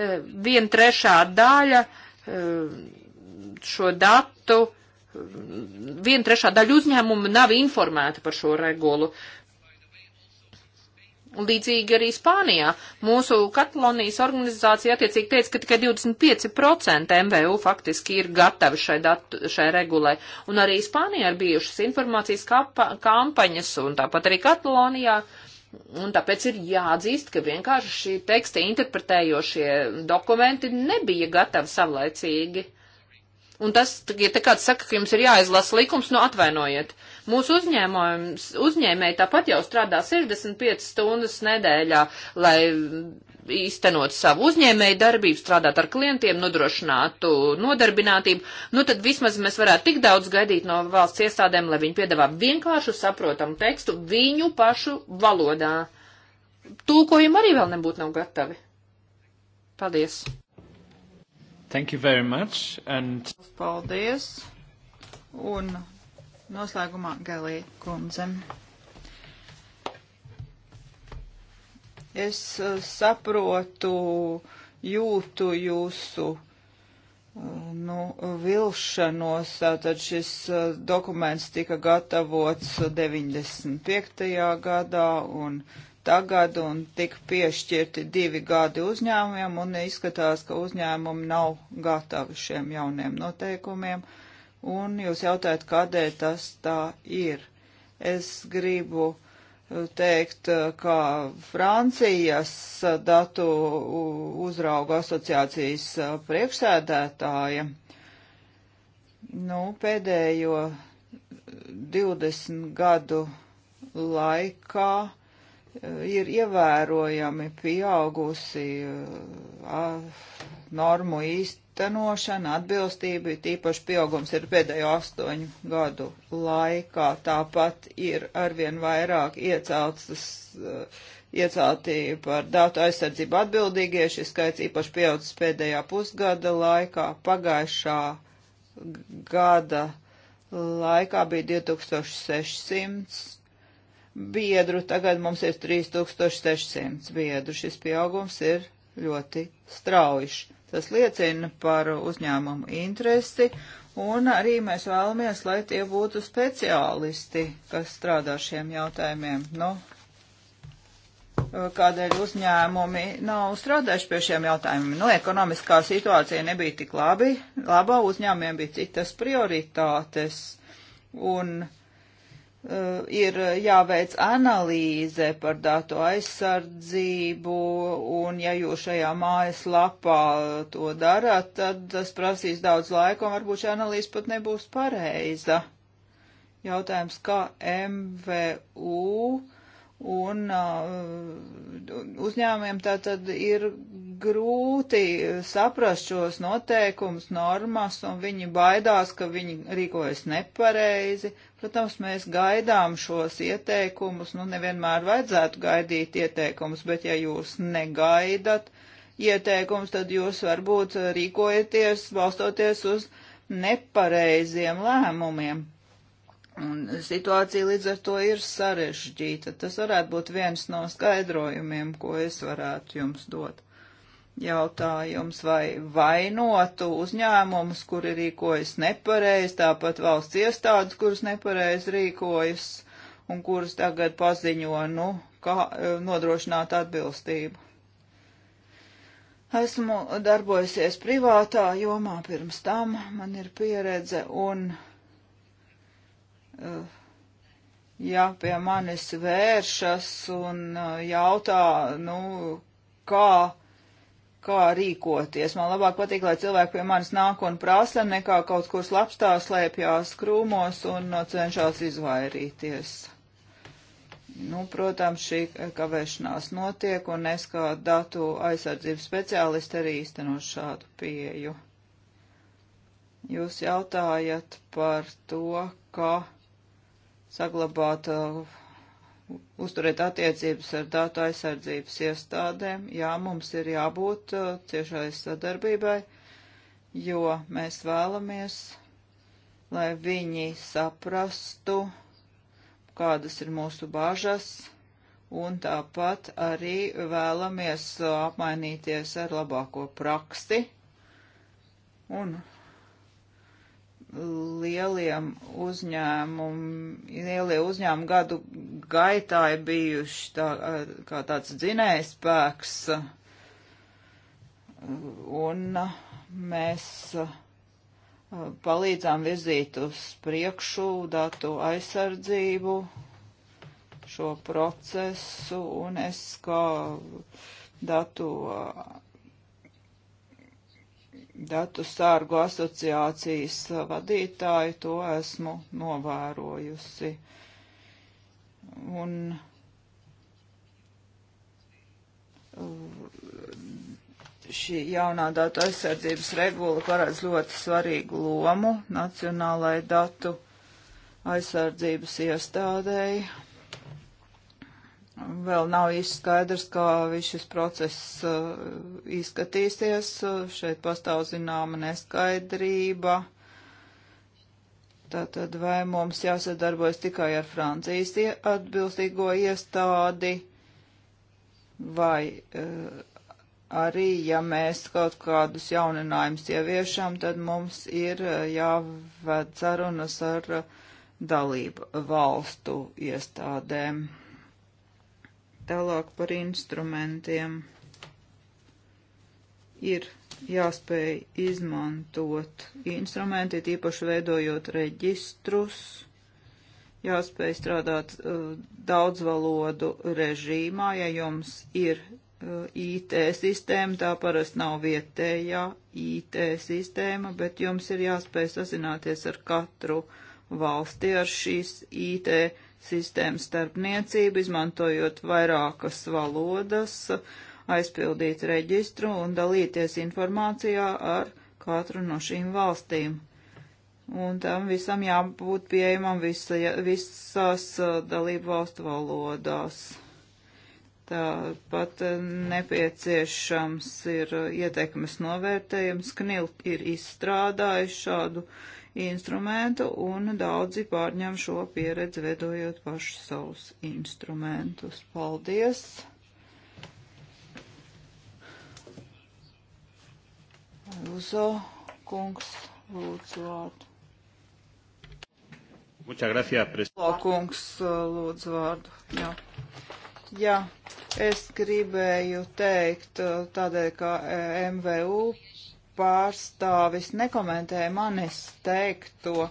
eh, viena trešā daļa eh, šo datu, eh, viena trešā daļa uzņēmumu nav informēta par šo regulu. Līdzīgi arī Spānijā. Mūsu Katalonijas organizācija attiecīgi teica, ka tikai 25% MVU faktiski ir gatavi šai, datu, šai regulē. Un arī Spānijā ir bijušas informācijas kampaņas un tāpat arī Katalonijā. Un tāpēc ir jāatzīst, ka vienkārši šī teksta interpretējošie dokumenti nebija gatavi savlaicīgi. Un tas, ja te kāds saka, ka jums ir jāizlasa likums, nu atvainojiet. Uh, Mūsu uzņēmēji tāpat jau strādā 65 stundas nedēļā, lai īstenot savu uzņēmēju darbību, strādāt ar klientiem, nodrošinātu nodarbinātību, nu tad vismaz mēs varētu tik daudz gaidīt no valsts iestādēm, lai viņi piedāvā vienkāršu saprotamu tekstu viņu pašu valodā. Tūkojumi arī vēl nebūtu nav gatavi. Paldies! Thank you very much and... Paldies! Un Noslēgumā Galī kundze. Es eh, saprotu, jūtu jūsu eh, nu, vilšanos. Tātad šis eh, dokuments tika gatavots 95. gadā un tagad un tik piešķirti divi gadi uzņēmumiem un izskatās, ka uzņēmumi nav gatavi šiem jauniem noteikumiem. Uh, un jūs jautājat, kādēļ tas tā ir. Es gribu uh, teikt, uh, ka Francijas uh, datu uzrauga asociācijas priekšsēdētāja nu, pēdējo 20 gadu laikā ir ievērojami pieaugusi normu īst, īstenošana, atbilstība, tīpaši pieaugums ir pēdējo astoņu gadu laikā. Tāpat ir arvien vairāk ieceltas, eh, ieceltī par datu aizsardzību atbildīgie. Šis skaits īpaši pieaudzis pēdējā pusgada laikā. Pagājušā gada laikā bija 2600 biedru, tagad mums ir 3600 biedru. Šis pieaugums ir ļoti straujišs. Tas liecina par uzņēmumu interesi, un arī mēs vēlamies, lai tie būtu speciālisti, kas strādā šiem jautājumiem. Nu, kādēļ uzņēmumi nav strādājuši pie šiem jautājumiem. Nu, ekonomiskā situācija nebija tik labi, labā uzņēmumiem bija citas prioritātes. Un, uh, Eh, ir jāveic analīze par datu aizsardzību, un ja jūs šajā mājaslapā to darat, tad tas prasīs daudz laika, un varbūt šī analīze pat nebūs pareiza. Jautājums, kā MVU un uh, uzņēmumiem tātad ir grūti saprast šos noteikumus, normas, un viņi baidās, ka viņi rīkojas nepareizi. Protams, mēs gaidām šos ieteikumus, nu nevienmēr vajadzētu gaidīt ieteikumus, bet ja jūs negaidat ieteikumus, tad jūs varbūt rīkojaties balstoties uz nepareiziem lēmumiem. Un situācija līdz ar to ir sarežģīta. Tas varētu būt viens no skaidrojumiem, ko es varētu jums dot. Jautājums, vai vainotu uzņēmumus, kuri rīkojas nepareizi, tāpat valsts iestādes, kuras nepareizi rīkojas un kuras tagad paziņo, nu, kā e, nodrošināt atbilstību. Esmu darbojusies privātā jomā pirms tam, man ir pieredze un Eh, ja pie manis vēršas un eh, jautā, nu, kā, kā rīkoties. Man labāk patīk, lai cilvēki pie manis nāk un prasa, nekā kaut kur slapstā slēpjās krūmos un eh, cenšas izvairīties. Nu, protams, šī kavēšanās notiek, un es kā datu aizsardzības speciālisti arī īstenošu šādu pieju. Jūs jautājat par to, ka saglabāt, uh, uzturēt attiecības ar datu aizsardzības iestādēm. Jā, mums ir jābūt uh, ciešai sadarbībai, jo mēs vēlamies, lai viņi saprastu, kādas ir mūsu bažas, un tāpat arī vēlamies uh, apmainīties ar labāko praksi. Un lieliem uzņēmumi, lielie uzņēmumi gadu gaitā ir bijuši tā, kā tāds dzinējspēks, un mēs uh, palīdzām virzīt uz priekšu datu aizsardzību šo procesu, un es kā datu uh, datu sārgu asociācijas vadītāju, to esmu novērojusi. Un uh, šī jaunā datu aizsardzības regula paredz ļoti svarīgu lomu Nacionālajai datu aizsardzības iestādēji vēl nav īsti skaidrs, kā viss šis process uh, izskatīsies. Šeit pastāv zināma neskaidrība. Tātad vai mums jāsadarbojas tikai ar Francijas atbilstīgo iestādi, vai uh, arī, ja mēs kaut kādus jauninājumus ieviešam, tad mums ir uh, jāved sarunas ar uh, dalību valstu iestādēm. Tālāk par instrumentiem ir jāspēj izmantot instrumenti, tīpaši veidojot reģistrus, jāspēj strādāt uh, daudzvalodu režīmā, ja jums ir uh, eh, IT sistēma, tā parasti nav vietējā IT sistēma, bet jums ir jāspēj sazināties ar katru valsti ar šīs IT sistēmu sistēmas starpniecību, izmantojot vairākas valodas, aizpildīt reģistru un dalīties informācijā ar katru no šīm valstīm. Un tam visam jābūt pieejamam visa, visās uh, dalību valstu valodās. Tāpat uh, nepieciešams ir uh, ietekmes novērtējums. KNIL ir izstrādājis šādu instrumentu, un daudzi pārņem šo pieredzi, veidojot pašus savus instrumentus. Paldies! Uzo kungs, lūdzu vārdu. Muchas gracias, presidente. Kungs, lūdzu vārdu. Jā. Jā, es gribēju teikt tādēļ, ka eh, MVU pārstāvis nekomentēja manis teikto,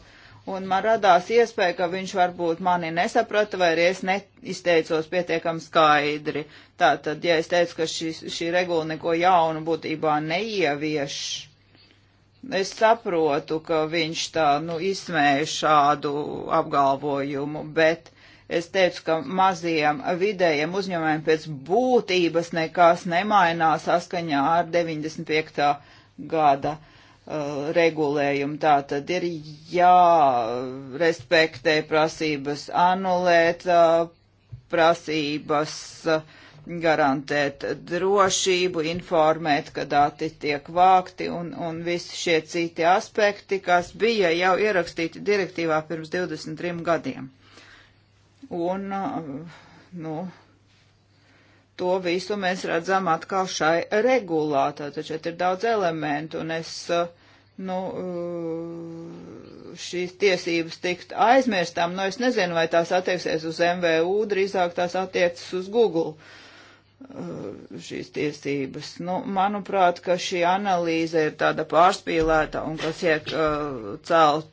un man radās iespēja, ka viņš varbūt mani nesaprata, vai arī es neizteicos pietiekami skaidri. Tātad, ja es teicu, ka šī, šī regula neko jaunu būtībā neievieš, es saprotu, ka viņš tā, nu, izsmēja šādu apgalvojumu, bet es teicu, ka maziem vidējiem uzņēmējiem pēc būtības nekas nemainās saskaņā ar 95 gada uh, regulējumu. Tā tad ir jārespektē prasības anulēt, uh, prasības uh, garantēt drošību, informēt, ka dati tiek vākti un, un visi šie citi aspekti, kas bija jau ierakstīti direktīvā pirms 23 gadiem. Un, uh, nu, to visu mēs redzam atkal šai regulā. Tātad šeit ir daudz elementu, un es, uh, nu, uh, šīs tiesības tikt aizmirstām, nu, es nezinu, vai tās attieksies uz MVU, drīzāk tās attiecas uz Google uh, šīs tiesības. Nu, manuprāt, ka šī analīze ir tāda pārspīlēta un kas tiek uh, celt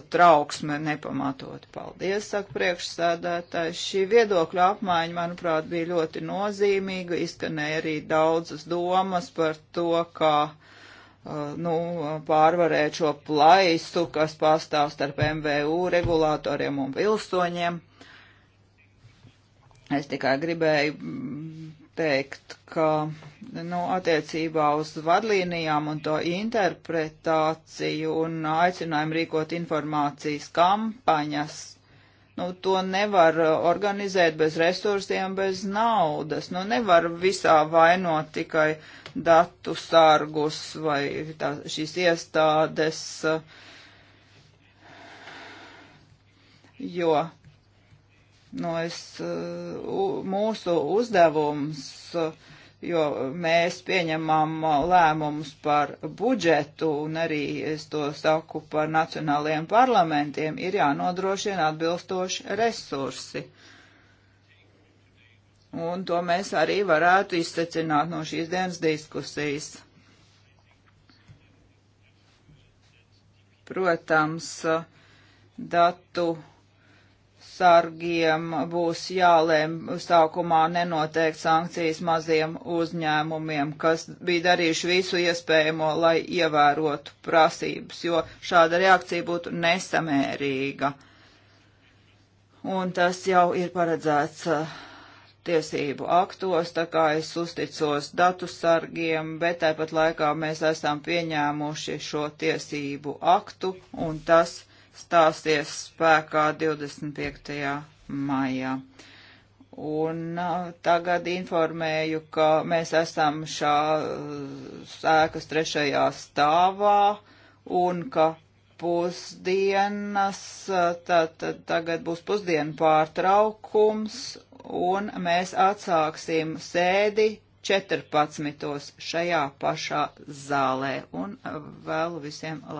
trauksme nepamatot. Paldies, saka priekšsēdētājs. Šī viedokļa apmaiņa, manuprāt, bija ļoti nozīmīga. Izskanēja arī daudzas domas par to, kā uh, nu, pārvarēt šo plaisu, kas pastāv starp MVU regulātoriem un pilsoņiem. Es tikai gribēju mm, teikt, ka nu, attiecībā uz vadlīnijām un to interpretāciju un aicinājumu rīkot informācijas kampaņas, nu, to nevar organizēt bez resursiem, bez naudas. Nu, nevar visā vainot tikai datu sargus vai tā, šīs iestādes, jo no es, uh, mūsu uzdevums, uh, jo mēs pieņemam uh, lēmumus par budžetu un arī es to saku par nacionālajiem parlamentiem, ir jānodrošina atbilstoši resursi. Un to mēs arī varētu izsecināt no šīs dienas diskusijas. Protams, datu sargiem būs jālēm sākumā nenoteikt sankcijas maziem uzņēmumiem, kas bija darījuši visu iespējamo, lai ievērotu prasības, jo šāda reakcija būtu nesamērīga. Un tas jau ir paredzēts uh, tiesību aktos, tā kā es uzticos datu sargiem, bet tāpat laikā mēs esam pieņēmuši šo tiesību aktu, un tas stāsies spēkā 25. maijā. Un tagad informēju, ka mēs esam šā uh, sēkas trešajā stāvā un ka pusdienas, tad, tad tagad būs pusdienu pārtraukums un mēs atsāksim sēdi 14. šajā pašā zālē un vēlu visiem labu.